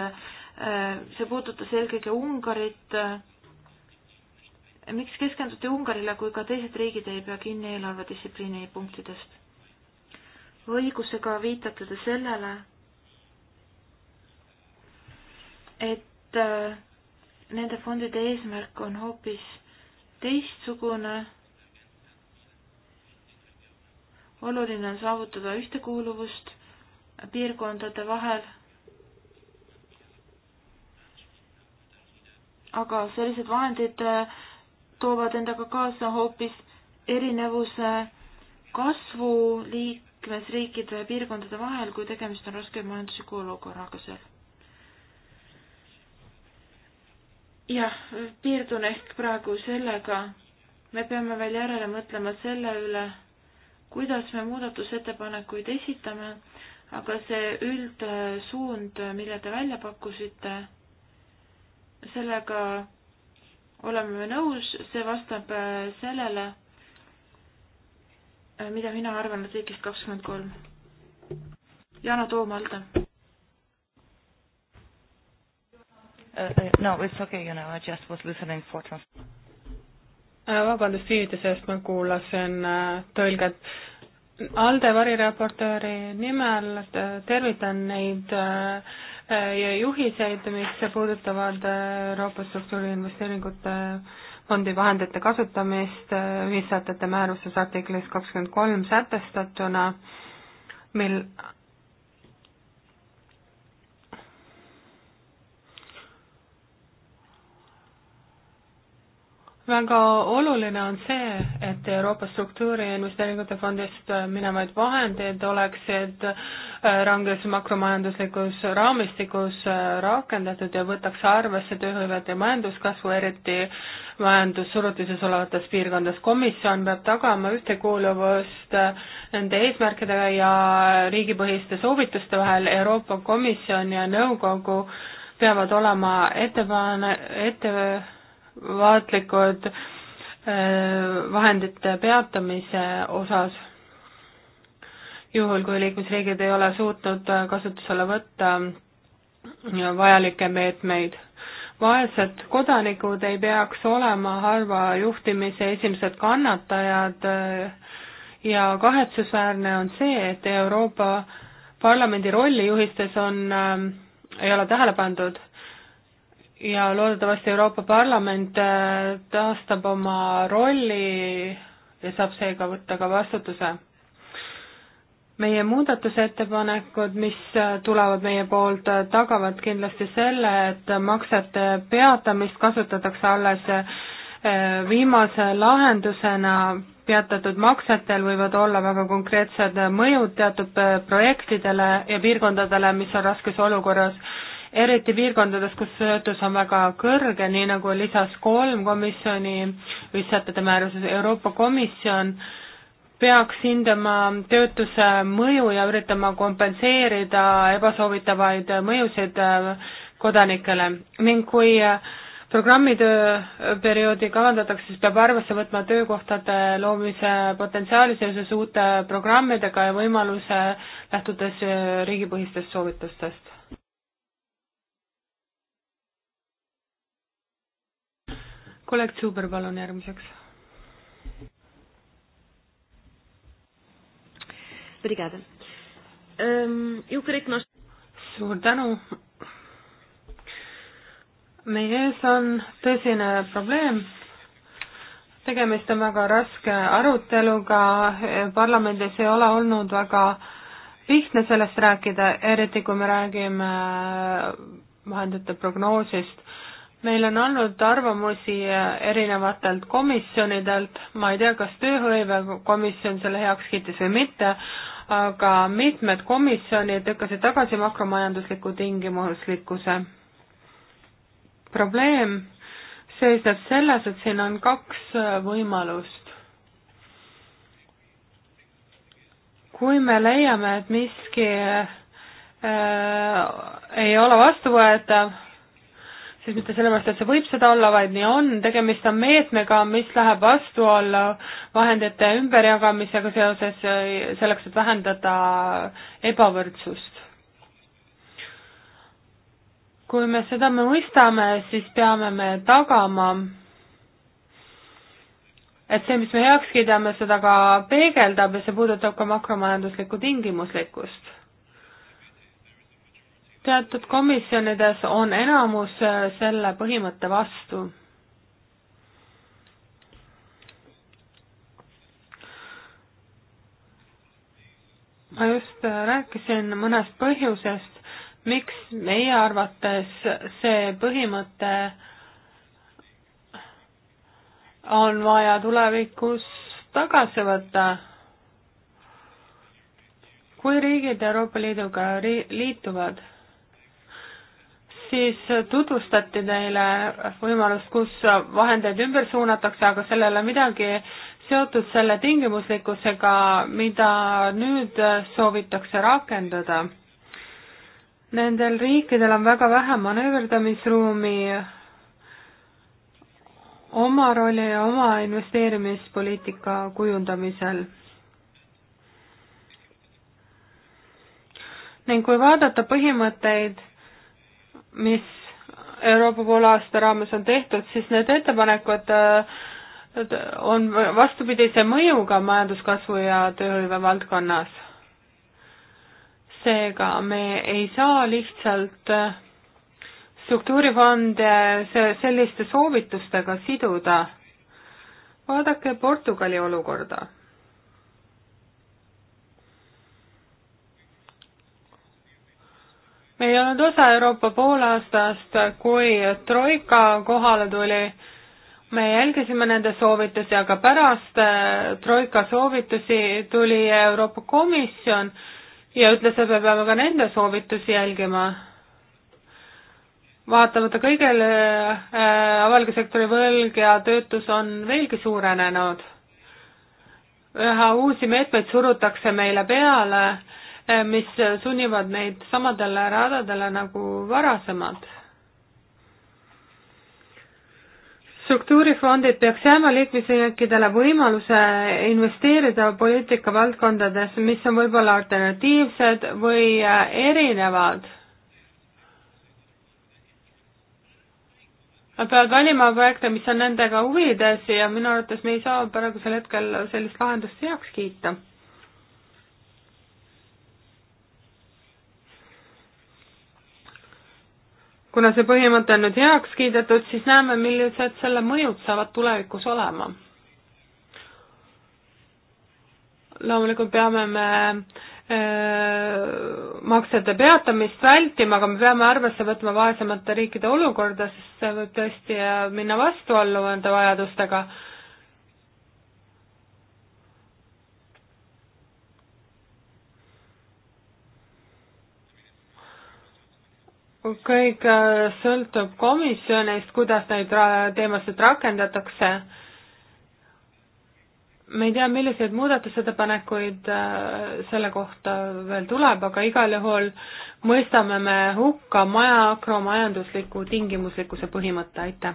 A: see puudutas eelkõige Ungarit. miks keskenduti Ungarile, kui ka teised riigid ei pea kinni eelarvedistsipliini punktidest? õigusega viitate te sellele, et äh, nende fondide eesmärk on hoopis teistsugune oluline on saavutada ühtekuuluvust piirkondade vahel. aga sellised vahendid äh, toovad endaga kaasa hoopis erinevuse kasvu liikmesriikide ja piirkondade vahel, kui tegemist on raske majandusliku olukorraga seal. jah, piirdun ehk praegu sellega, me peame veel järele mõtlema selle üle kuidas me muudatusettepanekuid esitame, aga see üldsuund, mille te välja pakkusite, sellega oleme me nõus, see vastab äh, sellele, äh, mida mina arvan artiklist kakskümmend kolm. Yana Toom, Alde. Uh, uh, no, it's okay, you know, I just was listening for trans-
B: Äh, vabandust viivituse eest, ma kuulasin äh, tõlget. ALDE variraportööri nimel äh, tervitan neid juhiseid, mis puudutavad Euroopa struktuuriinvesteeringute fondi vahendite kasutamist ühissätete määruses artiklis kakskümmend kolm sätestatuna, mil väga oluline on see, et Euroopa struktuuri ja investeeringute fondist minevaid vahendeid oleksid äh, ranges makromajanduslikus raamistikus äh, rakendatud ja võtaks arvesse tööhõivet ja majanduskasvu, eriti majandussurutises olevates piirkondades. komisjon peab tagama ühtekuuluvust äh, nende eesmärkidega ja riigipõhiste soovituste vahel Euroopa Komisjon ja nõukogu peavad olema ettepane-, ette ettevaatlikud äh, vahendite peatamise osas, juhul kui liikmesriigid ei ole suutnud kasutusele võtta vajalikke meetmeid. vaesed kodanikud ei peaks olema harva juhtimise esimesed kannatajad äh, ja kahetsusväärne on see, et Euroopa Parlamendi rolli juhistes on, äh, ei ole tähele pandud ja loodetavasti Euroopa Parlament äh, taastab oma rolli ja saab seega võtta ka vastutuse. meie muudatusettepanekud, mis äh, tulevad meie poolt, äh, tagavad kindlasti selle, et maksete peatamist kasutatakse alles viimase lahendusena peatatud maksetel võivad olla väga konkreetsed mõjud teatud projektidele ja piirkondadele, mis on raskes olukorras eriti piirkondades, kus töötus on väga kõrge, nii nagu lisas kolm komisjoni ühissätete määruses Euroopa Komisjon, peaks hindama töötuse mõju ja üritama kompenseerida ebasoovitavaid mõjusid äh, kodanikele ning kui äh, programmi tööperioodi kavandatakse, siis peab arvesse võtma töökohtade loomise potentsiaali seoses uute programmidega ja võimaluse lähtudes äh, riigipõhistest soovitustest kolleeg Zuber, palun järgmiseks. Ehm, suur tänu. meie ees on tõsine probleem. tegemist on väga raske aruteluga, parlamendis ei ole olnud väga lihtne sellest rääkida, eriti kui me räägime vahendite prognoosist meil on olnud arvamusi erinevatelt komisjonidelt, ma ei tea, kas tööhõivekomisjon selle heaks kiitis või mitte, aga mitmed komisjonid lükkasid tagasi makromajandusliku tingimuslikkuse. probleem seisneb selles, et siin on kaks võimalust. kui me leiame, et miski äh, ei ole vastuvõetav, siis mitte sellepärast, et see võib seda olla, vaid nii on, tegemist on meetmega, mis läheb vastu alla vahendite ümberjagamisega seoses eh, selleks, et vähendada ebavõrdsust. kui me seda mõistame, siis peame me tagama, et see, mis me heaks kiidame, seda ka peegeldab ja see puudutab ka makromajanduslikku tingimuslikkust teatud komisjonides on enamus äh, selle põhimõtte vastu. ma just äh, rääkisin mõnest põhjusest, miks meie arvates see põhimõte on vaja tulevikus tagasi võtta kui riigid Euroopa Liiduga ri liituvad, siis tutvustati neile võimalust, kus vahendeid ümber suunatakse, aga sellel on midagi seotud selle tingimuslikkusega, mida nüüd soovitakse rakendada. Nendel riikidel on väga vähe manööverdamisruumi oma rolli ja oma investeerimispoliitika kujundamisel ning kui vaadata põhimõtteid, mis Euroopa poolaasta raames on tehtud, siis need ettepanekud äh, on vastupidise mõjuga majanduskasvu ja tööhõive valdkonnas. seega me ei saa lihtsalt äh, struktuurifonde selliste soovitustega siduda. vaadake Portugali olukorda me ei olnud osa Euroopa poolaastast, kui Troika kohale tuli. me jälgisime nende soovitusi, aga pärast eh, Troika soovitusi tuli Euroopa Komisjon ja ütles, et me peame ka nende soovitusi jälgima. vaatamata kõigele äh, eh, avaliku sektori võlg ja töötus on veelgi suurenenud. üha uusi meetmeid surutakse meile peale Äh, mis sunnivad neid samadele radadele nagu varasemad. struktuurifondid peaks jääma liikmesriikidele võimaluse investeerida poliitikavaldkondades, mis on võib-olla alternatiivsed või äh, erinevad. Nad peavad valima projekte, mis on nendega huvides ja minu arvates me ei saa praegusel hetkel sellist lahendust heaks kiita kuna see põhimõte on nüüd heaks kiidetud, siis näeme, millised selle mõjud saavad tulevikus olema. loomulikult peame me maksete peatamist vältima, aga me peame arvesse võtma vaesemate riikide olukorda, sest see võib tõesti äh, minna vastuollu nende vajadustega kõik äh, sõltub komisjonist, kuidas neid teemasid rakendatakse. me ei tea, milliseid muudatusettepanekuid äh, selle kohta veel tuleb, aga igal juhul mõistame me hukka maja akromajandusliku tingimuslikkuse põhimõtte, aitäh.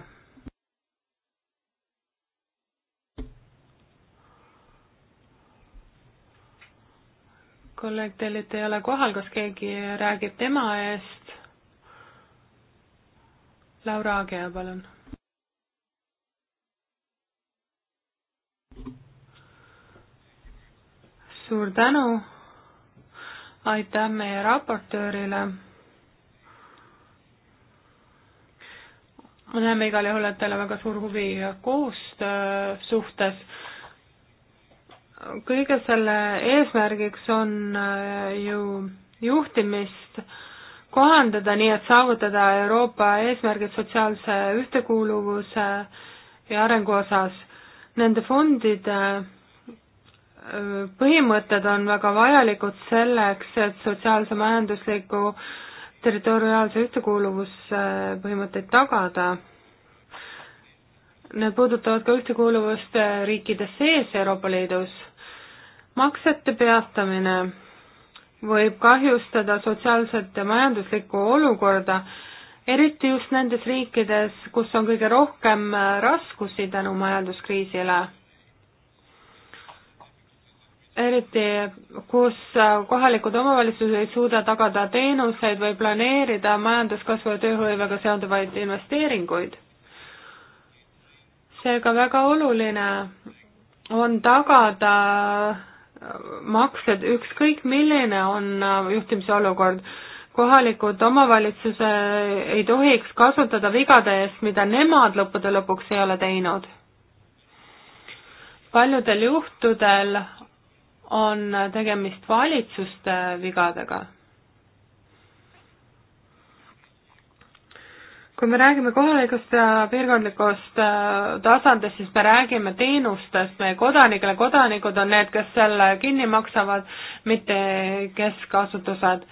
B: kolleeg Tellit ei ole kohal, kas keegi räägib tema eest? Laura Agea, palun. suur tänu, aitäh meie raportöörile. me näeme igal juhul, et teil on väga suur huvi koostöö suhtes kõige selle eesmärgiks on ju juhtimist kohandada, nii et saavutada Euroopa eesmärgid sotsiaalse ühtekuuluvuse ja arengu osas. Nende fondide äh, põhimõtted on väga vajalikud selleks, et sotsiaalse, majandusliku, territoriaalse ühtekuuluvuse äh, põhimõtteid tagada. Need puudutavad ka ühtekuuluvust äh, riikide sees Euroopa Liidus. maksete peatamine võib kahjustada sotsiaalset ja majanduslikku olukorda, eriti just nendes riikides, kus on kõige rohkem äh, raskusi tänu majanduskriisile. eriti, kus äh, kohalikud omavalitsused ei suuda tagada teenuseid või planeerida majanduskasvu ja tööhõivega seonduvaid investeeringuid. seega väga oluline on tagada maksed, ükskõik milline on äh, juhtimise olukord. kohalikud omavalitsuse ei tohiks kasutada vigade eest, mida nemad lõppude lõpuks ei ole teinud. paljudel juhtudel on tegemist valitsuste vigadega kui me räägime kohalikust ja äh, piirkondlikust äh, tasandist, siis me räägime teenustest meie kodanikele, kodanikud on need, kes selle kinni maksavad, mitte keskasutused.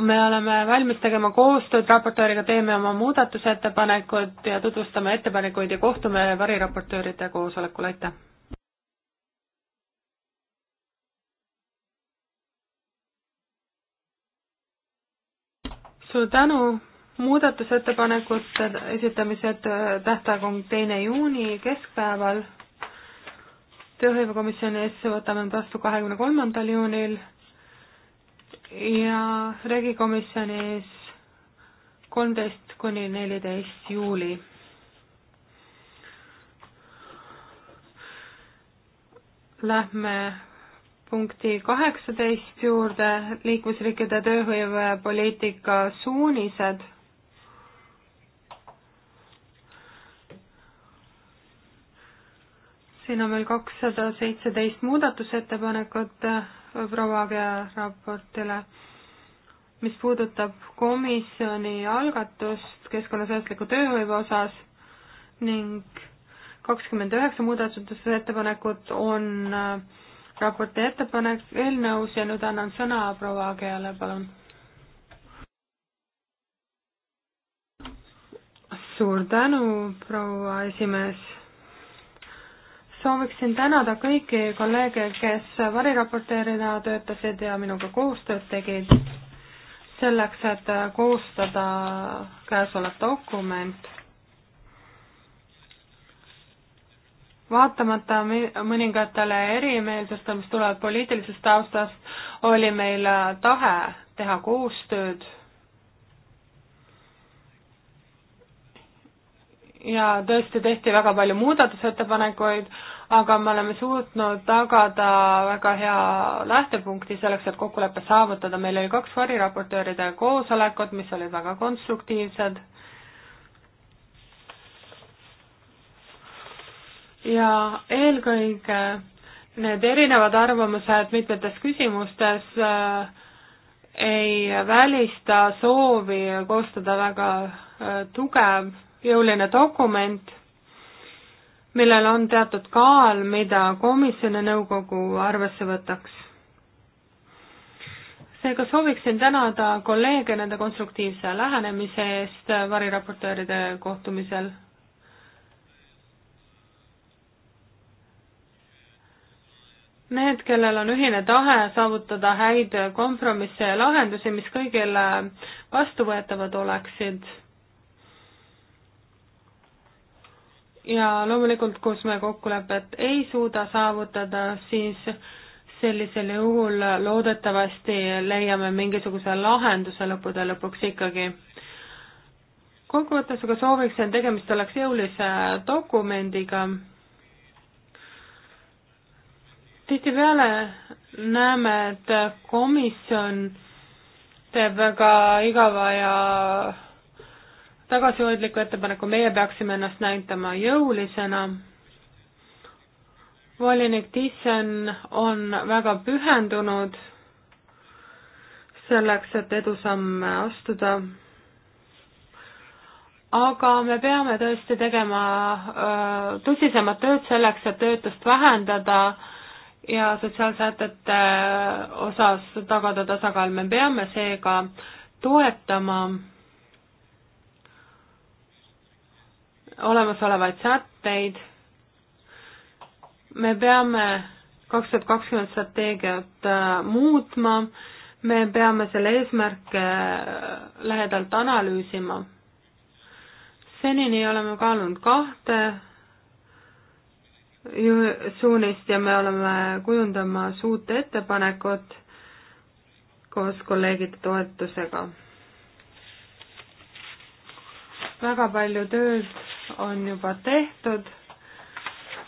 B: me oleme valmis tegema koostööd raportööriga, teeme oma muudatusettepanekud ja tutvustame ettepanekuid ja kohtume variraportööride koosolekul, aitäh! suur tänu! muudatusettepanekute esitamise tähtaeg on teine juuni keskpäeval. tööhõivekomisjoni ees võtame nüüd vastu kahekümne kolmandal juunil ja regikomisjoni ees kolmteist kuni neliteist juuli. Lähme punkti kaheksateist juurde, liikmesriikide tööhõivepoliitika suunised siin on meil kakssada seitseteist muudatusettepanekut äh, proua Agea raportile, mis puudutab komisjoni algatust keskkonnasäästliku tööhõive osas ning kakskümmend üheksa muudatusettepanekut on äh, raporti ettepanek eelnõus ja nüüd annan sõna proua Ageale, palun. suur tänu, proua esimees sooviksin tänada kõiki kolleege, kes variraporteerina töötasid ja minuga koostööd tegid selleks, et koostada käesolev dokument. vaatamata mõningatele erimeelsustele, mis tulevad poliitilisest taustast, oli meil tahe teha koostööd ja tõesti tehti väga palju muudatusettepanekuid, aga me oleme suutnud tagada väga hea lähtepunkti selleks, et kokkulepe saavutada. meil oli kaks variraportööride koosolekut, mis olid väga konstruktiivsed. ja eelkõige need erinevad arvamused mitmetes küsimustes äh, ei välista soovi koostada väga äh, tugev jõuline dokument millel on teatud kaal, mida komisjon ja nõukogu arvesse võtaks. seega sooviksin tänada kolleege nende konstruktiivse lähenemise eest variraportööride kohtumisel. Need, kellel on ühine tahe saavutada häid kompromisse ja lahendusi, mis kõigile vastuvõetavad oleksid ja loomulikult, kus me kokkulepet ei suuda saavutada, siis sellisel juhul loodetavasti leiame mingisuguse lahenduse lõppude lõpuks ikkagi. kokkuvõttes aga sooviksin, tegemist oleks jõulise dokumendiga. tihtipeale näeme, et komisjon teeb väga igava ja tagasihoidliku ettepaneku, meie peaksime ennast näitama jõulisena. volinik Thyssen on väga pühendunud selleks, et edusamme astuda. aga me peame tõesti tegema äh, tõsisemat tööd selleks, et töötust vähendada ja sotsiaalsätete äh, osas tagada tasakaal, me peame seega toetama olemasolevaid sätteid. me peame kaks tuhat kakskümmend strateegiat äh, muutma, me peame selle eesmärke äh, lähedalt analüüsima. senini oleme kaalunud kahte suunist ja me oleme kujundamas uut ettepanekut koos kolleegide toetusega. väga palju tööd on juba tehtud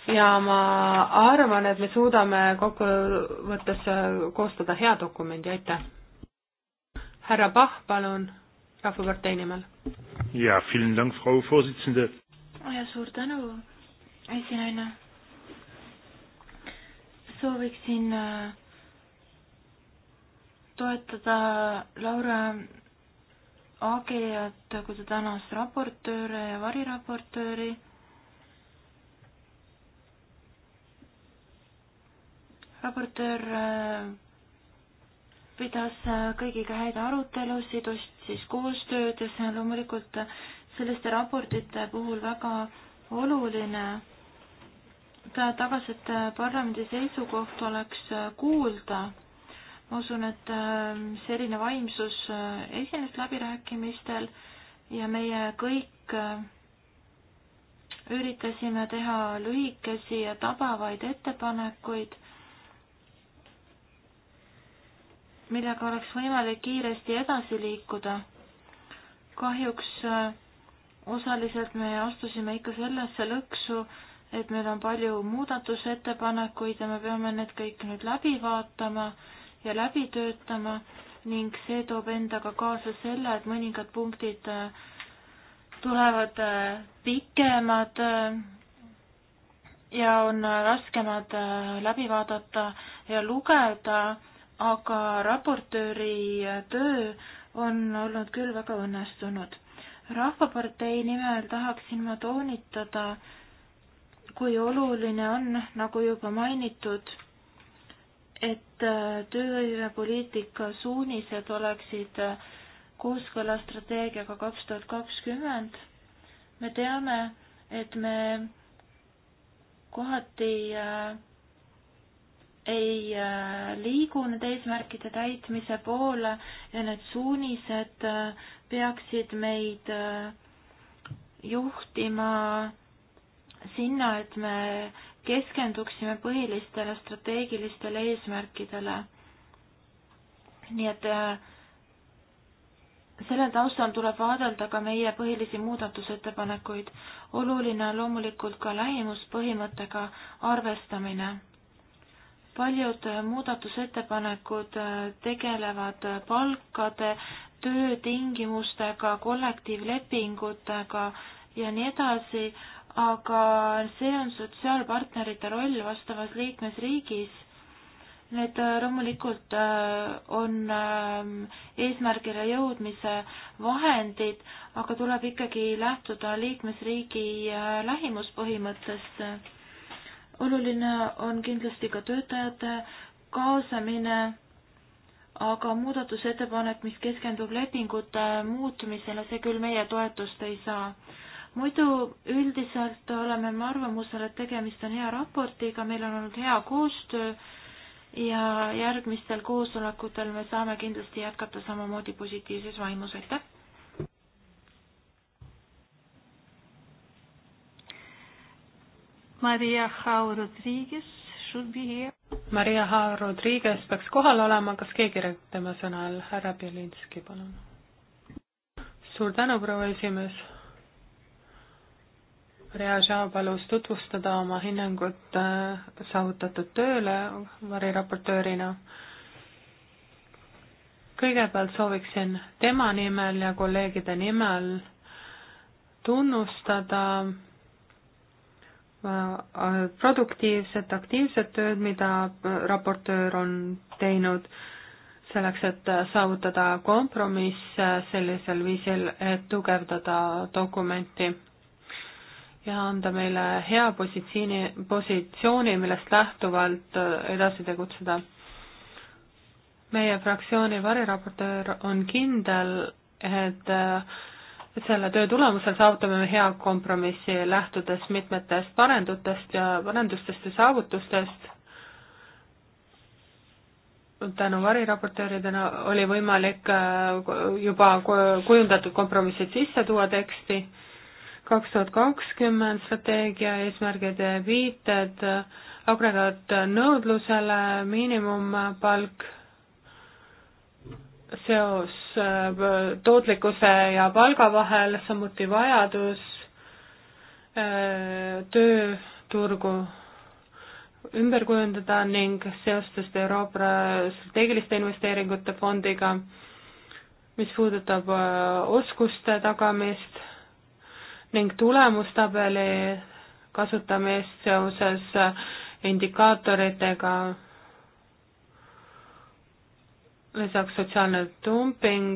B: ja ma arvan, et me suudame kokkuvõttes koostada hea dokumendi, aitäh. härra Pahh, palun, Rahvapartei nimel. ja, suur
A: tänu, esinaine. sooviksin äh, toetada Laura Agiat kui ta tänas raportööre ja variraportööri. raportöör äh, pidas äh, kõigiga häid arutelusid, ostis koostööd ja see on loomulikult selliste raportite puhul väga oluline. ta tagas, et äh, parlamendi seisukoht oleks kuulda ma usun, et ähm, selline vaimsus äh, esines läbirääkimistel ja meie kõik äh, üritasime teha lühikesi ja tabavaid ettepanekuid, millega oleks võimalik kiiresti edasi liikuda. kahjuks äh, osaliselt me astusime ikka sellesse lõksu, et meil on palju muudatusettepanekuid ja me peame need kõik nüüd läbi vaatama ja läbi töötama ning see toob endaga kaasa selle, et mõningad punktid äh, tulevad äh, pikemad äh, ja on raskemad läbi vaadata ja lugeda, aga raportööri töö on olnud küll väga õnnestunud. rahvapartei nimel tahaksin ma toonitada, kui oluline on, nagu juba mainitud, et äh, tööhõivepoliitika suunised oleksid äh, kooskõlas strateegiaga kaks tuhat kakskümmend. me teame, et me kohati äh, ei liigu nende eesmärkide täitmise poole ja need suunised peaksid meid juhtima sinna, et me keskenduksime põhilistele strateegilistele eesmärkidele. nii et äh, selle taustal tuleb vaadelda ka meie põhilisi muudatusettepanekuid. oluline on loomulikult ka lähimuspõhimõttega arvestamine. paljud muudatusettepanekud äh, tegelevad palkade, töötingimustega, kollektiivlepingutega ja nii edasi, aga see on sotsiaalpartnerite roll vastavas liikmesriigis. Need äh, loomulikult äh, on ähm, eesmärgile jõudmise vahendid, aga tuleb ikkagi lähtuda liikmesriigi äh, lähimuspõhimõttest. oluline on kindlasti ka töötajate kaasamine aga muudatusettepanek, mis keskendub lepingute muutmisele, see küll meie toetust ei saa muidu üldiselt oleme me arvamusel, et tegemist on hea raportiga, meil on olnud hea koostöö ja järgmistel koosolekutel me saame kindlasti jätkata samamoodi positiivses vaimus, aitäh!
B: Maria Hau-Rodriguez should be here. Maria Hau-Rodriguez peaks kohal olema, kas keegi räägib tema sõna all, härra Bielinski, palun. suur tänu, proua esimees Rea Jaa palus tutvustada oma hinnangut äh, saavutatud tööle variraportöörina. kõigepealt sooviksin tema nimel ja kolleegide nimel tunnustada äh, produktiivset, aktiivset tööd, mida raportöör on teinud selleks, et saavutada kompromiss sellisel viisil, et tugevdada dokumenti ja anda meile hea positsiooni, positsiooni, millest lähtuvalt äh, edasi tegutseda. meie fraktsiooni variraportöör on kindel, et äh, selle töö tulemusel saavutame hea kompromissi, lähtudes mitmetest arendutest ja arendustest ja saavutustest. tänu variraportööridena oli võimalik äh, juba kujundatud kompromissid sisse tuua teksti kaks tuhat kakskümmend strateegia eesmärgid, viited agregaatnõudlusele, miinimumpalk, seos äh, tootlikkuse ja palga vahel, samuti vajadus äh, tööturgu ümber kujundada ning seostest Euroopa strateegiliste investeeringute fondiga, mis puudutab äh, oskuste tagamist ning tulemustabeli kasutamist seoses indikaatoritega, lisaks sotsiaalne dumping,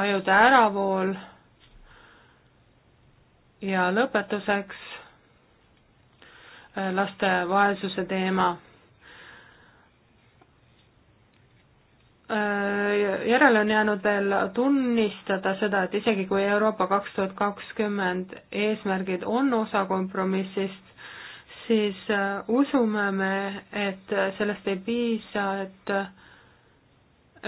B: ajude äravool ja lõpetuseks laste vaesuse teema Äh, järele on jäänud veel tunnistada seda, et isegi kui Euroopa kaks tuhat kakskümmend eesmärgid on osa kompromissist, siis äh, usume me, et sellest ei piisa, et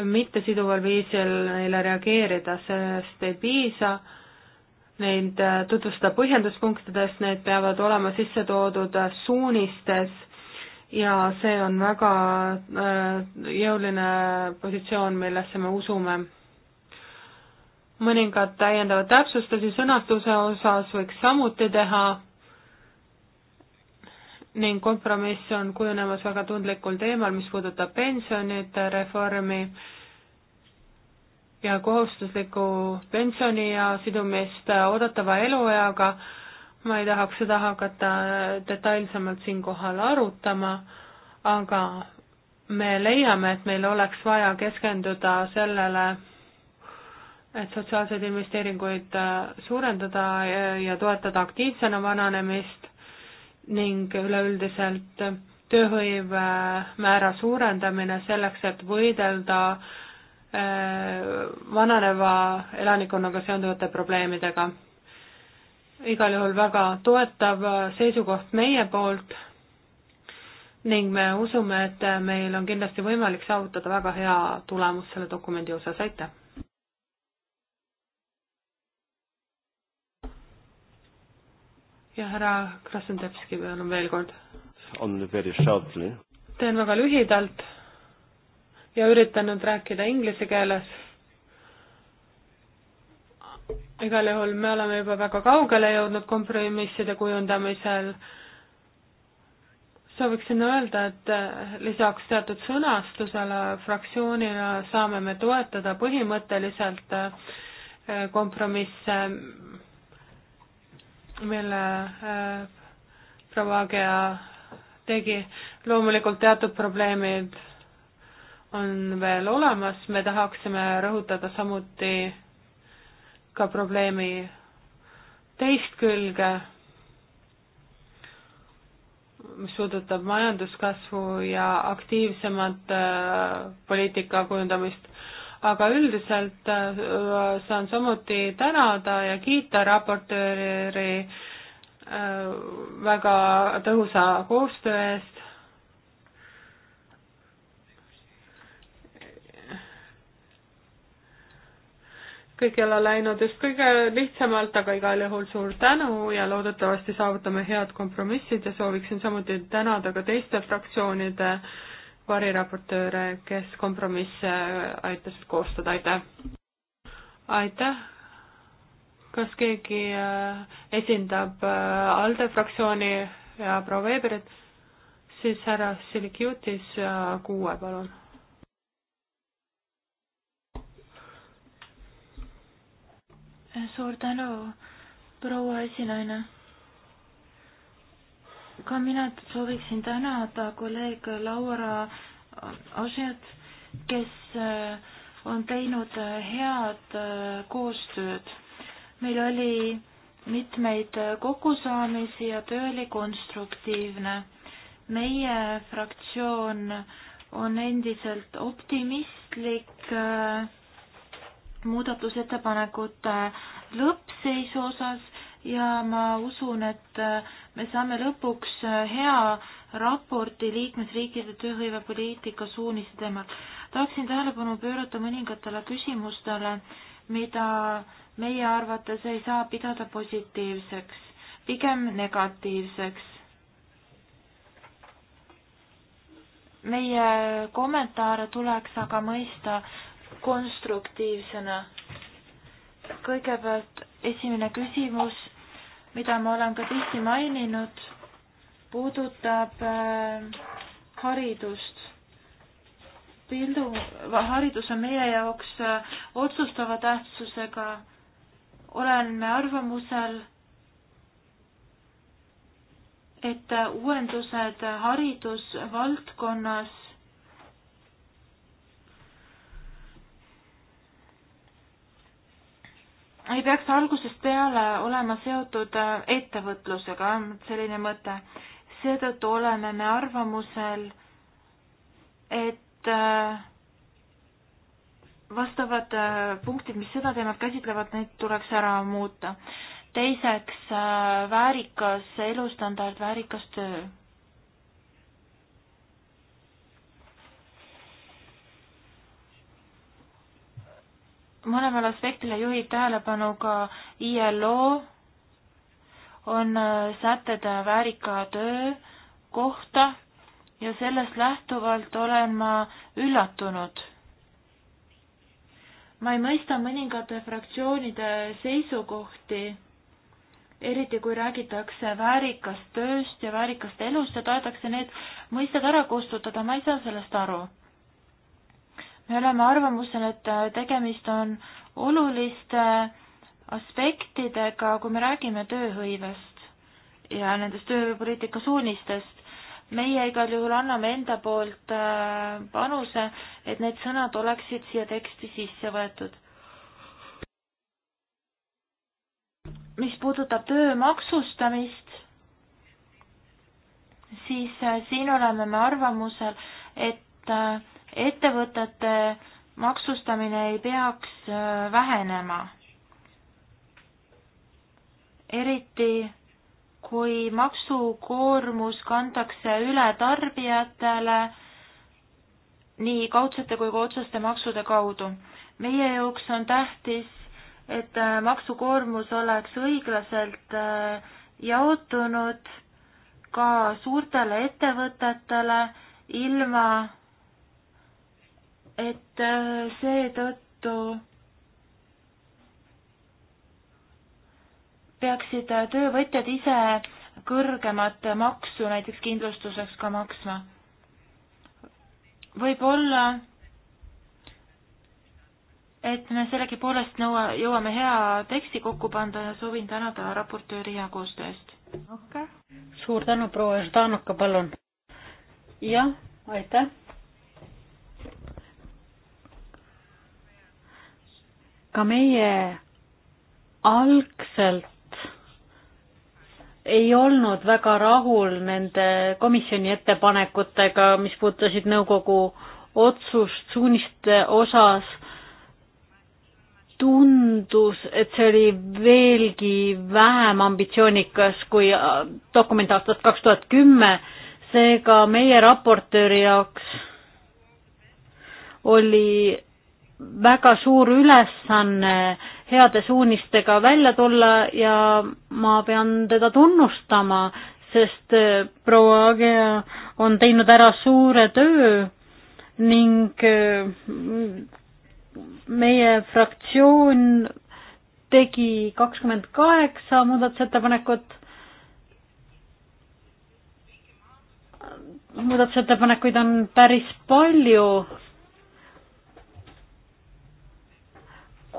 B: mittesiduval viisil neile reageerida, sellest ei piisa, neid äh, tutvustada põhjenduspunktidest, need peavad olema sisse toodud suunistes ja see on väga äh, jõuline positsioon, millesse me usume. mõningad täiendavad täpsustusi sõnastuse osas võiks samuti teha ning kompromiss on kujunemas väga tundlikul teemal, mis puudutab pensionite reformi ja kohustusliku pensioni ja sidumist oodatava elueaga ma ei tahaks seda hakata detailsemalt siinkohal arutama, aga me leiame, et meil oleks vaja keskenduda sellele, et sotsiaalseid investeeringuid äh, suurendada ja toetada aktiivsena vananemist ning üleüldiselt tööhõive äh, määra suurendamine selleks, et võidelda äh, vananeva elanikkonnaga seonduvate probleemidega igal juhul väga toetav seisukoht meie poolt ning me usume, et meil on kindlasti võimalik saavutada väga hea tulemus selle dokumendi osas, aitäh! ja härra Krasnodebski, palun veel kord. teen väga lühidalt ja üritan nüüd rääkida inglise keeles igal juhul me oleme juba väga kaugele jõudnud kompromisside kujundamisel. sooviksin öelda, et lisaks teatud sõnastusele fraktsioonina saame me toetada põhimõtteliselt kompromisse, mille äh, proua Agea tegi. loomulikult teatud probleemid on veel olemas, me tahaksime rõhutada samuti ka probleemi teist külge, mis puudutab majanduskasvu ja aktiivsemat äh, poliitika kujundamist, aga üldiselt äh, saan samuti tänada ja kiita raportööri äh, väga tõhusa koostöö eest kõigil on läinud just kõige lihtsamalt, aga igal juhul suur tänu ja loodetavasti saavutame head kompromissid ja sooviksin samuti tänada ka teiste fraktsioonide variraportööre, kes kompromisse aitasid koostada, aitäh! aitäh! kas keegi äh, esindab äh, ALDE fraktsiooni ja proua Veberit, siis härra Silikiutis ja Kuue,
A: palun suur tänu, proua esinaine. ka mina sooviksin tänada kolleeg Laura Asjat, kes äh, on teinud äh, head äh, koostööd. meil oli mitmeid kokkusaamisi ja töö oli konstruktiivne. meie fraktsioon on endiselt optimistlik äh, muudatusettepanekute lõppseisu osas ja ma usun, et me saame lõpuks hea raporti liikmesriikide tööhõivepoliitika suuniste teemal. tahaksin tähelepanu pöörata mõningatele küsimustele, mida meie arvates ei saa pidada positiivseks, pigem negatiivseks. meie kommentaare tuleks aga mõista konstruktiivsena. kõigepealt esimene küsimus, mida ma olen ka tihti maininud, puudutab äh, haridust. pildu, haridus on meie jaoks äh, otsustava tähtsusega. oleme arvamusel, et äh, uuendused haridusvaldkonnas ei peaks algusest peale olema seotud äh, ettevõtlusega, selline mõte. seetõttu oleme me arvamusel, et äh, vastavad äh, punktid, mis seda teemat käsitlevad, need tuleks ära muuta. teiseks, väärikas elustandard, väärikas töö mõlemale aspektile juhib tähelepanu ka ILO, on äh, sätted äh, väärika töö kohta ja sellest lähtuvalt olen ma üllatunud. ma ei mõista mõningate fraktsioonide seisukohti, eriti kui räägitakse väärikast tööst ja väärikast elust ja tahetakse need mõisted ära kustutada, ma ei saa sellest aru me oleme arvamusel, et äh, tegemist on oluliste äh, aspektidega, kui me räägime tööhõivest ja nendest tööpoliitika suunistest. meie igal juhul anname enda poolt äh, panuse, et need sõnad oleksid siia teksti sisse võetud. mis puudutab töö maksustamist, siis siin oleme me arvamusel, et äh, ettevõtete maksustamine ei peaks äh, vähenema. eriti kui maksukoormus kantakse üle tarbijatele nii kaudsete kui ka otseste maksude kaudu. meie jaoks on tähtis, et äh, maksukoormus oleks õiglaselt äh, jaotunud ka suurtele ettevõtetele ilma et äh, seetõttu peaksid äh, töövõtjad ise kõrgemat maksu näiteks kindlustuseks ka maksma. võib-olla, et me sellegipoolest nõua, jõuame hea teksti kokku panda ja soovin tänada raportööri hea koostöö eest
D: okay.. suur tänu, proua Ždanuka, palun.
A: jah, aitäh
D: ka meie algselt ei olnud väga rahul nende komisjoni ettepanekutega, mis puudutasid nõukogu otsust suuniste osas. tundus, et see oli veelgi vähem ambitsioonikas kui äh, dokument aastast kaks tuhat kümme, seega meie raportööri jaoks oli väga suur ülesanne heade suunistega välja tulla ja ma pean teda tunnustama, sest äh, proua Agea on teinud ära suure töö ning äh, meie fraktsioon tegi kakskümmend kaheksa muudatusettepanekut. muudatusettepanekuid on päris palju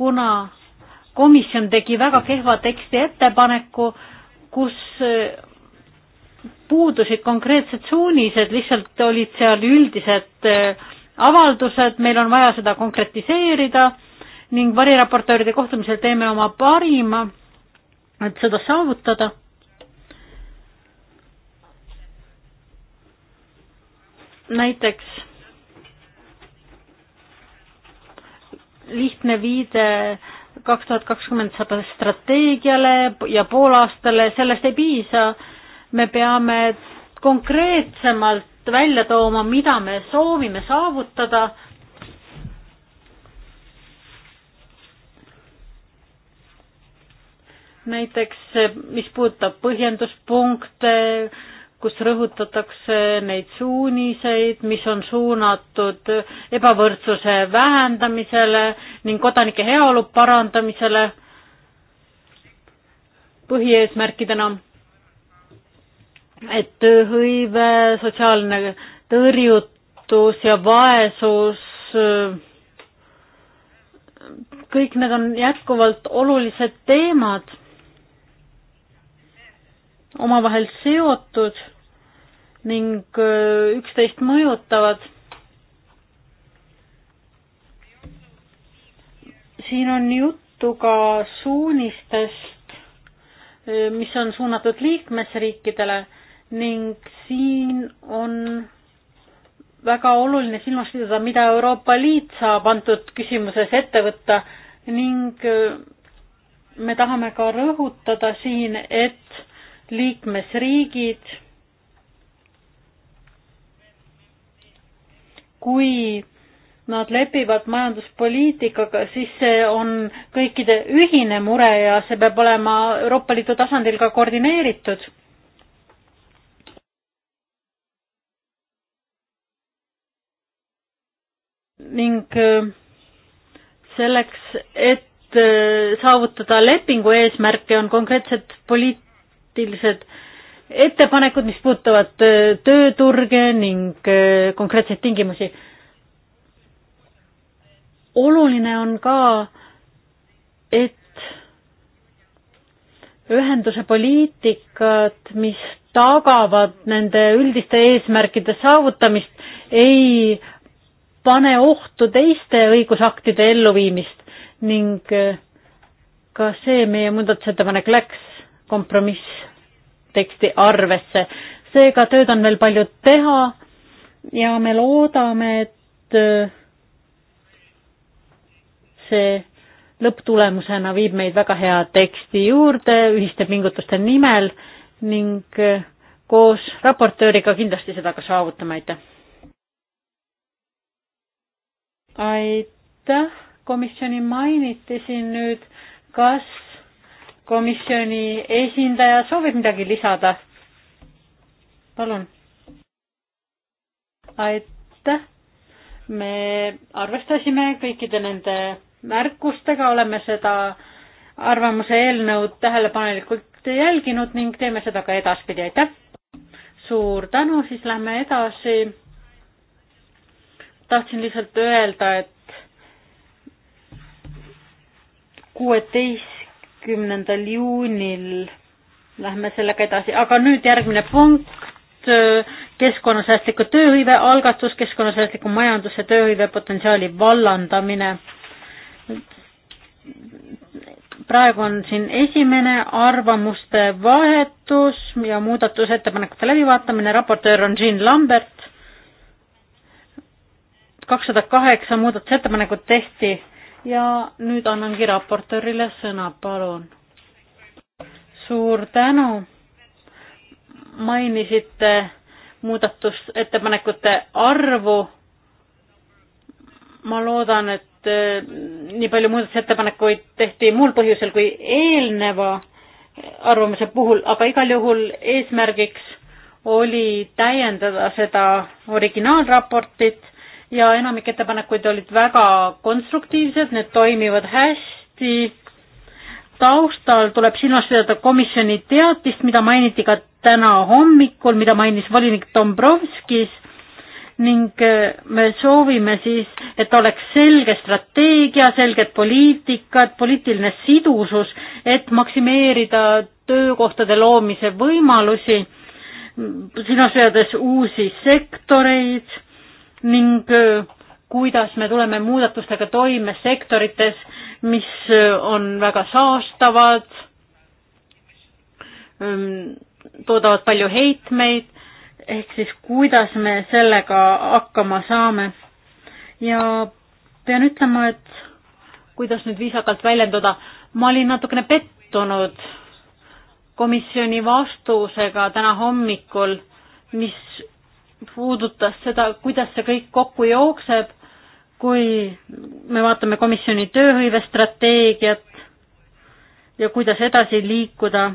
D: kuna komisjon tegi väga kehva teksti ettepaneku, kus eh, puudusid konkreetsed suunised, lihtsalt olid seal üldised eh, avaldused, meil on vaja seda konkretiseerida ning variraportööride kohtumisel teeme oma parima, et seda saavutada. näiteks lihtne viide kaks tuhat kakskümmend saab strateegiale ja poolaastale, sellest ei piisa. me peame konkreetsemalt välja tooma, mida me soovime saavutada. näiteks, mis puudutab põhjenduspunkte, kus rõhutatakse neid suuniseid, mis on suunatud ebavõrdsuse vähendamisele ning kodanike heaolu parandamisele põhieesmärkidena. et tööhõive, sotsiaalne tõrjutus ja vaesus, kõik need on jätkuvalt olulised teemad omavahel seotud ning äh, üksteist mõjutavad. siin on juttu ka suunistest, äh, mis on suunatud liikmesriikidele ning siin on väga oluline silmas pidada, mida Euroopa Liit saab antud küsimuses ette võtta ning äh, me tahame ka rõhutada siin, et liikmesriigid, kui nad lepivad majanduspoliitikaga, siis see on kõikide ühine mure ja see peab olema Euroopa Liidu tasandil ka koordineeritud. ning äh, selleks, et äh, saavutada lepingu eesmärke, on konkreetsed poliit-, praktilised ettepanekud, mis puudutavad tööturge ning konkreetseid tingimusi. oluline on ka, et ühenduse poliitikad, mis tagavad nende üldiste eesmärkide saavutamist, ei pane ohtu teiste õigusaktide elluviimist ning ka see meie muudatusettepanek läks kompromissteksti arvesse. seega tööd on veel palju teha ja me loodame, et äh, see lõpptulemusena viib meid väga hea teksti juurde ühiste pingutuste nimel ning äh, koos raportööriga kindlasti seda ka saavutame, aitäh. aitäh, komisjoni mainiti siin nüüd, kas komisjoni esindaja soovib midagi lisada? palun. aitäh. me arvestasime kõikide nende märkustega, oleme seda arvamuse eelnõu tähelepanelikult jälginud ning teeme seda ka edaspidi, aitäh. suur tänu, siis lähme edasi. tahtsin lihtsalt öelda, et kuueteist kümnendal juunil lähme sellega edasi, aga nüüd järgmine punkt, keskkonnasäästliku tööhõive algatus, keskkonnasäästliku majanduse tööhõive potentsiaali vallandamine. praegu on siin esimene arvamuste vahetus ja muudatusettepanekute läbivaatamine, raportöör on Jean Lambert, kakssada kaheksa muudatusettepanekut tehti ja nüüd annangi raportöörile sõna, palun. suur tänu. mainisite muudatusettepanekute arvu. ma loodan, et eh, nii palju muudatusettepanekuid tehti muul põhjusel kui eelneva arvamuse puhul, aga igal juhul eesmärgiks oli täiendada seda originaalraportit ja enamik ettepanekuid olid väga konstruktiivsed, need toimivad hästi. taustal tuleb silmas pidada komisjoni teatist, mida mainiti ka täna hommikul, mida mainis volinik Dombrovskis ning äh, me soovime siis, et oleks selge strateegia, selged poliitikad, poliitiline sidusus, et maksimeerida töökohtade loomise võimalusi, silmas pidades uusi sektoreid ning äh, kuidas me tuleme muudatustega toime sektorites, mis äh, on väga saastavad, ähm, toodavad palju heitmeid, ehk siis kuidas me sellega hakkama saame. ja pean ütlema, et kuidas nüüd viisakalt väljenduda, ma olin natukene pettunud komisjoni vastusega täna hommikul, mis puudutas seda, kuidas see kõik kokku jookseb, kui me vaatame komisjoni tööhõivestrateegiat ja kuidas edasi liikuda,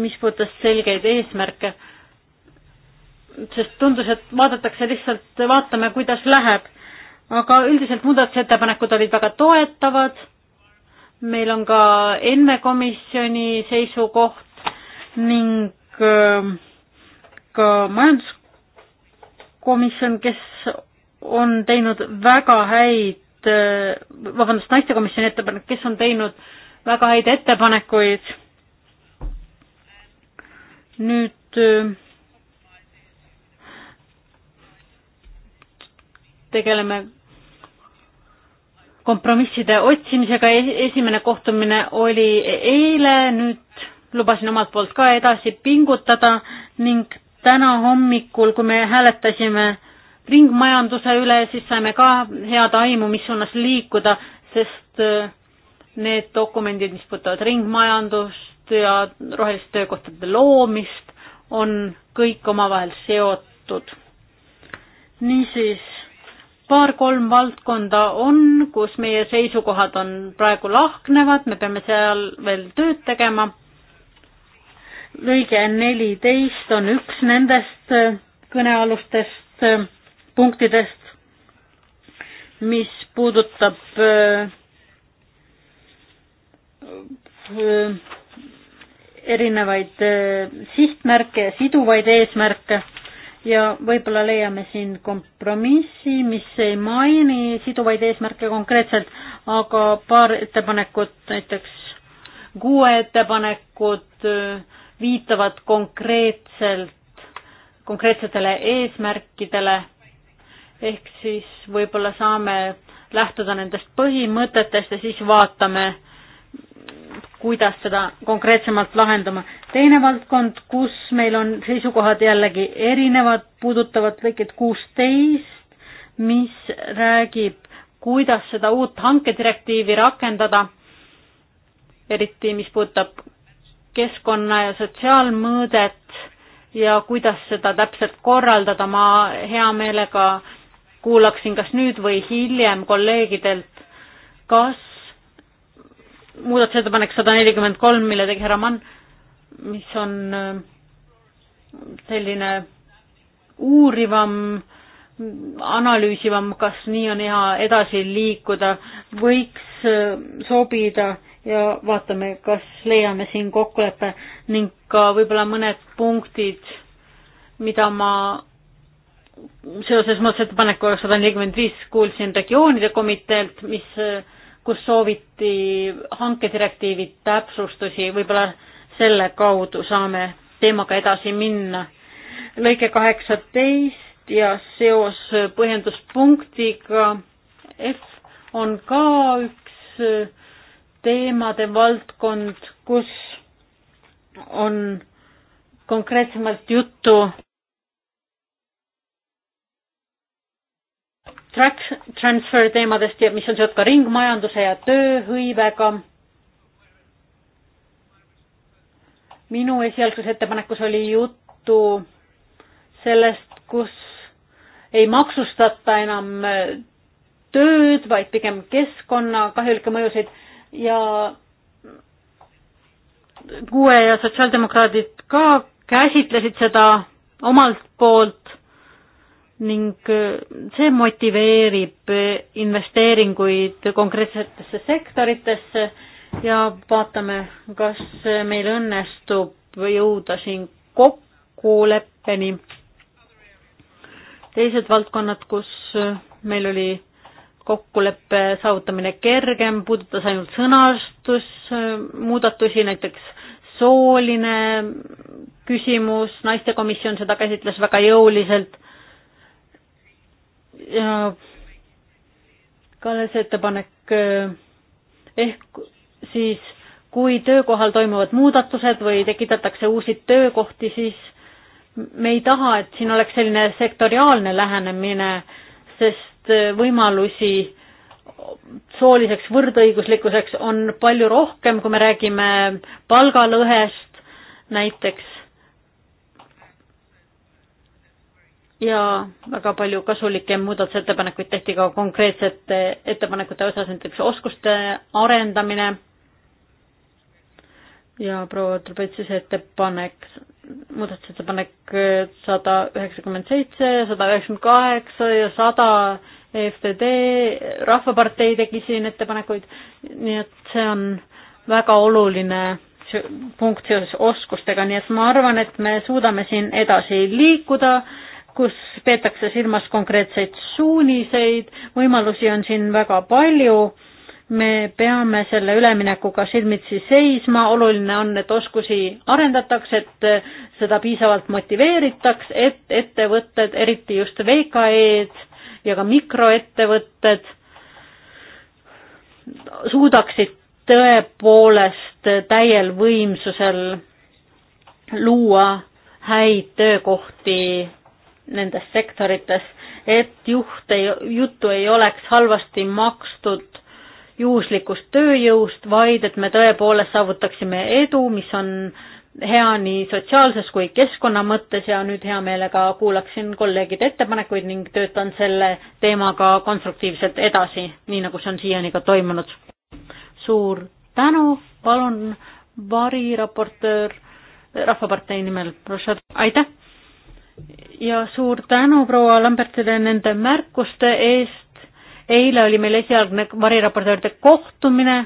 D: mis puudutas selgeid eesmärke, sest tundus, et vaadatakse lihtsalt, vaatame, kuidas läheb. aga üldiselt muudatusettepanekud olid väga toetavad, meil on ka enne komisjoni seisukoht ning Äh, ka majanduskomisjon, kes on teinud väga häid, äh, vabandust, naistekomisjoni ettepanek, kes on teinud väga häid ettepanekuid. nüüd äh, tegeleme kompromisside otsimisega, esimene kohtumine oli eile, nüüd lubasin omalt poolt ka edasi pingutada ning täna hommikul, kui me hääletasime ringmajanduse üle, siis saime ka head aimu, mis suunas liikuda, sest äh, need dokumendid, mis puudutavad ringmajandust ja roheliste töökohtade loomist, on kõik omavahel seotud. niisiis, paar-kolm valdkonda on, kus meie seisukohad on praegu lahknevad, me peame seal veel tööd tegema lõige neliteist on üks nendest äh, kõnealustest äh, punktidest, mis puudutab äh, erinevaid sihtmärke ja siduvaid eesmärke ja võib-olla leiame siin kompromissi, mis ei maini siduvaid eesmärke konkreetselt, aga paar ettepanekut, näiteks kuue ettepanekut äh, viitavad konkreetselt, konkreetsetele eesmärkidele, ehk siis võib-olla saame lähtuda nendest põhimõtetest ja siis vaatame, kuidas seda konkreetsemalt lahendama. teine valdkond, kus meil on seisukohad jällegi erinevad, puudutavad lõiket kuusteist, mis räägib, kuidas seda uut hankedirektiivi rakendada, eriti mis puudutab keskkonna ja sotsiaalmõõdet ja kuidas seda täpselt korraldada, ma hea meelega kuulaksin kas nüüd või hiljem kolleegidelt, kas muudatusettepanek sada nelikümmend kolm, mille tegi härra Mann, mis on äh, selline uurivam, analüüsivam, kas nii on hea edasi liikuda, võiks äh, sobida ja vaatame, kas leiame siin kokkuleppe ning ka võib-olla mõned punktid, mida ma seoses muudatusettepanekuga sada nelikümmend viis kuulsin regioonide komiteelt, mis, kus sooviti hankedirektiivi täpsustusi, võib-olla selle kaudu saame teemaga edasi minna. lõige kaheksateist ja seos põhjenduspunktiga F on ka üks teemade valdkond, kus on konkreetsemalt juttu transfer teemadest ja mis on seotud ka ringmajanduse ja tööhõivega. minu esialgses ettepanekus oli juttu sellest, kus ei maksustata enam tööd, vaid pigem keskkonna kahjulikke mõjusid ja kuue ja sotsiaaldemokraadid ka käsitlesid seda omalt poolt ning äh, see motiveerib äh, investeeringuid konkreetsetesse sektoritesse ja vaatame, kas äh, meil õnnestub jõuda siin kokkuleppeni. teised valdkonnad, kus meil oli kokkuleppe saavutamine kergem, puudutas ainult sõnastusmuudatusi, näiteks sooline küsimus, naistekomisjon seda käsitles väga jõuliselt ja Kalles ettepanek ehk siis kui töökohal toimuvad muudatused või tekitatakse uusi töökohti, siis me ei taha, et siin oleks selline sektoriaalne lähenemine, sest Eh, võimalusi sooliseks võrdõiguslikkuseks on palju rohkem, kui me räägime palgalõhest näiteks. ja väga palju kasulikke muudatusettepanekuid tehti ka konkreetsete ettepanekute osas, näiteks oskuste arendamine ja proua Trubetsise ettepanek, muudatusettepanek eh, sada üheksakümmend seitse, sada üheksakümmend kaheksa ja sada 100 EFTD, Rahvapartei tegi siin ettepanekuid, nii et see on väga oluline punkt seoses oskustega, nii et ma arvan, et me suudame siin edasi liikuda, kus peetakse silmas konkreetseid suuniseid, võimalusi on siin väga palju, me peame selle üleminekuga silmitsi seisma, oluline on, et oskusi arendatakse, et seda piisavalt motiveeritaks, et ettevõtted, eriti just VKE-d, ja ka mikroettevõtted suudaksid tõepoolest täiel võimsusel luua häid töökohti nendes sektorites, et juht ei, juttu ei oleks halvasti makstud juhuslikust tööjõust, vaid et me tõepoolest saavutaksime edu, mis on äh, hea nii sotsiaalses kui keskkonna mõttes ja nüüd hea meelega kuulaksin kolleegide ettepanekuid ning töötan selle teemaga konstruktiivselt edasi, nii nagu see on siiani ka toimunud. suur tänu, palun, variraportöör eh, Rahvapartei nimel, aitäh! ja suur tänu proua Lambertile nende märkuste eest, eile oli meil esialgne variraportööride kohtumine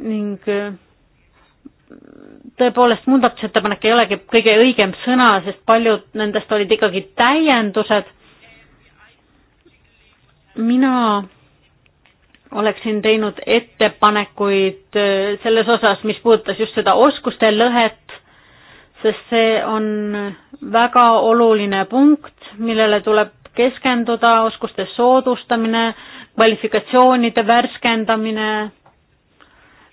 D: ning eh, tõepoolest muudatusettepanek ei olegi kõige õigem sõna, sest paljud nendest olid ikkagi täiendused. mina oleksin teinud ettepanekuid äh, selles osas, mis puudutas just seda oskuste lõhet, sest see on väga oluline punkt, millele tuleb keskenduda, oskuste soodustamine, kvalifikatsioonide värskendamine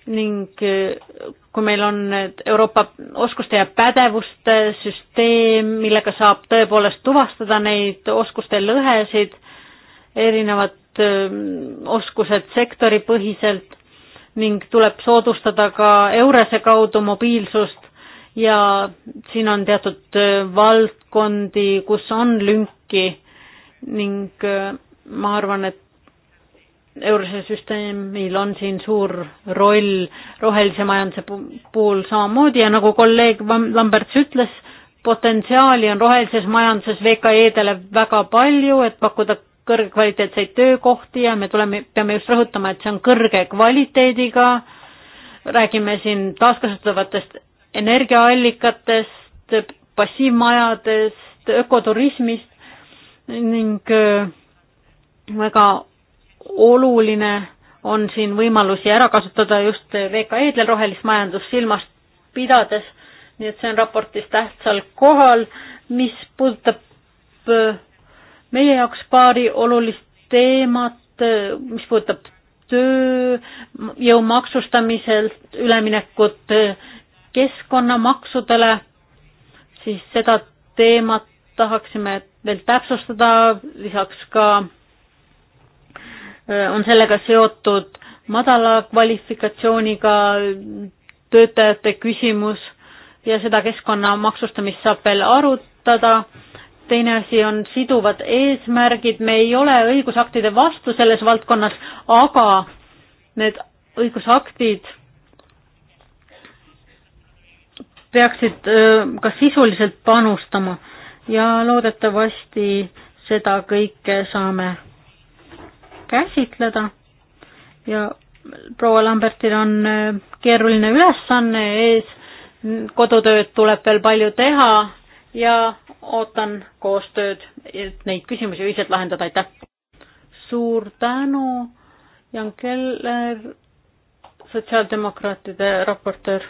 D: ning äh, kui meil on need Euroopa oskuste ja pädevuste süsteem, millega saab tõepoolest tuvastada neid oskuste lõhesid, erinevad ähm, oskused sektoripõhiselt ning tuleb soodustada ka Eurese kaudu mobiilsust ja siin on teatud äh, valdkondi, kus on lünki ning äh, ma arvan, et eurose süsteemil on siin suur roll rohelise majanduse puhul samamoodi ja nagu kolleeg Lamberts ütles, potentsiaali on rohelises majanduses VKE-dele väga palju, et pakkuda kõrgekvaliteetseid töökohti ja me tuleme, peame just rõhutama, et see on kõrge kvaliteediga, räägime siin taaskasutatavatest energiaallikatest, passiivmajadest, ökoturismist ning äh, väga oluline on siin võimalusi ära kasutada just VKE-del rohelist majandust silmas pidades, nii et see on raportis tähtsal kohal, mis puudutab äh, meie jaoks paari olulist teemat, äh, mis puudutab tööjõu maksustamiselt üleminekut äh, keskkonnamaksudele, siis seda teemat tahaksime veel täpsustada, lisaks ka Äh, on sellega seotud madala kvalifikatsiooniga töötajate küsimus ja seda keskkonna maksustamist saab veel arutada. teine asi on siduvad eesmärgid, me ei ole õigusaktide vastu selles valdkonnas, aga need õigusaktid peaksid äh, ka sisuliselt panustama ja loodetavasti seda kõike saame käsitleda ja proua Lambertil on äh, keeruline ülesanne ees, kodutööd tuleb veel palju teha ja ootan koostööd, et neid küsimusi ühiselt lahendada, aitäh! suur tänu, Jan Keller, sotsiaaldemokraatide raportöör.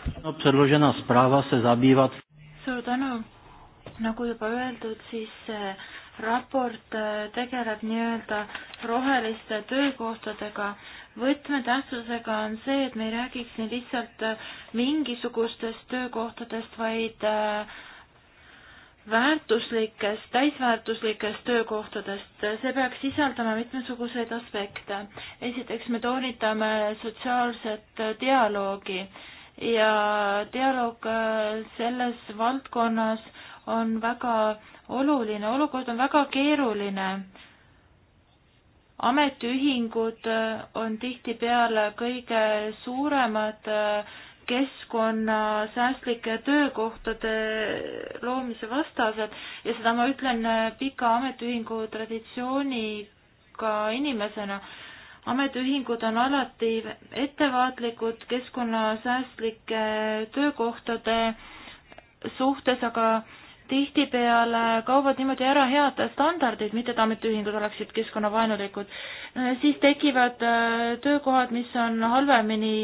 A: suur tänu, nagu juba öeldud, siis äh, raport äh, tegeleb nii-öelda roheliste töökohtadega. võtmetähtsusega on see, et me ei räägiks siin lihtsalt äh, mingisugustest töökohtadest, vaid äh, väärtuslikest, täisväärtuslikest töökohtadest, see peaks sisaldama mitmesuguseid aspekte. esiteks me toonitame sotsiaalset dialoogi ja dialoog selles valdkonnas äh, on väga oluline, olukord on väga keeruline. ametiühingud äh, on tihtipeale kõige suuremad äh, keskkonnasäästlike töökohtade loomise vastased ja seda ma ütlen äh, pika ametiühingu traditsiooniga inimesena ametiühingud on alati ettevaatlikud keskkonnasäästlike töökohtade suhtes, aga tihtipeale kaovad niimoodi ära head standardid, mitte et ametiühingud oleksid keskkonnavaenulikud, eh, siis tekivad eh, töökohad, mis on halvemini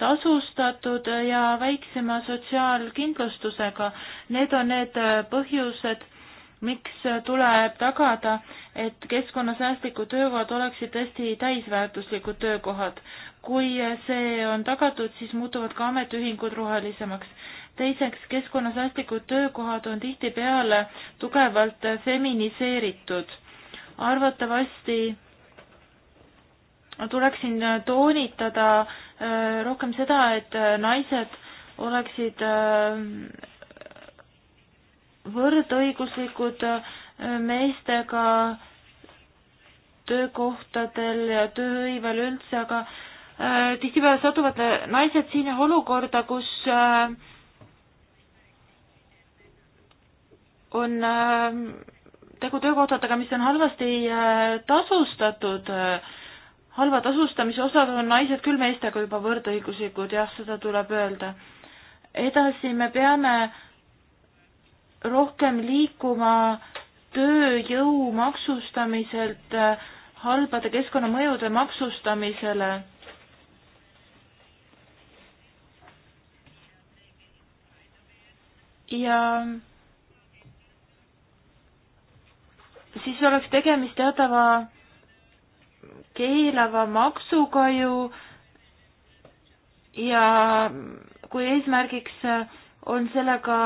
A: tasustatud ja väiksema sotsiaalkindlustusega. Need on need eh, põhjused, miks tuleb tagada, et keskkonnasäästlikud töökohad oleksid tõesti täisväärtuslikud töökohad. kui see on tagatud, siis muutuvad ka ametiühingud rohelisemaks teiseks, keskkonnasäästlikud töökohad on tihtipeale tugevalt feminiseeritud. arvatavasti tuleks siin toonitada äh, rohkem seda, et äh, naised oleksid äh, võrdõiguslikud meestega töökohtadel ja tööhõivel üldse, aga tihtipeale satuvad naised sinna olukorda, kus on ähm, tegu töökohtadega, mis on halvasti äh, tasustatud, halva tasustamise osaga on naised küll meestega juba võrdõiguslikud, jah, seda tuleb öelda. edasi me peame rohkem liikuma tööjõu maksustamiselt äh, halbade keskkonnamõjude maksustamisele ja siis oleks tegemist teatava keelava maksuga ju ja kui eesmärgiks on sellega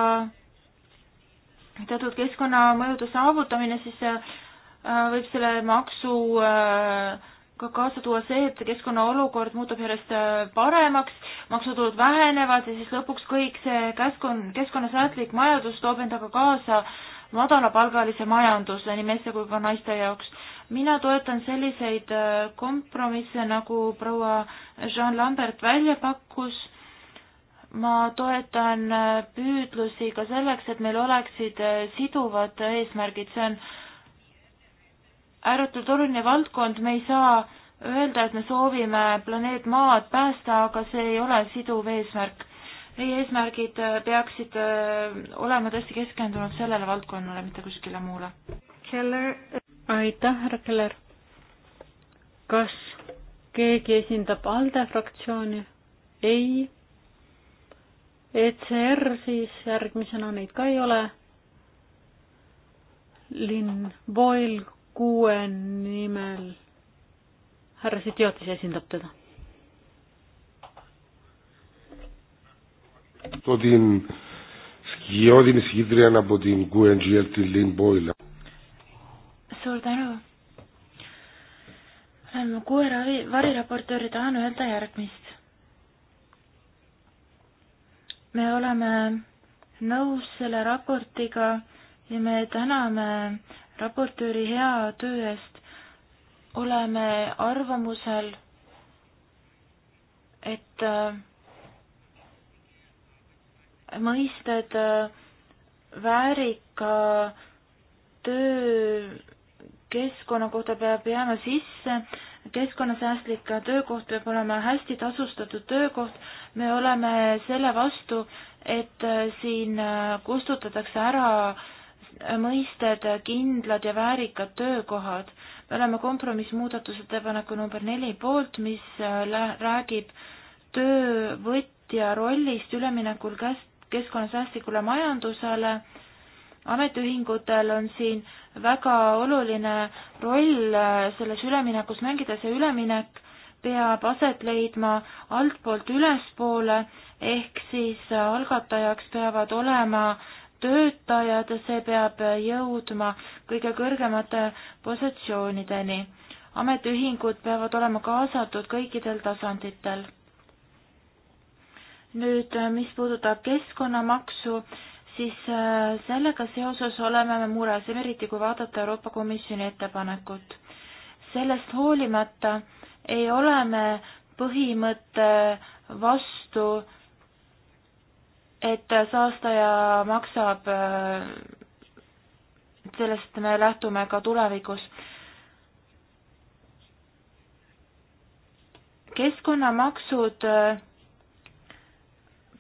A: teatud keskkonnamõjude saavutamine, siis äh, võib selle maksu äh, ka kaasa tuua see, et keskkonna olukord muutub järjest äh, paremaks, maksutulud vähenevad ja siis lõpuks kõik see keskkon-, keskkonnasäästlik majandus toob endaga kaasa äh, madalapalgalise majanduse nii meeste kui ka naiste jaoks. mina toetan selliseid äh, kompromisse, nagu proua Jean Lambert välja pakkus. ma toetan äh, püüdlusi ka selleks, et meil oleksid äh, siduvad eesmärgid, see on ääretult oluline valdkond, me ei saa öelda, et me soovime planeet Maad päästa, aga see ei ole siduv eesmärk meie eesmärgid äh, peaksid äh, olema tõesti keskendunud sellele valdkonnale, mitte kuskile muule. Keller. aitäh, härra Keller. kas keegi esindab ALDE
D: fraktsiooni? ei. ECR siis järgmisena neid ka ei ole. Lynn Boyle kuue nimel. härra Sidiotis esindab teda
B: Todin Jodin Sidrian από την QNGL τη Lynn Boyle.
C: suur
A: tänu. olen kuue ravi, variraportööri tahan öelda järgmist. me oleme nõus selle raportiga ja me täname raportööri hea töö eest. oleme arvamusel, et äh, mõisted äh, väärika töökeskkonna kohta peab jääma sisse, keskkonnasäästlik töökoht peab olema hästi tasustatud töökoht, me oleme selle vastu, et äh, siin äh, kustutatakse ära mõisted kindlad ja väärikad töökohad. me oleme kompromissmuudatusettepaneku number neli poolt, mis räägib töövõtja rollist üleminekul käest keskkonnasäästlikule majandusele. ametiühingutel on siin väga oluline roll äh, selles üleminekus mängida, see üleminek peab aset leidma altpoolt ülespoole, ehk siis äh, algatajaks peavad olema töötajad ja see peab jõudma kõige kõrgemate positsioonideni. ametiühingud peavad olema kaasatud kõikidel tasanditel nüüd, äh, mis puudutab keskkonnamaksu, siis äh, sellega seoses oleme me mures, eriti kui vaadata Euroopa Komisjoni ettepanekut. sellest hoolimata ei ole me põhimõtte vastu, et saastaja maksab, äh, sellest me lähtume ka tulevikus. keskkonnamaksud äh,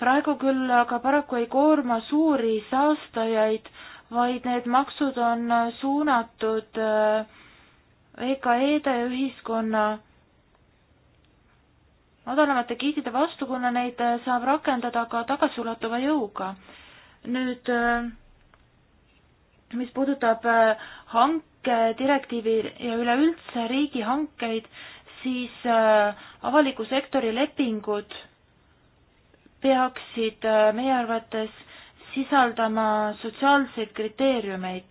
A: praegu küll aga paraku ei koorma suuri saastajaid, vaid need maksud on suunatud VKE-de äh, e ja ühiskonna madalamate giidide vastu, kuna neid äh, saab rakendada ka tagasiulatuva jõuga. nüüd, äh, mis puudutab hankedirektiivi ja üleüldse riigihankeid, siis avaliku sektori lepingud peaksid äh, meie arvates sisaldama sotsiaalseid kriteeriumeid.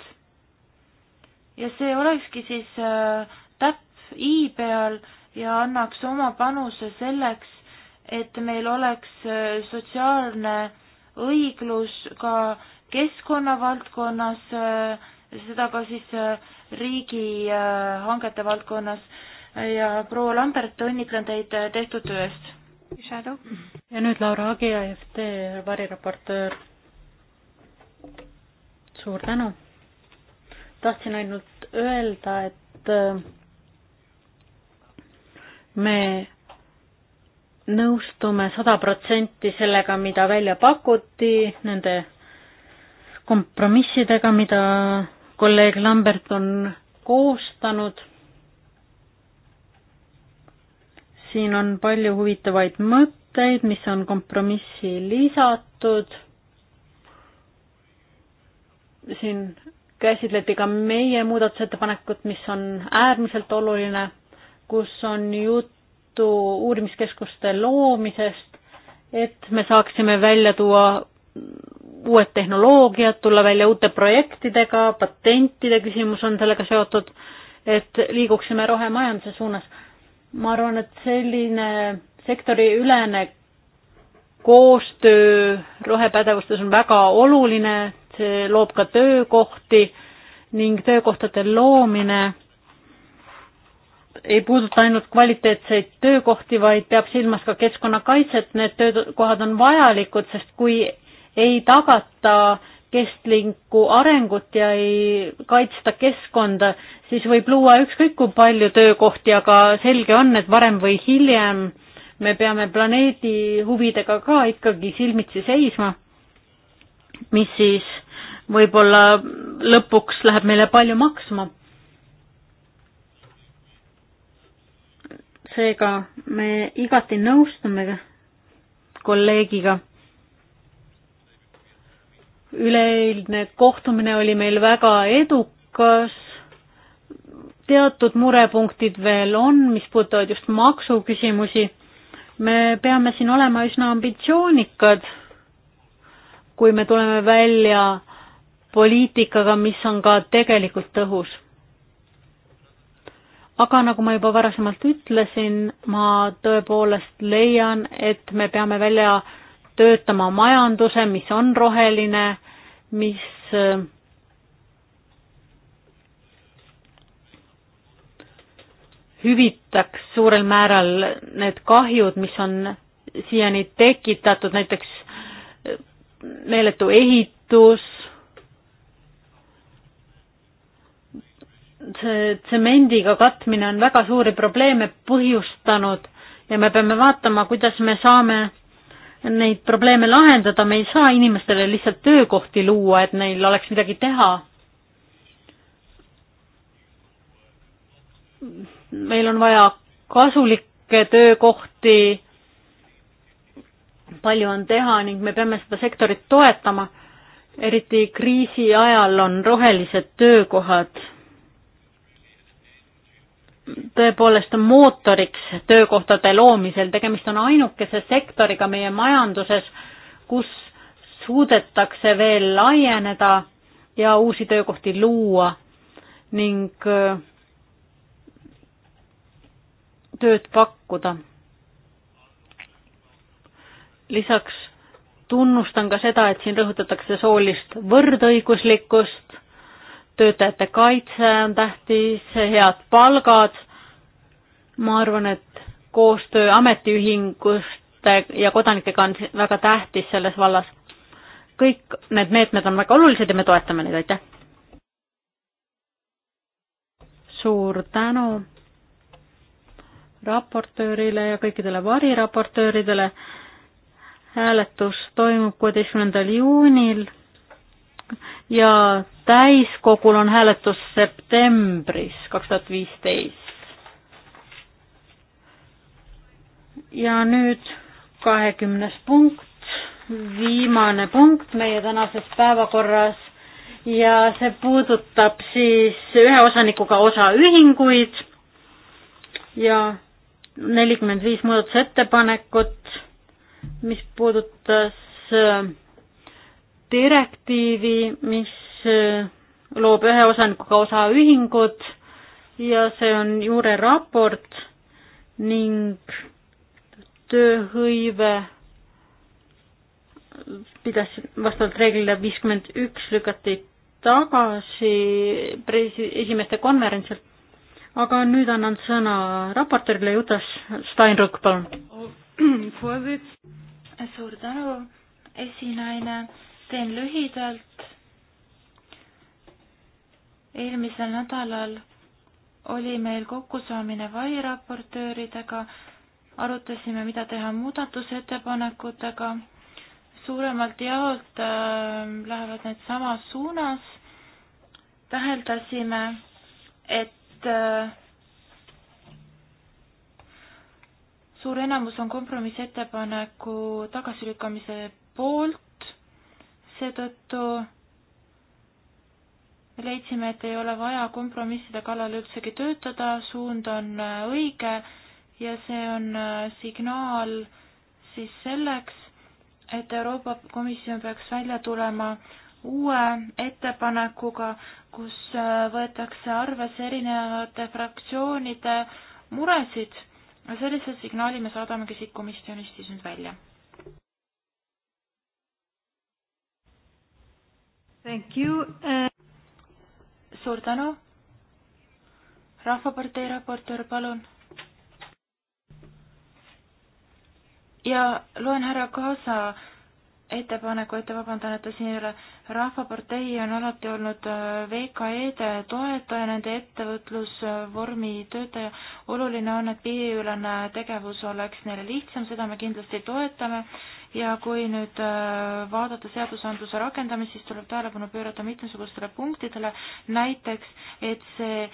A: ja see olekski siis äh, täpp i peal ja annaks oma panuse selleks, et meil oleks äh, sotsiaalne õiglus ka keskkonna valdkonnas, seda ka siis riigihangete valdkonnas ja proua Lambert, õnnitlen teid tehtud töö eest
D: ja nüüd Laura Agi, EFT variraportöör. suur tänu. tahtsin ainult öelda, et äh, me nõustume sada protsenti sellega, mida välja pakuti, nende kompromissidega, mida kolleeg Lambert on koostanud. siin on palju huvitavaid mõtteid mõtteid, mis on kompromissi lisatud. siin käsitleti ka meie muudatusettepanekut, mis on äärmiselt oluline, kus on juttu uurimiskeskuste loomisest, et me saaksime välja tuua uued tehnoloogiad, tulla välja uute projektidega, patentide küsimus on sellega seotud, et liiguksime rohemajanduse suunas. ma arvan, et selline sektoriülene koostöö rohepädevustes on väga oluline, see loob ka töökohti ning töökohtade loomine ei puuduta ainult kvaliteetseid töökohti, vaid peab silmas ka keskkonnakaitset, need töökohad on vajalikud, sest kui ei tagata kestlikku arengut ja ei kaitsta keskkonda, siis võib luua ükskõik kui palju töökohti, aga selge on, et varem või hiljem me peame planeedi huvidega ka ikkagi silmitsi seisma, mis siis võib-olla lõpuks läheb meile palju maksma. seega me igati nõustume kolleegiga. üleeilne kohtumine oli meil väga edukas, teatud murepunktid veel on, mis puudutavad just maksuküsimusi me peame siin olema üsna ambitsioonikad, kui me tuleme välja poliitikaga, mis on ka tegelikult tõhus. aga nagu ma juba varasemalt ütlesin, ma tõepoolest leian, et me peame välja töötama majanduse, mis on roheline, mis hüvitaks suurel määral need kahjud, mis on siiani tekitatud, näiteks eh, meeletu ehitus, see tsemendiga katmine on väga suuri probleeme põhjustanud ja me peame vaatama, kuidas me saame neid probleeme lahendada, me ei saa inimestele lihtsalt töökohti luua, et neil oleks midagi teha meil on vaja kasulikke töökohti, palju on teha ning me peame seda sektorit toetama. eriti kriisi ajal on rohelised töökohad tõepoolest mootoriks töökohtade loomisel, tegemist on ainukese sektoriga meie majanduses, kus suudetakse veel laieneda ja uusi töökohti luua ning äh, tööd pakkuda. lisaks tunnustan ka seda, et siin rõhutatakse soolist võrdõiguslikkust, töötajate kaitse on tähtis, head palgad, ma arvan, et koostöö ametiühinguste ja kodanikega on väga tähtis selles vallas. kõik need meetmed on väga olulised ja me toetame neid, aitäh! suur tänu! raportöörile ja kõikidele variraportööridele. hääletus toimub kuueteistkümnendal juunil ja täiskogul on hääletus septembris kaks tuhat viisteist. ja nüüd kahekümnes punkt, viimane punkt meie tänases päevakorras ja see puudutab siis ühe osanikuga osaühinguid ja nelikümmend viis muudatusettepanekut, mis puudutas äh, direktiivi, mis äh, loob ühe osanikuga osaühingud ja see on juure raport ning tööhõive pidas vastavalt reeglile viiskümmend üks lükati tagasi presi-, esimeste konverentsilt aga nüüd annan sõna raportöörile Jutas Steinrück, palun.
A: suur tänu, esinaine, teen lühidalt. eelmisel nädalal oli meil kokkusaamine variraportööridega, arutasime, mida teha muudatusettepanekutega. suuremalt jaolt äh, lähevad need samas suunas. täheldasime, et et äh, suur enamus on kompromissettepaneku tagasilükkamise poolt, seetõttu me leidsime, et ei ole vaja kompromisside kallal üldsegi töötada, suund on äh, õige ja see on äh, signaal siis selleks, et Euroopa Komisjon peaks välja tulema uue ettepanekuga, kus äh, võetakse arvesse erinevate fraktsioonide muresid. sellise signaali me saadamegi siit komisjonist siis nüüd välja. Thank you uh.... suur tänu. rahvapartei raportöör, palun. ja loen härra Kaasa ettepaneku ette, vabandan, et ta siin ei ole rahvapartei on alati olnud äh, VKE-de toetaja, nende ettevõtlusvormi töötaja. oluline on, et piiriülene tegevus oleks neile lihtsam, seda me kindlasti toetame ja kui nüüd äh, vaadata seadusandluse rakendamist, siis tuleb tähelepanu pöörata mitmesugustele punktidele, näiteks et see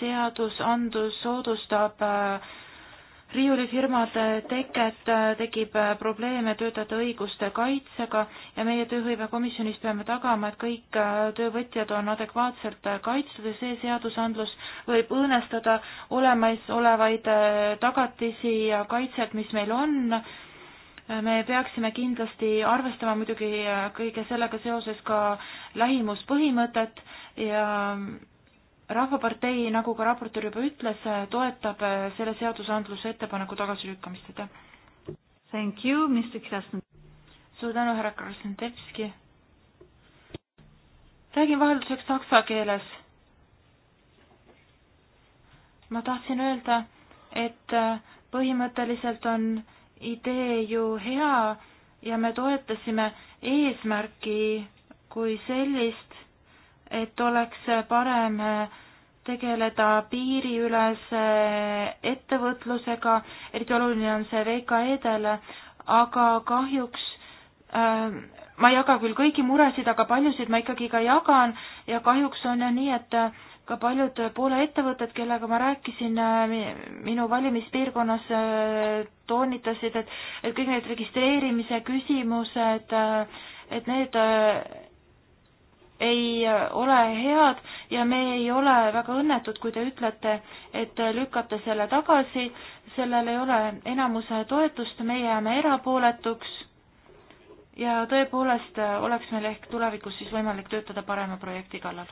A: seadusandlus soodustab äh, riiulifirmade teket äh, tekib äh, probleeme töötajate õiguste kaitsega ja meie tööhõivekomisjonis peame tagama, et kõik äh, töövõtjad on adekvaatselt kaitstud ja see seadusandlus võib õõnestada olemasolevaid tagatisi ja kaitset, mis meil on. me peaksime kindlasti arvestama muidugi kõige sellega seoses ka lähimuspõhimõtet ja rahvapartei, nagu ka raportöör juba ütles, toetab selle seadusandluse ettepaneku tagasilükkamist, aitäh. Thank you, Mr Krasn-. suur tänu, härra Krasnodebski. räägin vahelduseks saksa keeles. ma tahtsin öelda, et põhimõtteliselt on idee ju hea ja me toetasime eesmärki kui sellist et oleks parem äh, tegeleda piiriülese äh, ettevõtlusega, eriti oluline on see VKE-dele, aga kahjuks äh, ma ei jaga küll kõiki muresid, aga paljusid ma ikkagi ka jagan ja kahjuks on nii, et äh, ka paljud Poola ettevõtted, kellega ma rääkisin minu valimispiirkonnas, toonitasid, et, et kõik need registreerimise küsimused, et need ei äh, ole head ja me ei ole väga õnnetud, kui te ütlete, et äh, lükkate selle tagasi, sellel ei ole enamuse äh, toetust, meie jääme erapooletuks ja tõepoolest oleks meil ehk tulevikus siis võimalik töötada parema projekti kallal.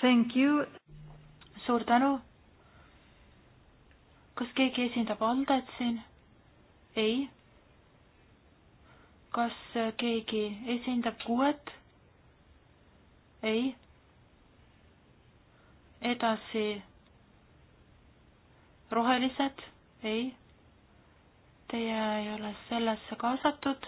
A: Thank you. suur tänu. kas keegi esindab Aldet siin? ei. kas keegi esindab Kuuet? ei. edasi. rohelised, ei. Teie ei ole sellesse kaasatud.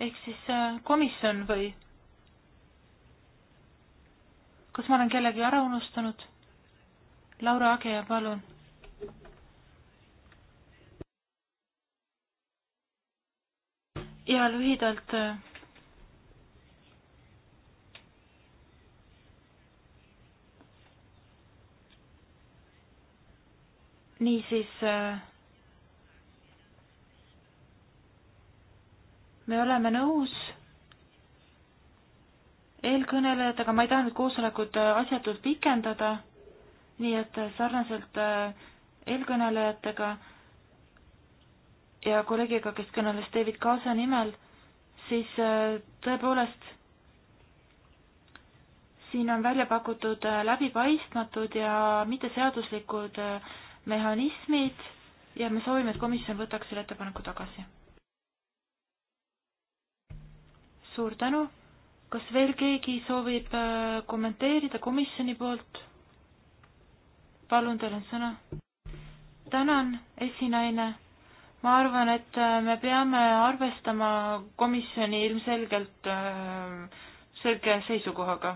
A: ehk siis äh, komisjon või? kas ma olen kellegi ära unustanud? Laura Agea, palun ja lühidalt äh, niisiis äh, me oleme nõus eelkõnelejatega, ma ei taha nüüd koosolekut äh, asjatult pikendada, nii et sarnaselt eelkõnelejatega ja kolleegiga, kes kõneles David Kaasa nimel, siis äh, tõepoolest siin on välja pakutud äh, läbipaistmatud ja mitteseaduslikud äh, mehhanismid ja me soovime, et komisjon võtaks selle ettepaneku tagasi. suur tänu. kas veel keegi soovib kommenteerida komisjoni poolt? palun, teil on sõna. tänan, esinaine ma arvan, et äh, me peame arvestama komisjoni ilmselgelt äh, selge seisukohaga.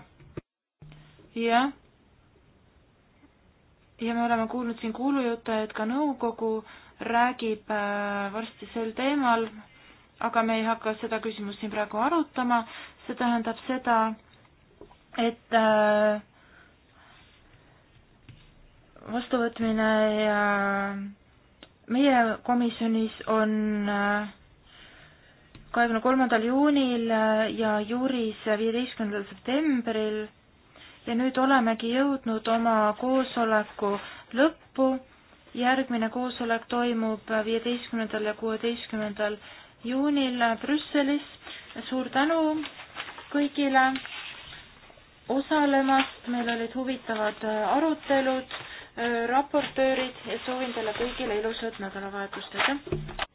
A: jah. ja me oleme kuulnud siin kuulujutte, et ka nõukogu räägib äh, varsti sel teemal, aga me ei hakka seda küsimust siin praegu arutama, see tähendab seda, et vastuvõtmine ja meie komisjonis on äh, kahekümne kolmandal juunil äh, ja juuris äh, viieteistkümnendal septembril ja nüüd olemegi jõudnud oma koosoleku lõppu. järgmine koosolek toimub viieteistkümnendal ja kuueteistkümnendal juunil Brüsselis. suur tänu kõigile osalemast, meil olid huvitavad arutelud Äh, raportöörid ja soovin teile kõigile ilusat nädalavahetust, aitäh!